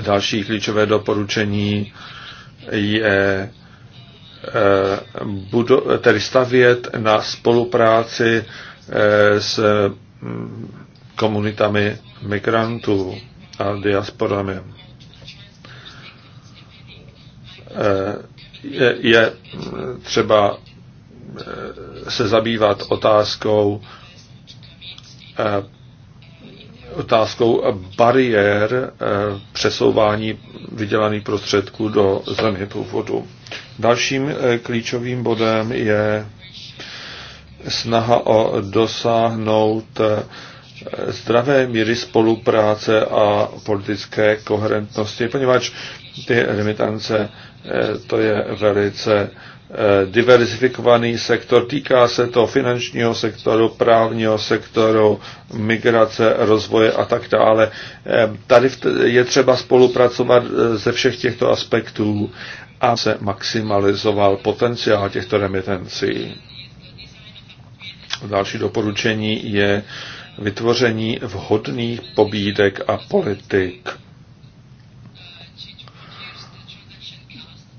Další klíčové doporučení je eh, budu, tedy stavět na spolupráci eh, s mm, komunitami migrantů a diasporami. Eh, je, je třeba se zabývat otázkou otázkou bariér eh, přesouvání vydělaných prostředků do země původu. Dalším eh, klíčovým bodem je snaha o dosáhnout eh, zdravé míry spolupráce a politické koherentnosti, poněvadž ty limitance to je velice Eh, diverzifikovaný sektor. Týká se to finančního sektoru, právního sektoru, migrace, rozvoje a tak dále. Eh, tady je třeba spolupracovat eh, ze všech těchto aspektů a se maximalizoval potenciál těchto remitencí. Další doporučení je vytvoření vhodných pobídek a politik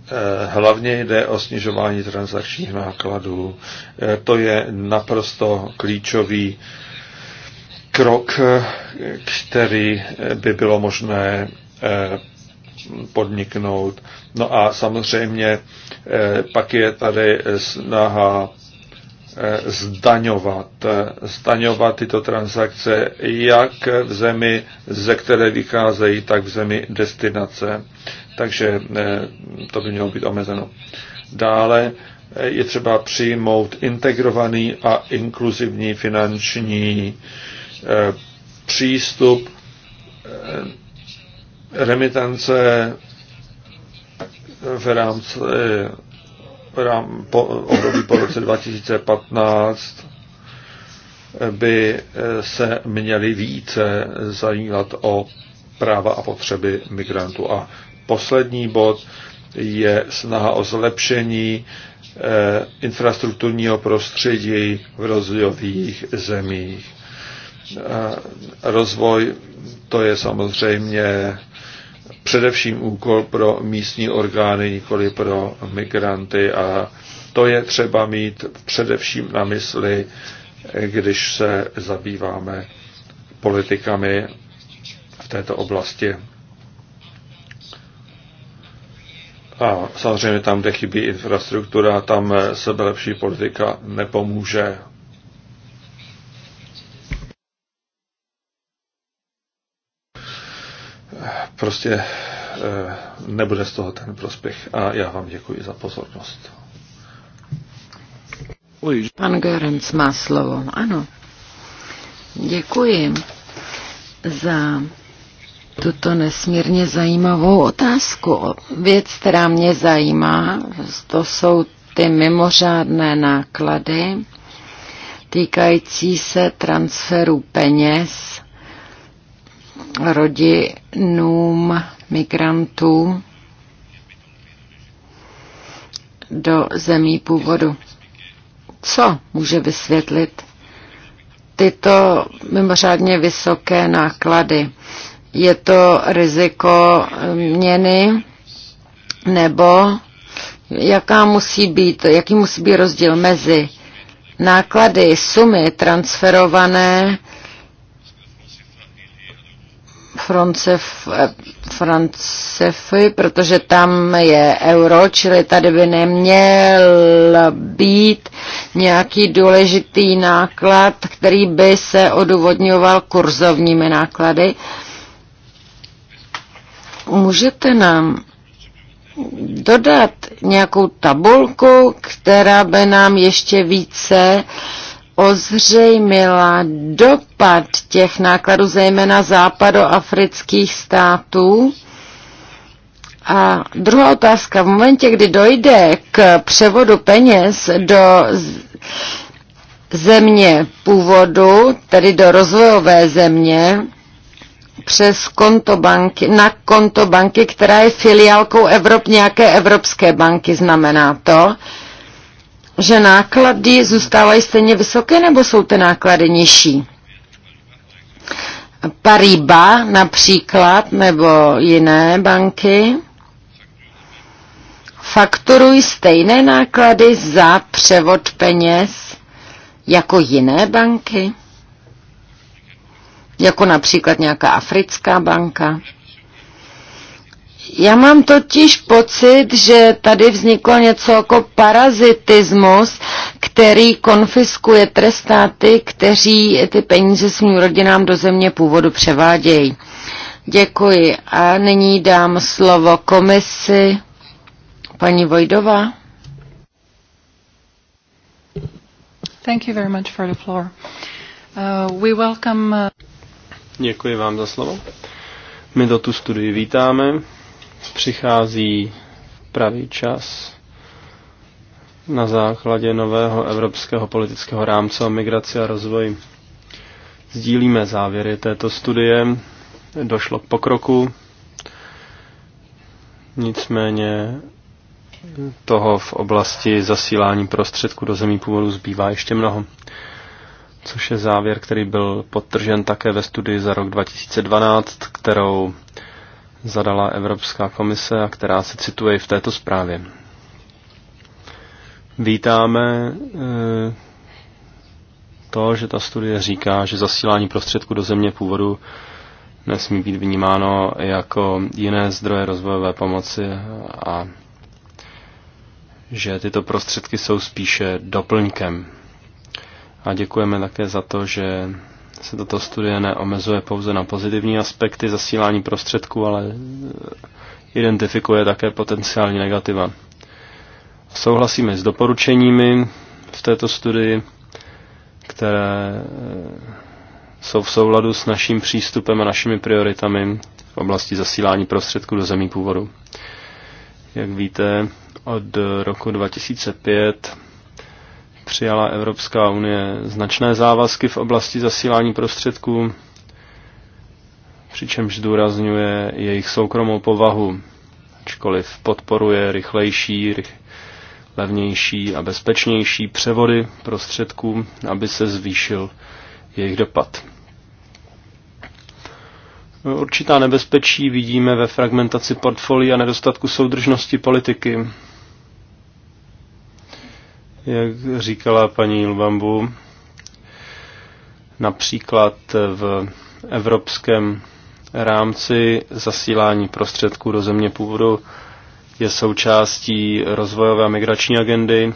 Eh, hlavně jde o snižování transakčních nákladů. Eh, to je naprosto klíčový krok, eh, který by bylo možné podniknout. No a samozřejmě pak je tady snaha Eh, zdaňovat, eh, zdaňovat tyto transakce jak v zemi, ze které vycházejí, tak v zemi destinace. Takže eh, to by mělo být omezeno. Dále je třeba přijmout integrovaný a inkluzivní finanční přístup remitence v rámci po, období po roce 2015 by eh, se měli více zajímat o práva a potřeby migrantů. A poslední bod je snaha o zlepšení eh, infrastrukturního prostředí v rozvojových zemích. Eh, rozvoj to je samozřejmě především úkol pro místní orgány, nikoli pro migranty a to je třeba mít především na mysli, když se zabýváme politikami v této oblasti. A samozřejmě tam, kde chybí infrastruktura, tam sebelepší politika nepomůže. prostě eh, nebude z toho ten prospěch. A já vám děkuji za pozornost. Pan Görenc má slovo. Ano. Děkuji za tuto nesmírně zajímavou otázku. Věc, která mě zajímá, to jsou ty mimořádné náklady týkající se transferu peněz rodinům migrantů do zemí původu. Co může vysvětlit tyto mimořádně vysoké náklady? Je to riziko měny nebo jaká musí být, jaký musí být rozdíl mezi náklady, sumy transferované Francefy, protože tam je euro, čili tady by neměl být nějaký důležitý náklad, který by se odůvodňoval kurzovními náklady. Můžete nám dodat nějakou tabulku, která by nám ještě více uh, ozřejmila dopad těch nákladů, zejména západoafrických států. A druhá otázka, v momentě, kdy dojde k převodu peněz do země původu, tedy do rozvojové země, přes konto banky, na konto banky, která je filiálkou Evrop, nějaké evropské banky, znamená to, že náklady zůstávají stejně vysoké nebo jsou ty náklady nižší? Pariba například nebo jiné banky fakturují stejné náklady za převod peněz jako jiné banky, jako například nějaká africká banka. Já mám totiž pocit, že tady vzniklo něco jako parazitismus, který konfiskuje trestáty, kteří ty peníze svým rodinám do země původu převádějí. Děkuji a nyní dám slovo komisi. Paní Vojdová. Thank you very much for the floor. Uh, we welcome, uh... Děkuji vám za slovo. My do tu studii vítáme přichází pravý čas na základě nového evropského politického rámce o migraci a rozvoji. Sdílíme závěry této studie, došlo k pokroku, nicméně toho v oblasti zasílání prostředků do zemí původu zbývá ještě mnoho, což je závěr, který byl podtržen také ve studii za rok 2012, kterou zadala Evropská komise a která se cituje v této zprávě. Vítáme eh, to, že ta studie říká, že zasílání prostředků do země původu nesmí být vnímáno jako jiné zdroje rozvojové pomoci a že tyto prostředky jsou spíše doplňkem. A děkujeme také za to, že se tato studie neomezuje pouze na pozitivní aspekty zasílání prostředků, ale eh, identifikuje také potenciální negativa. Souhlasíme s doporučeními v této studii, které eh, jsou v souladu s naším přístupem a našimi prioritami v oblasti zasílání prostředků do zemí původu. Jak víte, od roku 2005 Přijala Evropská unie značné závazky v oblasti zasílání prostředků, přičemž zdůrazňuje jejich soukromou povahu, ačkoliv podporuje rychlejší, rych, levnější a bezpečnější převody prostředků, aby se zvýšil jejich dopad. Určitá nebezpečí vidíme ve fragmentaci portfolia a nedostatku soudržnosti politiky, jak říkala paní Lvambu, například v evropském rámci zasílání prostředků do země původu je součástí rozvojové a migrační agendy,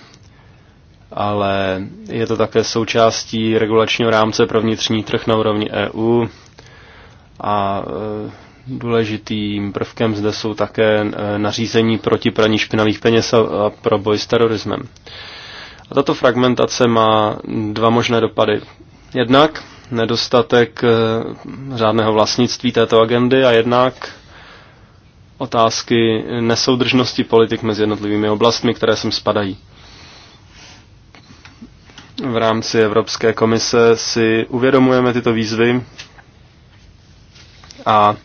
ale je to také součástí regulačního rámce pro vnitřní trh na úrovni EU a e, důležitým prvkem zde jsou také e, nařízení proti praní špinavých peněz a pro boj s terorismem. A tato fragmentace má dva možné dopady. Jednak nedostatek eh, řádného vlastnictví této agendy a jednak otázky nesoudržnosti politik mezi jednotlivými oblastmi, které sem spadají. V rámci Evropské komise si uvědomujeme tyto výzvy a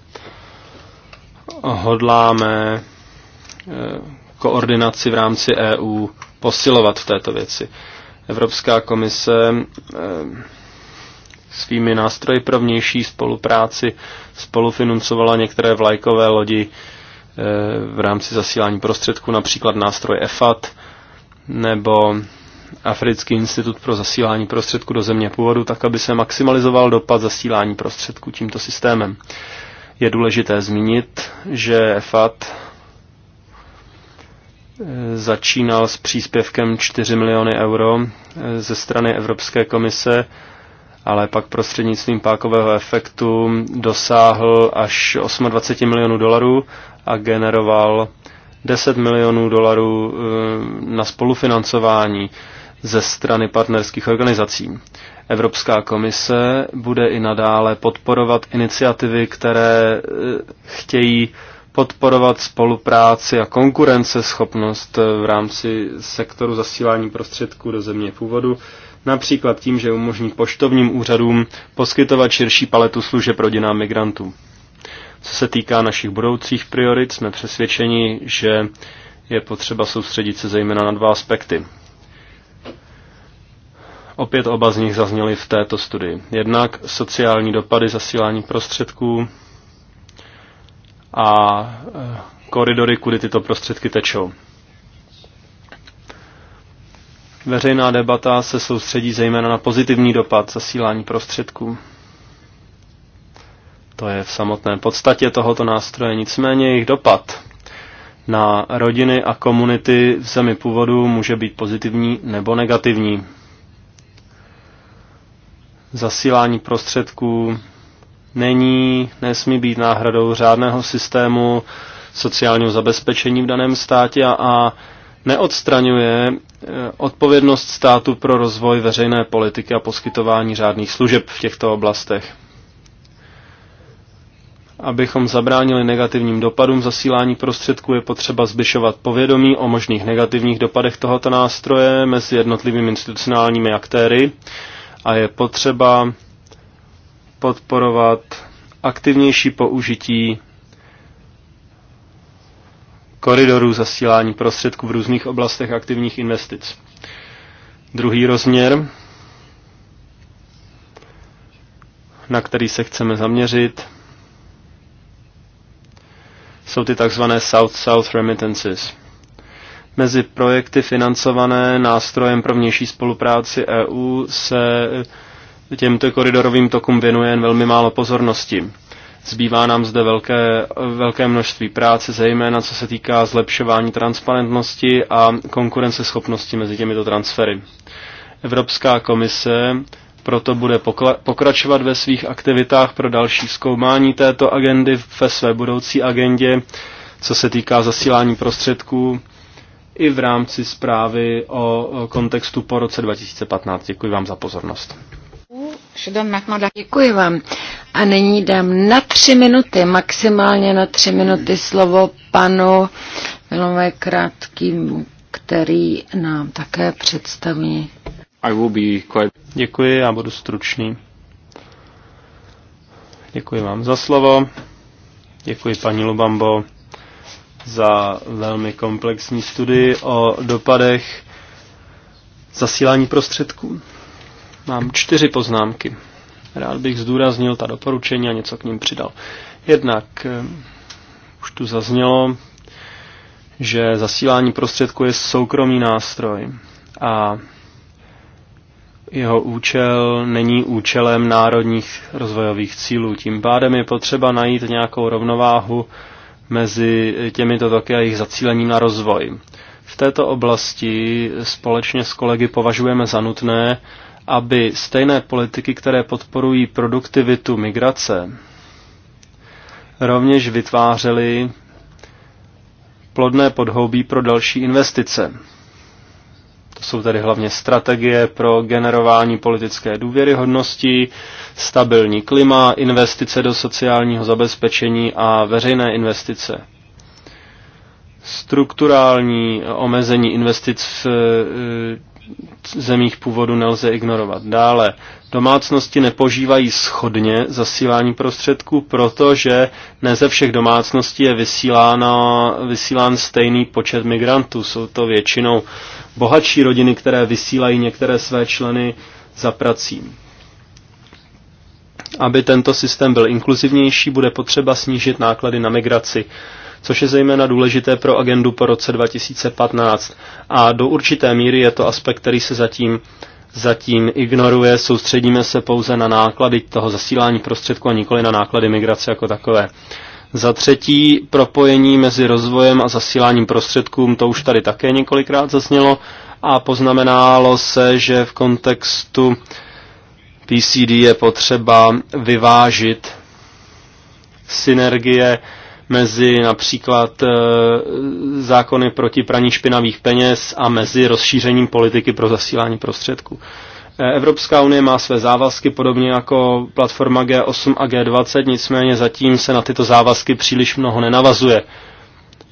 hodláme eh, koordinaci v rámci EU posilovat v této věci. Evropská komise eh, svými nástroji pro vnější spolupráci spolufinancovala některé vlajkové lodi eh, v rámci zasílání prostředků, například nástroj EFAT nebo Africký institut pro zasílání prostředků do země původu, tak aby se maximalizoval dopad zasílání prostředků tímto systémem. Je důležité zmínit, že EFAT začínal s příspěvkem 4 miliony euro eh, ze strany Evropské komise, ale pak prostřednictvím pákového efektu dosáhl až 28 milionů dolarů a generoval 10 milionů dolarů eh, na spolufinancování ze strany partnerských organizací. Evropská komise bude i nadále podporovat iniciativy, které eh, chtějí podporovat spolupráci a konkurenceschopnost eh, v rámci sektoru zasílání prostředků do země původu, například tím, že umožní poštovním úřadům poskytovat širší paletu služeb rodinám migrantů. Co se týká našich budoucích priorit, jsme přesvědčeni, že je potřeba soustředit se zejména na dva aspekty. Opět oba z nich zazněly v této studii. Jednak sociální dopady zasílání prostředků a eh, koridory, kudy tyto prostředky tečou. Veřejná debata se soustředí zejména na pozitivní dopad zasílání prostředků. To je v samotné podstatě tohoto nástroje, nicméně jejich dopad na rodiny a komunity v zemi původu může být pozitivní nebo negativní. Zasílání prostředků není, nesmí být náhradou řádného systému sociálního zabezpečení v daném státě a, a neodstraňuje eh, odpovědnost státu pro rozvoj veřejné politiky a poskytování řádných služeb v těchto oblastech. Abychom zabránili negativním dopadům zasílání prostředků, je potřeba zbyšovat povědomí o možných negativních dopadech tohoto nástroje mezi jednotlivými institucionálními aktéry a je potřeba podporovat aktivnější použití koridorů zasílání prostředků v různých oblastech aktivních investic. Druhý rozměr, na který se chceme zaměřit, jsou ty tzv. South-South remittances. Mezi projekty financované nástrojem pro vnější spolupráci EU se těmto koridorovým tokům věnuje jen velmi málo pozornosti. Zbývá nám zde velké, velké množství práce, zejména co se týká zlepšování transparentnosti a konkurenceschopnosti mezi těmito transfery. Evropská komise proto bude pokračovat ve svých aktivitách pro další zkoumání této agendy ve své budoucí agendě, co se týká zasílání prostředků i v rámci zprávy o kontextu po roce 2015. Děkuji vám za pozornost. Děkuji vám. A nyní dám na tři minuty, maximálně na tři minuty slovo panu Milové krátkým, který nám také představí. I will be quite... Děkuji, já budu stručný. Děkuji vám za slovo. Děkuji paní Lubambo za velmi komplexní studii o dopadech zasílání prostředků. Mám čtyři poznámky. Rád bych zdůraznil ta doporučení a něco k ním přidal. Jednak eh, už tu zaznělo, že zasílání prostředku je soukromý nástroj a jeho účel není účelem národních rozvojových cílů. Tím pádem je potřeba najít nějakou rovnováhu mezi těmito toky a jejich zacílením na rozvoj. V této oblasti společně s kolegy považujeme za nutné aby stejné politiky, které podporují produktivitu migrace, rovněž vytvářely plodné podhoubí pro další investice. To jsou tedy hlavně strategie pro generování politické důvěryhodnosti, stabilní klima, investice do sociálního zabezpečení a veřejné investice. Strukturální omezení investic v eh, zemích původu nelze ignorovat. Dále, domácnosti nepožívají schodně zasílání prostředků, protože ne ze všech domácností je vysílána, vysílán stejný počet migrantů. Jsou to většinou bohatší rodiny, které vysílají některé své členy za prací. Aby tento systém byl inkluzivnější, bude potřeba snížit náklady na migraci což je zejména důležité pro agendu po roce 2015. A do určité míry je to aspekt, který se zatím zatím ignoruje, soustředíme se pouze na náklady toho zasílání prostředků a nikoli na náklady migrace jako takové. Za třetí, propojení mezi rozvojem a zasíláním prostředkům, to už tady také několikrát zaznělo a poznamenálo se, že v kontextu PCD je potřeba vyvážit synergie mezi například eh, zákony proti praní špinavých peněz a mezi rozšířením politiky pro zasílání prostředků. Eh, Evropská unie má své závazky, podobně jako platforma G8 a G20, nicméně zatím se na tyto závazky příliš mnoho nenavazuje.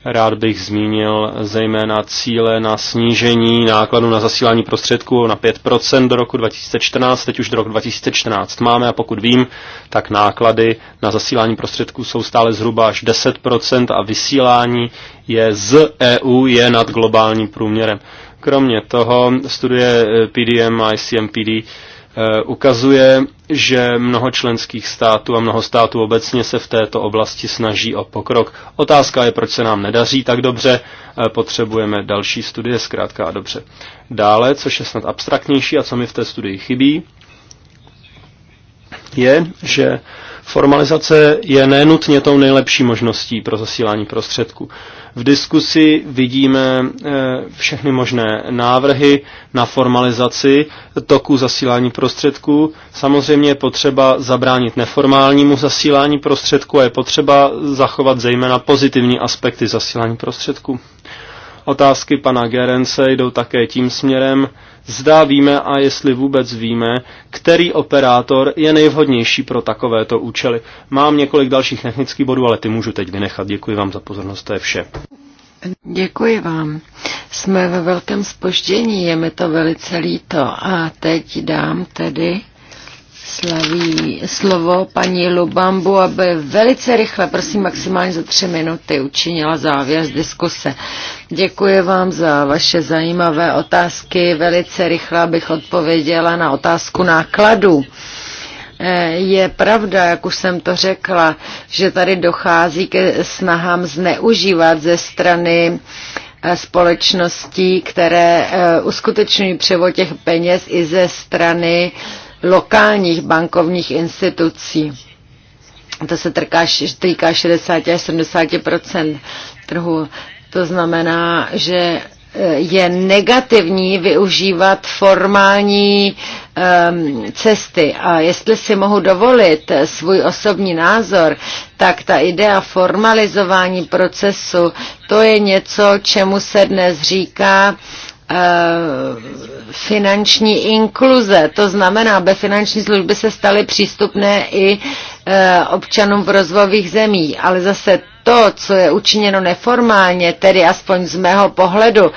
Rád bych zmínil zejména cíle na snížení nákladu na zasílání prostředků na 5% do roku 2014. Teď už do roku 2014 máme a pokud vím, tak náklady na zasílání prostředků jsou stále zhruba až 10% a vysílání je z EU je nad globálním průměrem. Kromě toho studie eh, PDM a ICMPD Eh, ukazuje, že mnoho členských států a mnoho států obecně se v této oblasti snaží o pokrok. Otázka je, proč se nám nedaří tak dobře, eh, potřebujeme další studie, zkrátka a dobře. Dále, což je snad abstraktnější a co mi v té studii chybí, je, že Formalizace je nenutně tou nejlepší možností pro zasílání prostředků. V diskusi vidíme eh, všechny možné návrhy na formalizaci toku zasílání prostředků. Samozřejmě je potřeba zabránit neformálnímu zasílání prostředků a je potřeba zachovat zejména pozitivní aspekty zasílání prostředků. Otázky pana Gerence jdou také tím směrem, zda víme a jestli vůbec víme, který operátor je nejvhodnější pro takovéto účely. Mám několik dalších technických bodů, ale ty můžu teď vynechat. Děkuji vám za pozornost, to je vše. Děkuji vám. Jsme ve velkém spoždění, je mi to velice líto. A teď dám tedy slaví slovo paní Lubambu, aby velice rychle, prosím maximálně za tři minuty, učinila závěr z diskuse. Děkuji vám za vaše zajímavé otázky. Velice rychle bych odpověděla na otázku nákladů. Eh, je pravda, jak už jsem to řekla, že tady dochází ke snahám zneužívat ze strany eh, společností, které eh, uskutečňují převod těch peněz i ze strany uh, lokálních bankovních institucí. To se trká, týká 60 až 70 trhu. To znamená, že eh, je negativní využívat formální um, cesty. A jestli si mohu dovolit eh, svůj osobní názor, tak ta idea formalizování procesu, to je něco, čemu se dnes říká Eh, finanční inkluze. To znamená, aby finanční služby se staly přístupné i eh, občanům v rozvojových zemích. Ale zase to, co je učiněno neformálně, tedy aspoň z mého pohledu,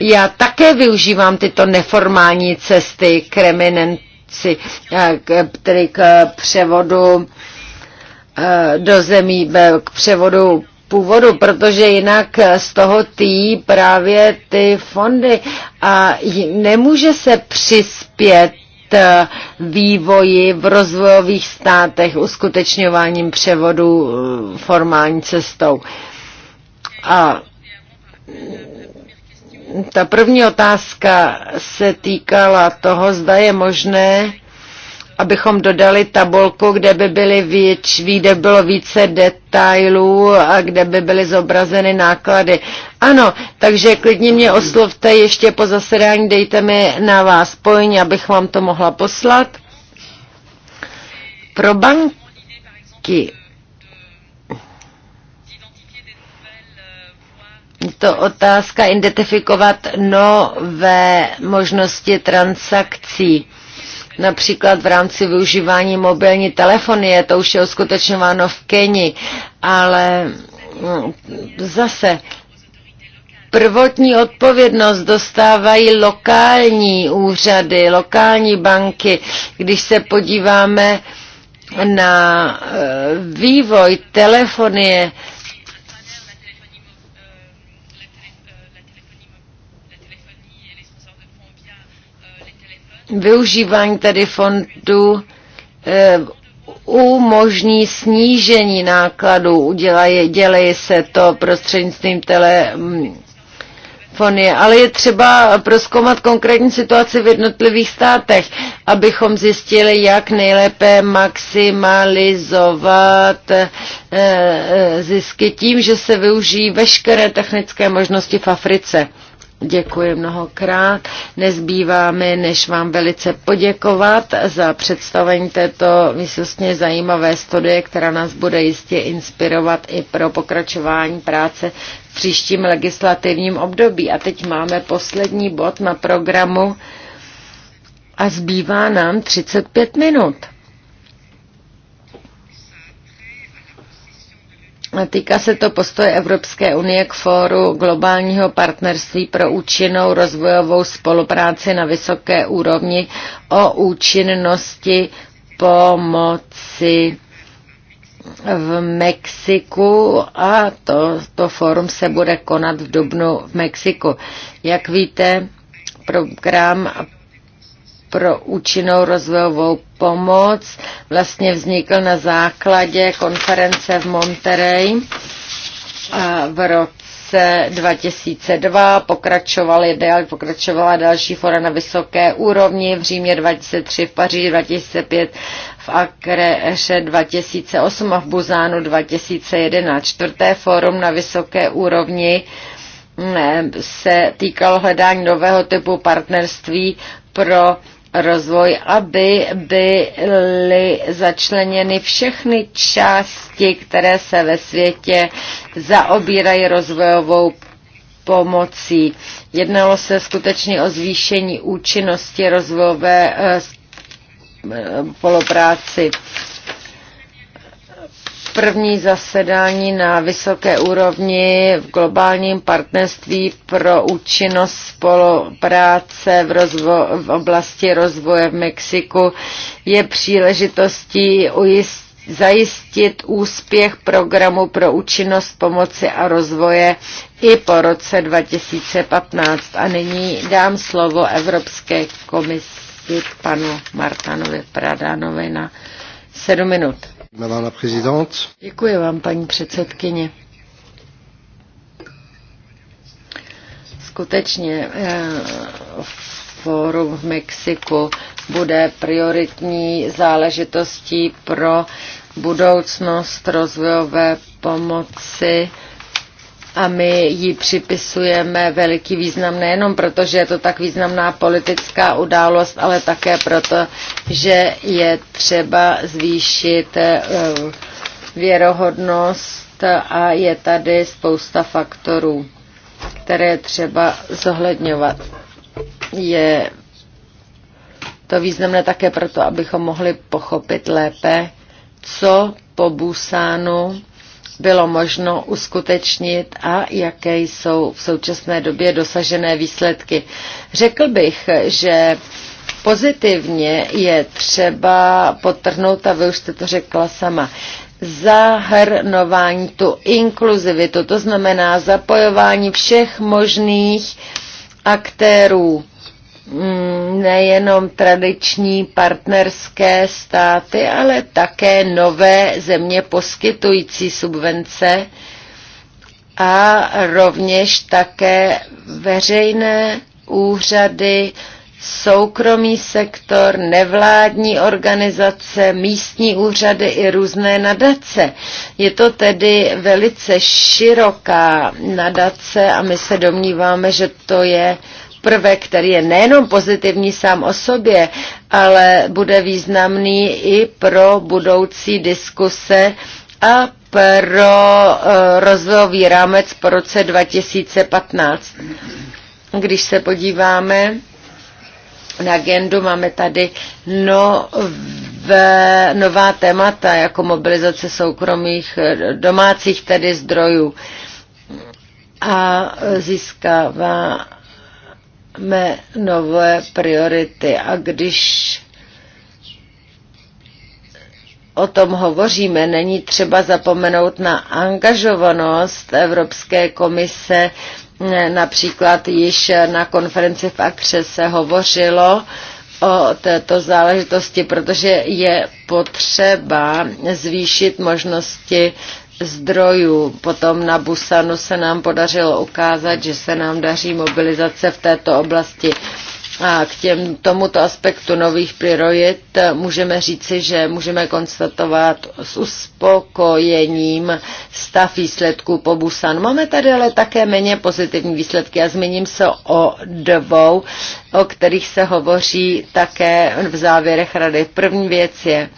já také využívám tyto neformální cesty k reminenci, eh, tedy k převodu do zemí, k převodu původu, protože jinak z toho tý právě ty fondy a nemůže se přispět eh, vývoji v rozvojových státech uskutečňováním převodu eh, formální cestou. A ta první otázka se týkala toho, zda je možné abychom dodali tabulku, kde by byly věč, kde bylo více detailů a kde by byly zobrazeny náklady. Ano, takže klidně mě oslovte ještě po zasedání, dejte mi na vás pojň, abych vám to mohla poslat. Pro banky to otázka identifikovat nové možnosti transakcí například v rámci využívání mobilní telefonie, to už je uskutečňováno v Keni, ale mm, zase prvotní odpovědnost dostávají lokální úřady, lokální banky. Když se podíváme na e, vývoj telefonie, využívání tedy fondu eh, umožní snížení nákladů, dělej se to prostřednictvím telefonie, mm, ale je třeba proskoumat konkrétní situaci v jednotlivých státech, abychom zjistili, jak nejlépe maximalizovat eh, eh, zisky tím, že se využijí veškeré technické možnosti v Africe. Děkuji mnohokrát. Nezbývá mi, než vám velice poděkovat za představení této výsostně zajímavé studie, která nás bude jistě inspirovat i pro pokračování práce v příštím legislativním období. A teď máme poslední bod na programu a zbývá nám 35 minut. Týká se to postoje Evropské unie k fóru globálního partnerství pro účinnou rozvojovou spolupráci na vysoké úrovni o účinnosti pomoci v Mexiku a to, to fórum se bude konat v Dubnu v Mexiku. Jak víte, program pro účinnou rozvojovou pomoc vlastně vznikl na základě konference v Monterey v roce 2002. Pokračoval dál, pokračovala další fora na vysoké úrovni v Římě 2003, v Paříži 2005, v Akreše 2008 a v Buzánu 2011. Čtvrté fórum na vysoké úrovni mm, se týkal hledání nového typu partnerství pro rozvoj, aby byly začleněny všechny části, které se ve světě zaobírají rozvojovou pomocí. Jednalo se skutečně o zvýšení účinnosti rozvojové eh, spolupráci první zasedání na vysoké úrovni v globálním partnerství pro účinnost spolupráce v, rozvo- v oblasti rozvoje v Mexiku je příležitostí ujistit, zajistit úspěch programu pro účinnost pomoci a rozvoje i po roce 2015. A nyní dám slovo Evropské komisi panu Martanovi Pradanovi na 7 minut. Děkuji vám, paní předsedkyně. Skutečně eh, fórum v Mexiku bude prioritní záležitostí pro budoucnost rozvojové pomoci a my ji připisujeme veliký význam nejenom proto, že je to tak významná politická událost, ale také proto, že je třeba zvýšit eh, věrohodnost a je tady spousta faktorů, které třeba zohledňovat. Je to významné také proto, abychom mohli pochopit lépe, co po Busánu bylo možno uskutečnit a jaké jsou v současné době dosažené výsledky. Řekl bych, že pozitivně je třeba potrhnout, a vy už jste to řekla sama, zahrnování, tu inkluzivitu, to znamená zapojování všech možných aktérů Mm, nejenom tradiční partnerské státy, ale také nové země poskytující subvence a rovněž také veřejné úřady, soukromý sektor, nevládní organizace, místní úřady i různé nadace. Je to tedy velice široká nadace a my se domníváme, že to je prvek, který je nejenom pozitivní sám o sobě, ale bude významný i pro budoucí diskuse a pro eh, rozvojový rámec po roce 2015. Když se podíváme na agendu, máme tady nové, nová témata, jako mobilizace soukromých eh, domácích tedy zdrojů a získává mé nové priority a když o tom hovoříme, není třeba zapomenout na angažovanost Evropské komise. Například již na konferenci v Akře se hovořilo o této záležitosti, protože je potřeba zvýšit možnosti zdrojů. Potom na Busanu se nám podařilo ukázat, že se nám daří mobilizace v této oblasti. A k těm, tomuto aspektu nových priorit můžeme říci, že můžeme konstatovat s uspokojením stav výsledků po Busan. Máme tady ale také méně pozitivní výsledky. A zmíním se o dvou, o kterých se hovoří také v závěrech rady. První věc je,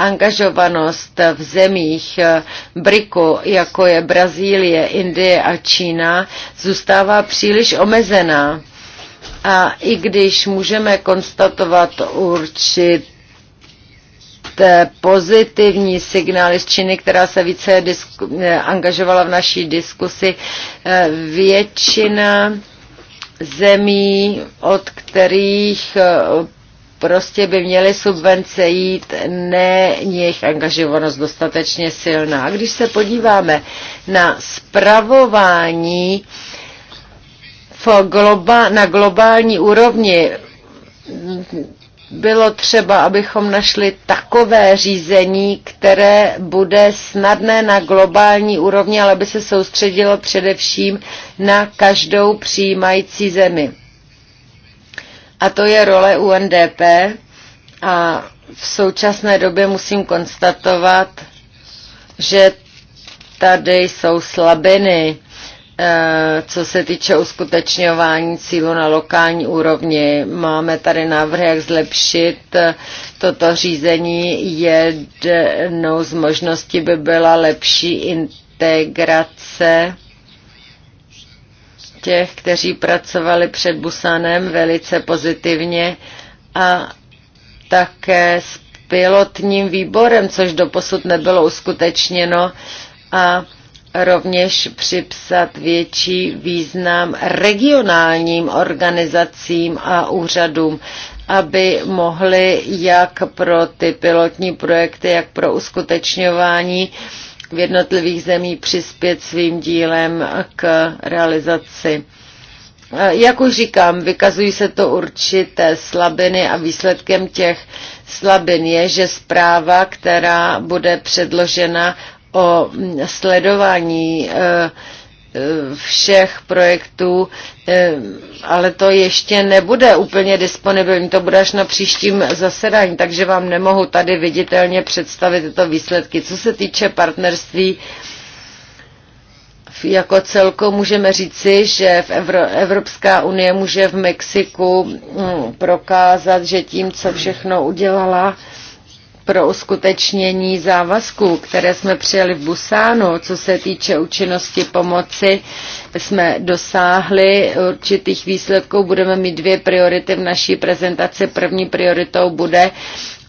angažovanost v zemích eh, Brico, jako je Brazílie, Indie a Čína, zůstává příliš omezená. A i když můžeme konstatovat určité pozitivní signály z Číny, která se více eh, angažovala v naší diskusi. Eh, většina zemí, od kterých prostě by měly subvence jít, ne jejich angažovanost dostatečně silná. A když se podíváme na spravování na globální úrovni, bylo třeba, abychom našli takové řízení, které bude snadné na globální úrovni, ale by se soustředilo především na každou přijímající zemi a to je role UNDP a v současné době musím konstatovat, že tady jsou slabiny, eh, co se týče uskutečňování cílu na lokální úrovni. Máme tady návrh, jak zlepšit eh, toto řízení. Jednou z možností by byla lepší integrace těch, kteří pracovali před Busanem velice pozitivně a také s pilotním výborem, což doposud nebylo uskutečněno a rovněž připsat větší význam regionálním organizacím a úřadům, aby mohli jak pro ty pilotní projekty, jak pro uskutečňování eh, v jednotlivých zemí přispět svým dílem k realizaci. Jak už říkám, vykazují se to určité slabiny a výsledkem těch slabin je, že zpráva, která bude předložena o sledování eh, všech projektů, eh, ale to ještě nebude úplně disponibilní, to bude až na příštím zasedání, takže vám nemohu tady viditelně představit tyto výsledky. Co se týče partnerství, jako celku můžeme říci, že v Evropská unie může v Mexiku mm, prokázat, že tím, co všechno udělala, pro uskutečnění závazků, které jsme přijali v Busánu, co se týče účinnosti pomoci, jsme dosáhli určitých výsledků. Budeme mít dvě priority v naší prezentaci. První prioritou bude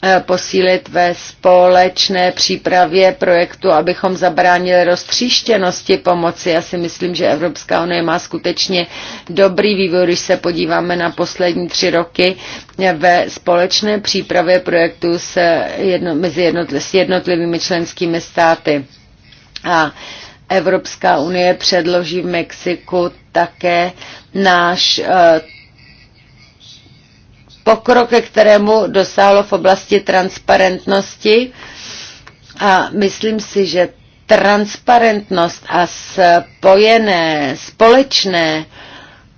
eh, posílit ve společné přípravě projektu, abychom zabránili roztříštěnosti pomoci. Já si myslím, že Evropská unie má skutečně dobrý vývoj, když se podíváme na poslední tři roky. Ve společné přípravě projektu se jedno, mezi s jednotlivými členskými státy. A Evropská unie předloží v Mexiku také náš eh, pokrok, ke kterému dosáhlo v oblasti transparentnosti. A myslím si, že transparentnost a spojené, společné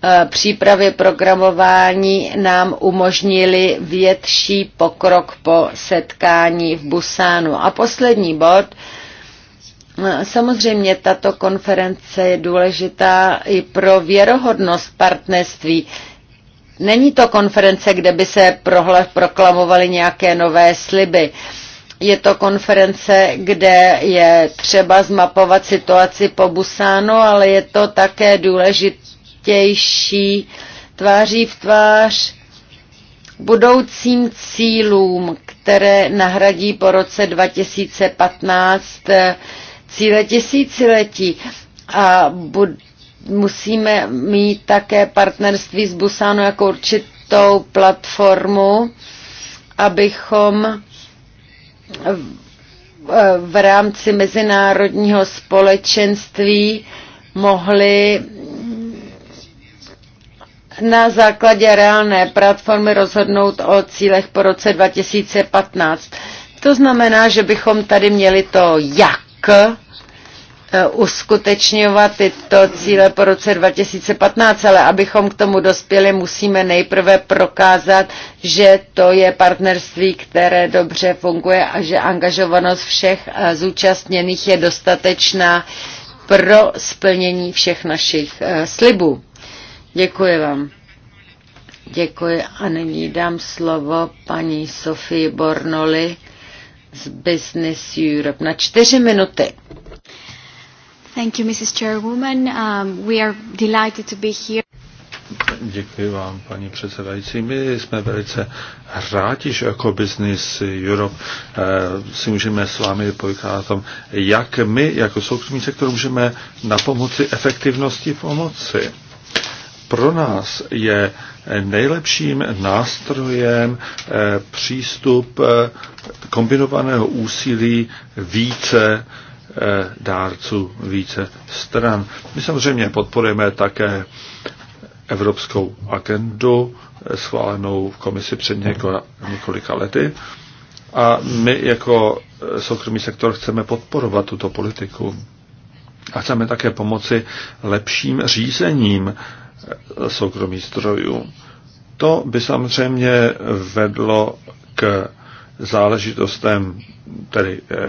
eh, přípravy programování nám umožnili větší pokrok po setkání v Busánu. A poslední bod, Samozřejmě tato konference je důležitá i pro věrohodnost partnerství. Není to konference, kde by se proklamovaly nějaké nové sliby. Je to konference, kde je třeba zmapovat situaci po Busánu, ale je to také důležitější tváří v tvář budoucím cílům, které nahradí po roce 2015 cíle tisíciletí. A bud, musíme mít také partnerství s Busánu jako určitou platformu, abychom v rámci mezinárodního společenství mohli na základě reálné platformy rozhodnout o cílech po roce 2015. To znamená, že bychom tady měli to jak k eh, uskutečňovat tyto cíle po roce 2015, ale abychom k tomu dospěli, musíme nejprve prokázat, že to je partnerství, které dobře funguje a že angažovanost všech eh, zúčastněných je dostatečná pro splnění všech našich eh, slibů. Děkuji vám. Děkuji a nyní dám slovo paní Sofii Bornoli z Business Europe na čtyři minuty. Thank you, Mrs. Chairwoman. Um, we are delighted to be here. Děkuji vám, paní předsedající. My jsme velice rádi, že jako Business Europe eh, si můžeme s vámi pojít o tom, jak my jako soukromý sektor můžeme na pomoci efektivnosti pomoci pro nás je nejlepším nástrojem eh, přístup eh, kombinovaného úsilí více eh, dárců, více stran. My samozřejmě podporujeme také evropskou agendu schválenou v komisi před několika lety a my jako soukromý sektor chceme podporovat tuto politiku a chceme také pomoci lepším řízením soukromých zdrojů. To by samozřejmě vedlo k záležitostem, tedy eh,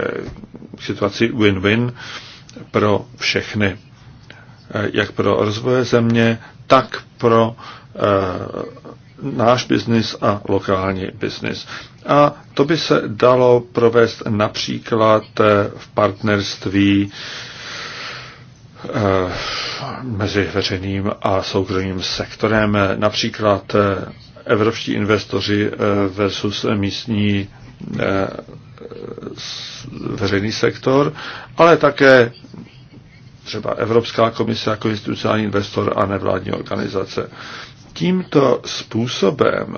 k situaci win-win pro všechny. Eh, jak pro rozvoje země, tak pro eh, náš biznis a lokální biznis. A to by se dalo provést například v partnerství Eh, mezi veřejným a soukromým sektorem, například eh, evropští investoři eh, versus místní veřejný sektor, ale také třeba Evropská komise jako institucionální investor a nevládní organizace. Tímto způsobem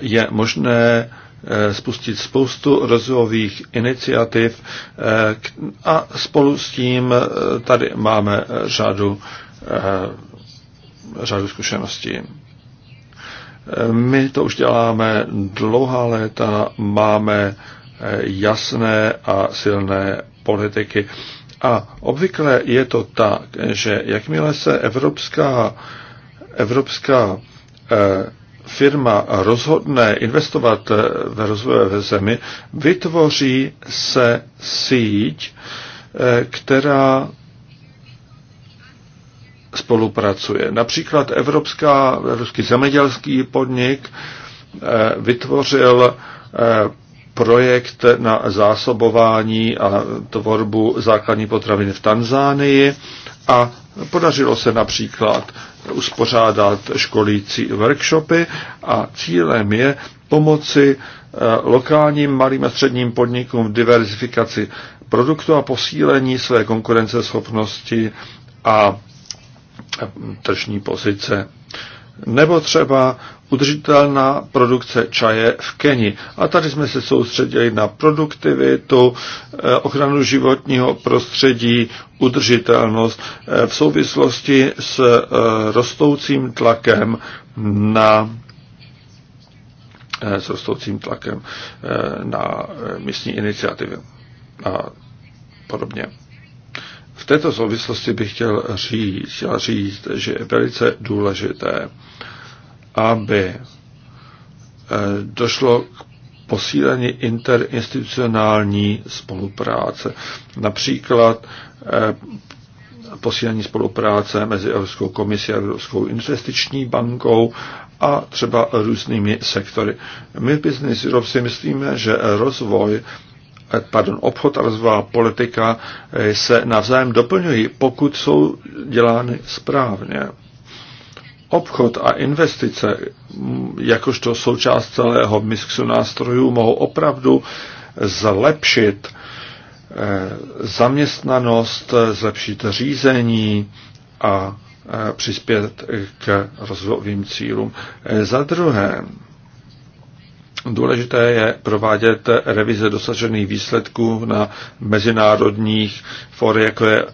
je možné Eh, spustit spoustu rozvojových iniciativ eh, a spolu s tím eh, tady máme řadu, řadu zkušeností. My to už děláme dlouhá léta, máme jasné a silné politiky. A obvykle je to tak, že jakmile se evropská, evropská firma rozhodne investovat ve rozvojové zemi, vytvoří se síť, eh, která spolupracuje. Například Evropská, Evropský zemědělský podnik eh, vytvořil eh, projekt na zásobování a tvorbu základní potravin v Tanzánii a podařilo se například uspořádat školící workshopy a cílem je pomoci eh, lokálním malým a středním podnikům v diverzifikaci produktu a posílení své konkurenceschopnosti a eh, tržní pozice. Nebo třeba udržitelná produkce čaje v Keni. A tady jsme se soustředili na produktivitu, eh, ochranu životního prostředí, udržitelnost eh, v souvislosti s eh, rostoucím tlakem na s rostoucím tlakem na místní iniciativy a podobně. V této souvislosti bych chtěl říct, chtěl říct, že je velice důležité, aby eh, došlo k posílení interinstitucionální spolupráce. Například eh, posílení spolupráce mezi Evropskou komisí a Evropskou investiční bankou a třeba různými sektory. My v Business Europe si myslíme, že rozvoj eh, pardon, obchod a rozvojová politika se navzájem doplňují, pokud jsou dělány správně. Obchod a investice jakožto součást celého mixu nástrojů mohou opravdu zlepšit eh, zaměstnanost, zlepšit řízení a eh, přispět k rozvojovým cílům. Eh, za druhé, důležité je provádět revize dosažených výsledků na mezinárodních forech, jako je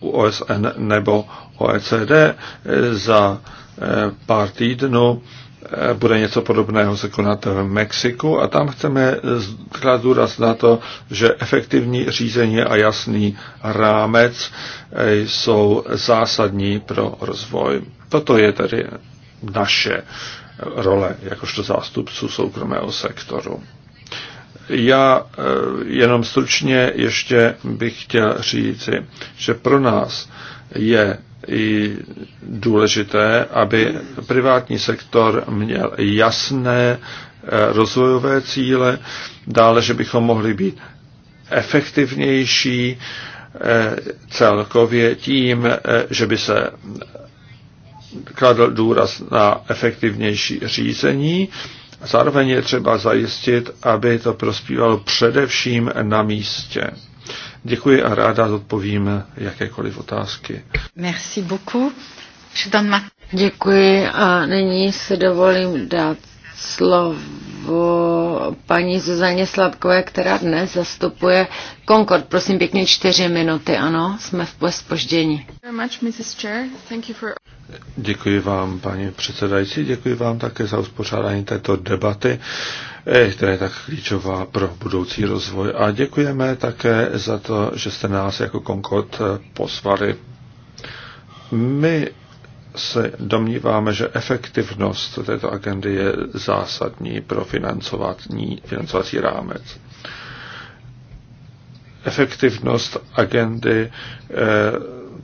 OSN nebo OECD, za Eh, pár týdnů eh, bude něco podobného se konat v Mexiku a tam chceme klást důraz na to, že efektivní řízení a jasný rámec eh, jsou zásadní pro rozvoj. Toto je tedy naše role jakožto zástupců soukromého sektoru. Já jenom stručně ještě bych chtěl říci, že pro nás je i důležité, aby privátní sektor měl jasné eh, rozvojové cíle, dále, že bychom mohli být efektivnější eh, celkově tím, eh, že by se kladl důraz na efektivnější řízení. Zároveň je třeba zajistit, aby to prospívalo především na místě. Děkuji a ráda zodpovím jakékoliv otázky. Merci beaucoup. Děkuji a nyní si dovolím dát slovo paní Zuzaně Sladkové, která dnes zastupuje Concord. Prosím pěkně čtyři minuty, ano, jsme v pospoždění. Děkuji vám, paní předsedající, děkuji vám také za uspořádání této debaty, eh, která je tak klíčová pro budoucí rozvoj. A děkujeme také za to, že jste nás jako Concord eh, pozvali. My se domníváme, že efektivnost této agendy je zásadní pro financovací rámec. Efektivnost agendy, eh,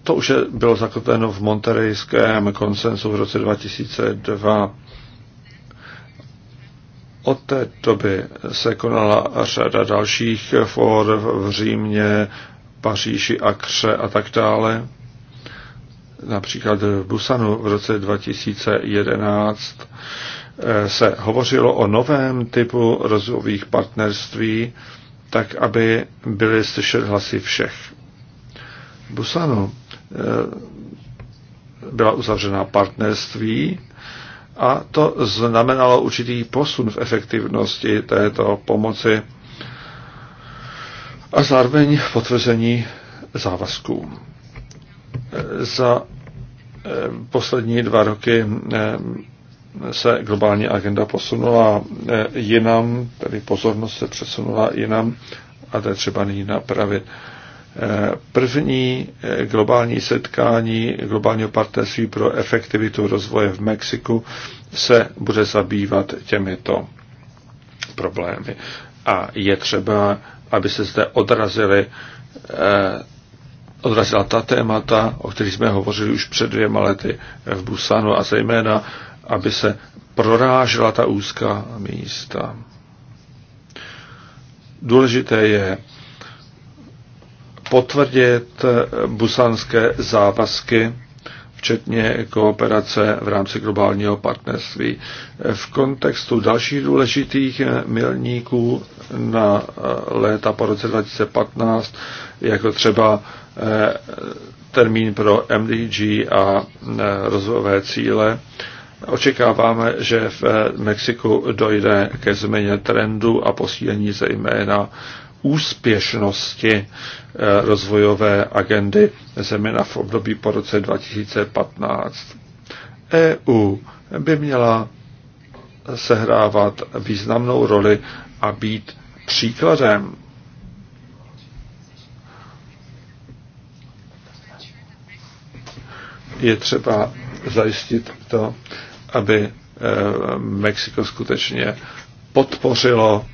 to už bylo zakotveno v Monterejském konsensu v roce 2002. Od té doby se konala řada dalších for v Římě, Paříži, Akře a tak dále. Například v Busanu v roce 2011 eh, se hovořilo o novém typu rozvojových partnerství, tak aby byly slyšet hlasy všech. V Busanu eh, byla uzavřena partnerství a to znamenalo určitý posun v efektivnosti této pomoci a zároveň potvrzení závazků. Za eh, poslední dva roky eh, se globální agenda posunula eh, jinam, tedy pozornost se přesunula jinam a to je třeba nyní napravit. První globální setkání globálního partnerství pro efektivitu rozvoje v Mexiku se bude zabývat těmito problémy. A je třeba, aby se zde odrazily odrazila ta témata, o kterých jsme hovořili už před dvěma lety v Busanu a zejména, aby se prorážela ta úzká místa. Důležité je potvrdit busanské závazky včetně kooperace v rámci globálního partnerství. V kontextu dalších důležitých milníků na eh, léta po roce 2015, jako třeba eh, termín pro MDG a eh, rozvojové cíle, Očekáváme, že v Mexiku dojde ke změně trendu a posílení zejména úspěšnosti eh, rozvojové agendy, zejména v období po roce 2015. EU by měla sehrávat významnou roli a být příkladem. Je třeba zajistit to, aby eh, Mexiko skutečně podpořilo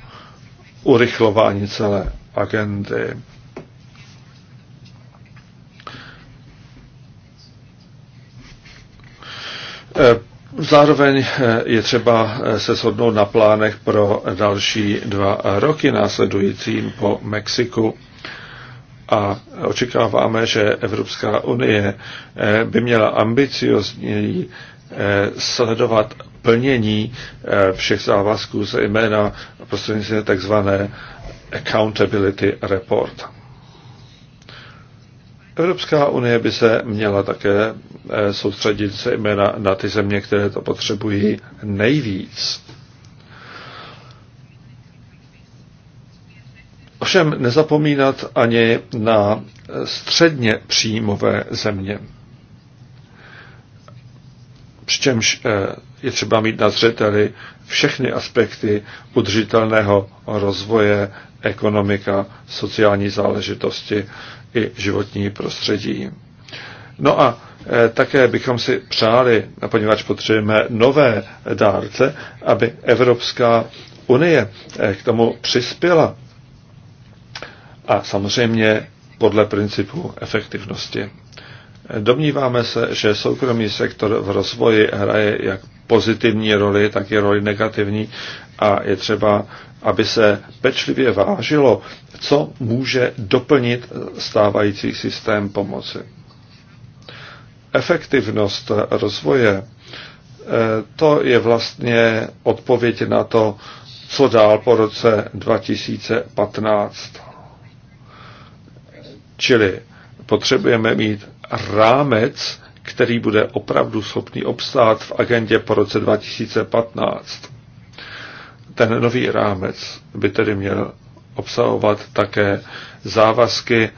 urychlování celé agendy. Eh, zároveň eh, je třeba eh, se shodnout na plánech pro další dva roky následujícím po Mexiku a očekáváme, že Evropská unie by měla ambiciozněji sledovat plnění eh, všech závazků, zejména prostřednictvím takzvané accountability report. Evropská unie by se měla také eh, soustředit zejména na ty země, které to potřebují nejvíc. Ovšem nezapomínat ani na středně příjmové země. Přičemž eh, je třeba mít na zřeteli všechny aspekty udržitelného rozvoje, ekonomika, sociální záležitosti i životní prostředí. No a eh, také bychom si přáli, poněvadž potřebujeme nové dárce, aby Evropská unie eh, k tomu přispěla. A samozřejmě podle principu efektivnosti. Domníváme se, že soukromý sektor v rozvoji hraje jak pozitivní roli, tak i roli negativní a je třeba, aby se pečlivě vážilo, co může doplnit stávající systém pomoci. Efektivnost rozvoje eh, to je vlastně odpověď na to, co dál po roce 2015. Čili potřebujeme mít rámec, který bude opravdu schopný obstát v agendě po roce 2015. Ten nový rámec by tedy měl obsahovat také závazky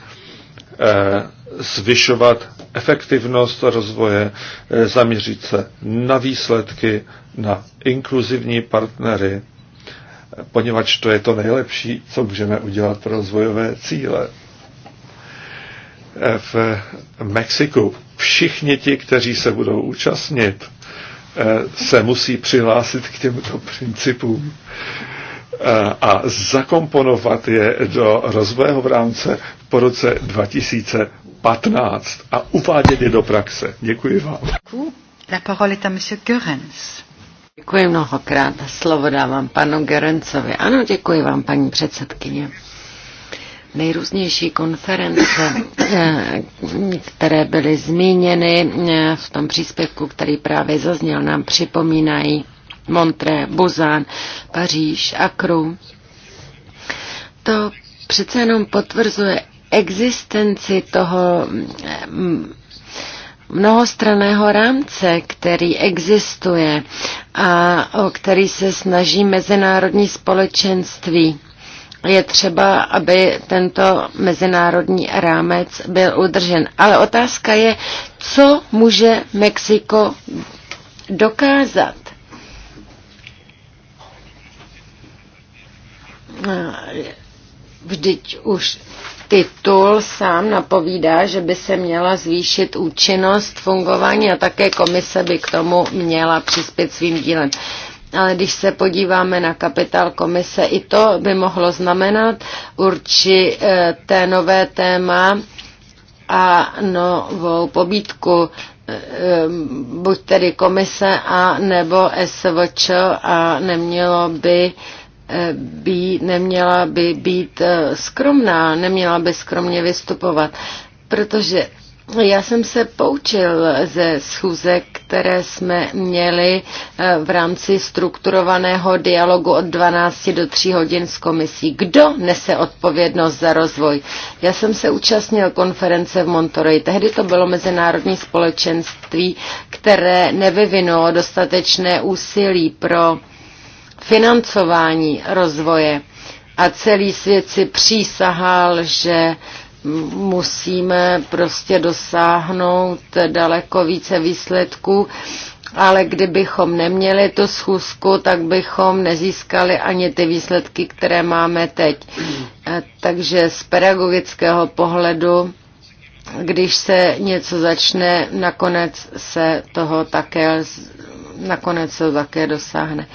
eh, zvyšovat efektivnost rozvoje, eh, zaměřit se na výsledky, na inkluzivní partnery, eh, poněvadž to je to nejlepší, co můžeme udělat pro rozvojové cíle v Mexiku. Všichni ti, kteří se budou účastnit, eh, se musí přihlásit k těmto principům eh, a zakomponovat je do rozvojového rámce po roce 2015 a uvádět je do praxe. Děkuji vám. La parole est à monsieur Görens. Děkuji mnohokrát. Slovo dávám panu Gerencovi. Ano, děkuji vám, paní předsedkyně nejrůznější konference, eh, které byly zmíněny eh, v tom příspěvku, který právě zazněl, nám připomínají Montré, Buzán, Paříž, Akru. To přece jenom potvrzuje existenci toho eh, mnohostraného rámce, který existuje a o který se snaží mezinárodní společenství je třeba, aby tento mezinárodní rámec byl udržen. Ale otázka je, co může Mexiko dokázat. Vždyť už titul sám napovídá, že by se měla zvýšit účinnost fungování a také komise by k tomu měla přispět svým dílem ale když se podíváme na kapitál komise, i to by mohlo znamenat určité nové téma a novou pobídku ehm, buď tedy komise a nebo SVČ a nemělo by eh, být, neměla by být eh, skromná, neměla by skromně vystupovat, protože já jsem se poučil ze schůzek, které jsme měli eh, v rámci strukturovaného dialogu od 12 do 3 hodin s komisí. Kdo nese odpovědnost za rozvoj? Já jsem se účastnil konference v Monterey. Tehdy to bylo mezinárodní společenství, které nevyvinulo dostatečné úsilí pro financování rozvoje. A celý svět si přísahal, že musíme prostě dosáhnout daleko více výsledků, ale kdybychom neměli tu schůzku, tak bychom nezískali ani ty výsledky, které máme teď. E, takže z pedagogického pohledu, když se něco začne, nakonec se toho také, nakonec se také dosáhne.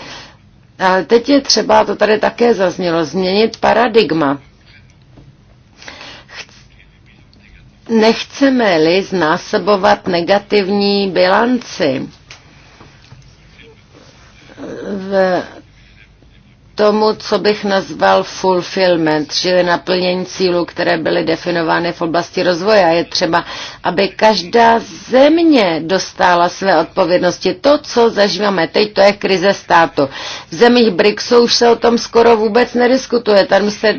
Ale teď je třeba, to tady také zaznělo, změnit paradigma Nechceme-li znásobovat negativní bilanci v tomu, co bych nazval fulfillment, čili naplnění cílů, které byly definovány v oblasti rozvoje. A je třeba, aby každá země dostala své odpovědnosti. To, co zažíváme teď, to je krize státu. V zemích BRICSu už se o tom skoro vůbec nediskutuje. Tam se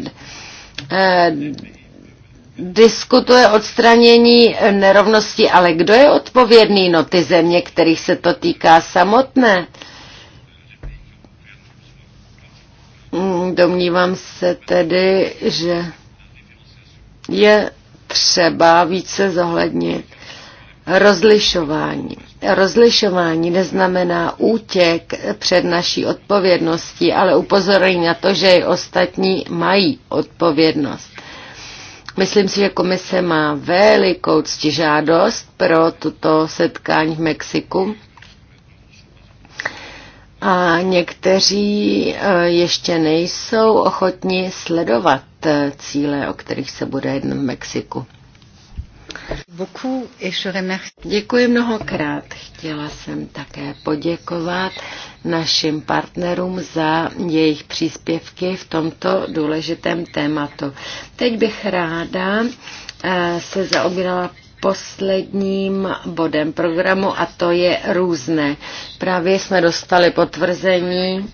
eh, diskutuje odstranění eh, nerovnosti, ale kdo je odpovědný? No ty země, kterých se to týká samotné. Mm, domnívám se tedy, že je třeba více zohlednit rozlišování. Rozlišování neznamená útěk před naší odpovědností, ale upozornění na to, že i ostatní mají odpovědnost. Myslím si, že komise má velikou ctižádost pro tuto setkání v Mexiku. A někteří eh, ještě nejsou ochotni sledovat eh, cíle, o kterých se bude jednat v Mexiku. Děkuji mnohokrát. Chtěla jsem také poděkovat našim partnerům za jejich příspěvky v tomto důležitém tématu. Teď bych ráda eh, se zaobírala posledním bodem programu a to je různé. Právě jsme dostali potvrzení.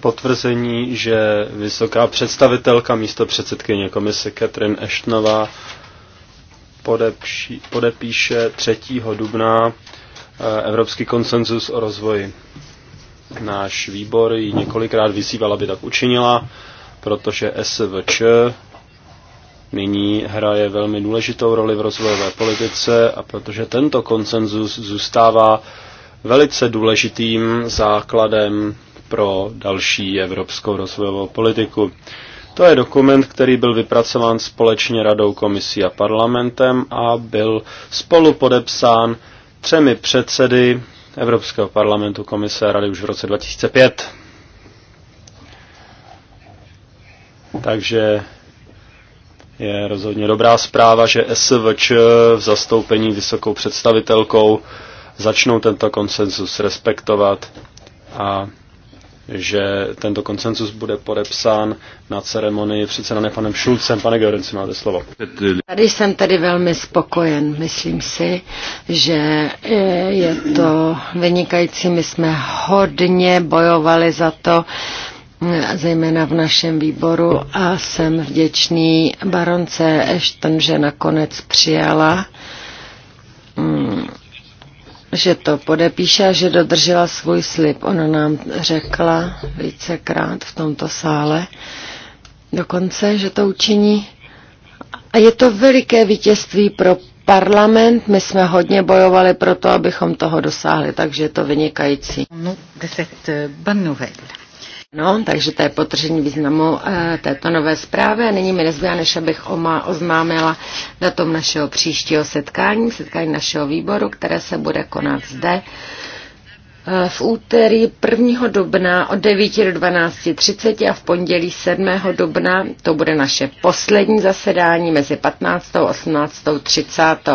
Potvrzení, že vysoká představitelka místo předsedkyně komise Catherine Ashtonová podepší, podepíše 3. dubna eh, Evropský konsenzus o rozvoji. Náš výbor ji několikrát vyzýval, aby tak učinila, protože SVČ nyní hraje velmi důležitou roli v rozvojové politice a protože tento konsenzus zůstává velice důležitým základem pro další evropskou rozvojovou politiku. To je dokument, který byl vypracován společně Radou komisí a parlamentem a byl spolu podepsán třemi předsedy Evropského parlamentu, komise a rady už v roce 2005. Takže je rozhodně dobrá zpráva, že SVČ v zastoupení vysokou představitelkou začnou tento konsenzus respektovat a že tento konsenzus bude podepsán na ceremonii předsedané panem Šulcem. Pane Georenci, máte slovo. Tady jsem tedy velmi spokojen. Myslím si, že e, je to vynikající. My jsme hodně bojovali za to, e, zejména v našem výboru a jsem vděčný baronce Ashton, že nakonec přijala mm, že to podepíše a že dodržela svůj slib. Ona nám řekla vícekrát v tomto sále dokonce, že to učiní. A je to veliké vítězství pro parlament. My jsme hodně bojovali pro to, abychom toho dosáhli, takže je to vynikající. No, No, takže to je potržení významu e, této nové zprávy a nyní mi nezbývá, než abych oma oznámila datum našeho příštího setkání, setkání našeho výboru, které se bude konat zde eh, v úterý 1. dubna od 9 do 12.30 a v pondělí 7. dubna to bude naše poslední zasedání mezi 15. a 18.30.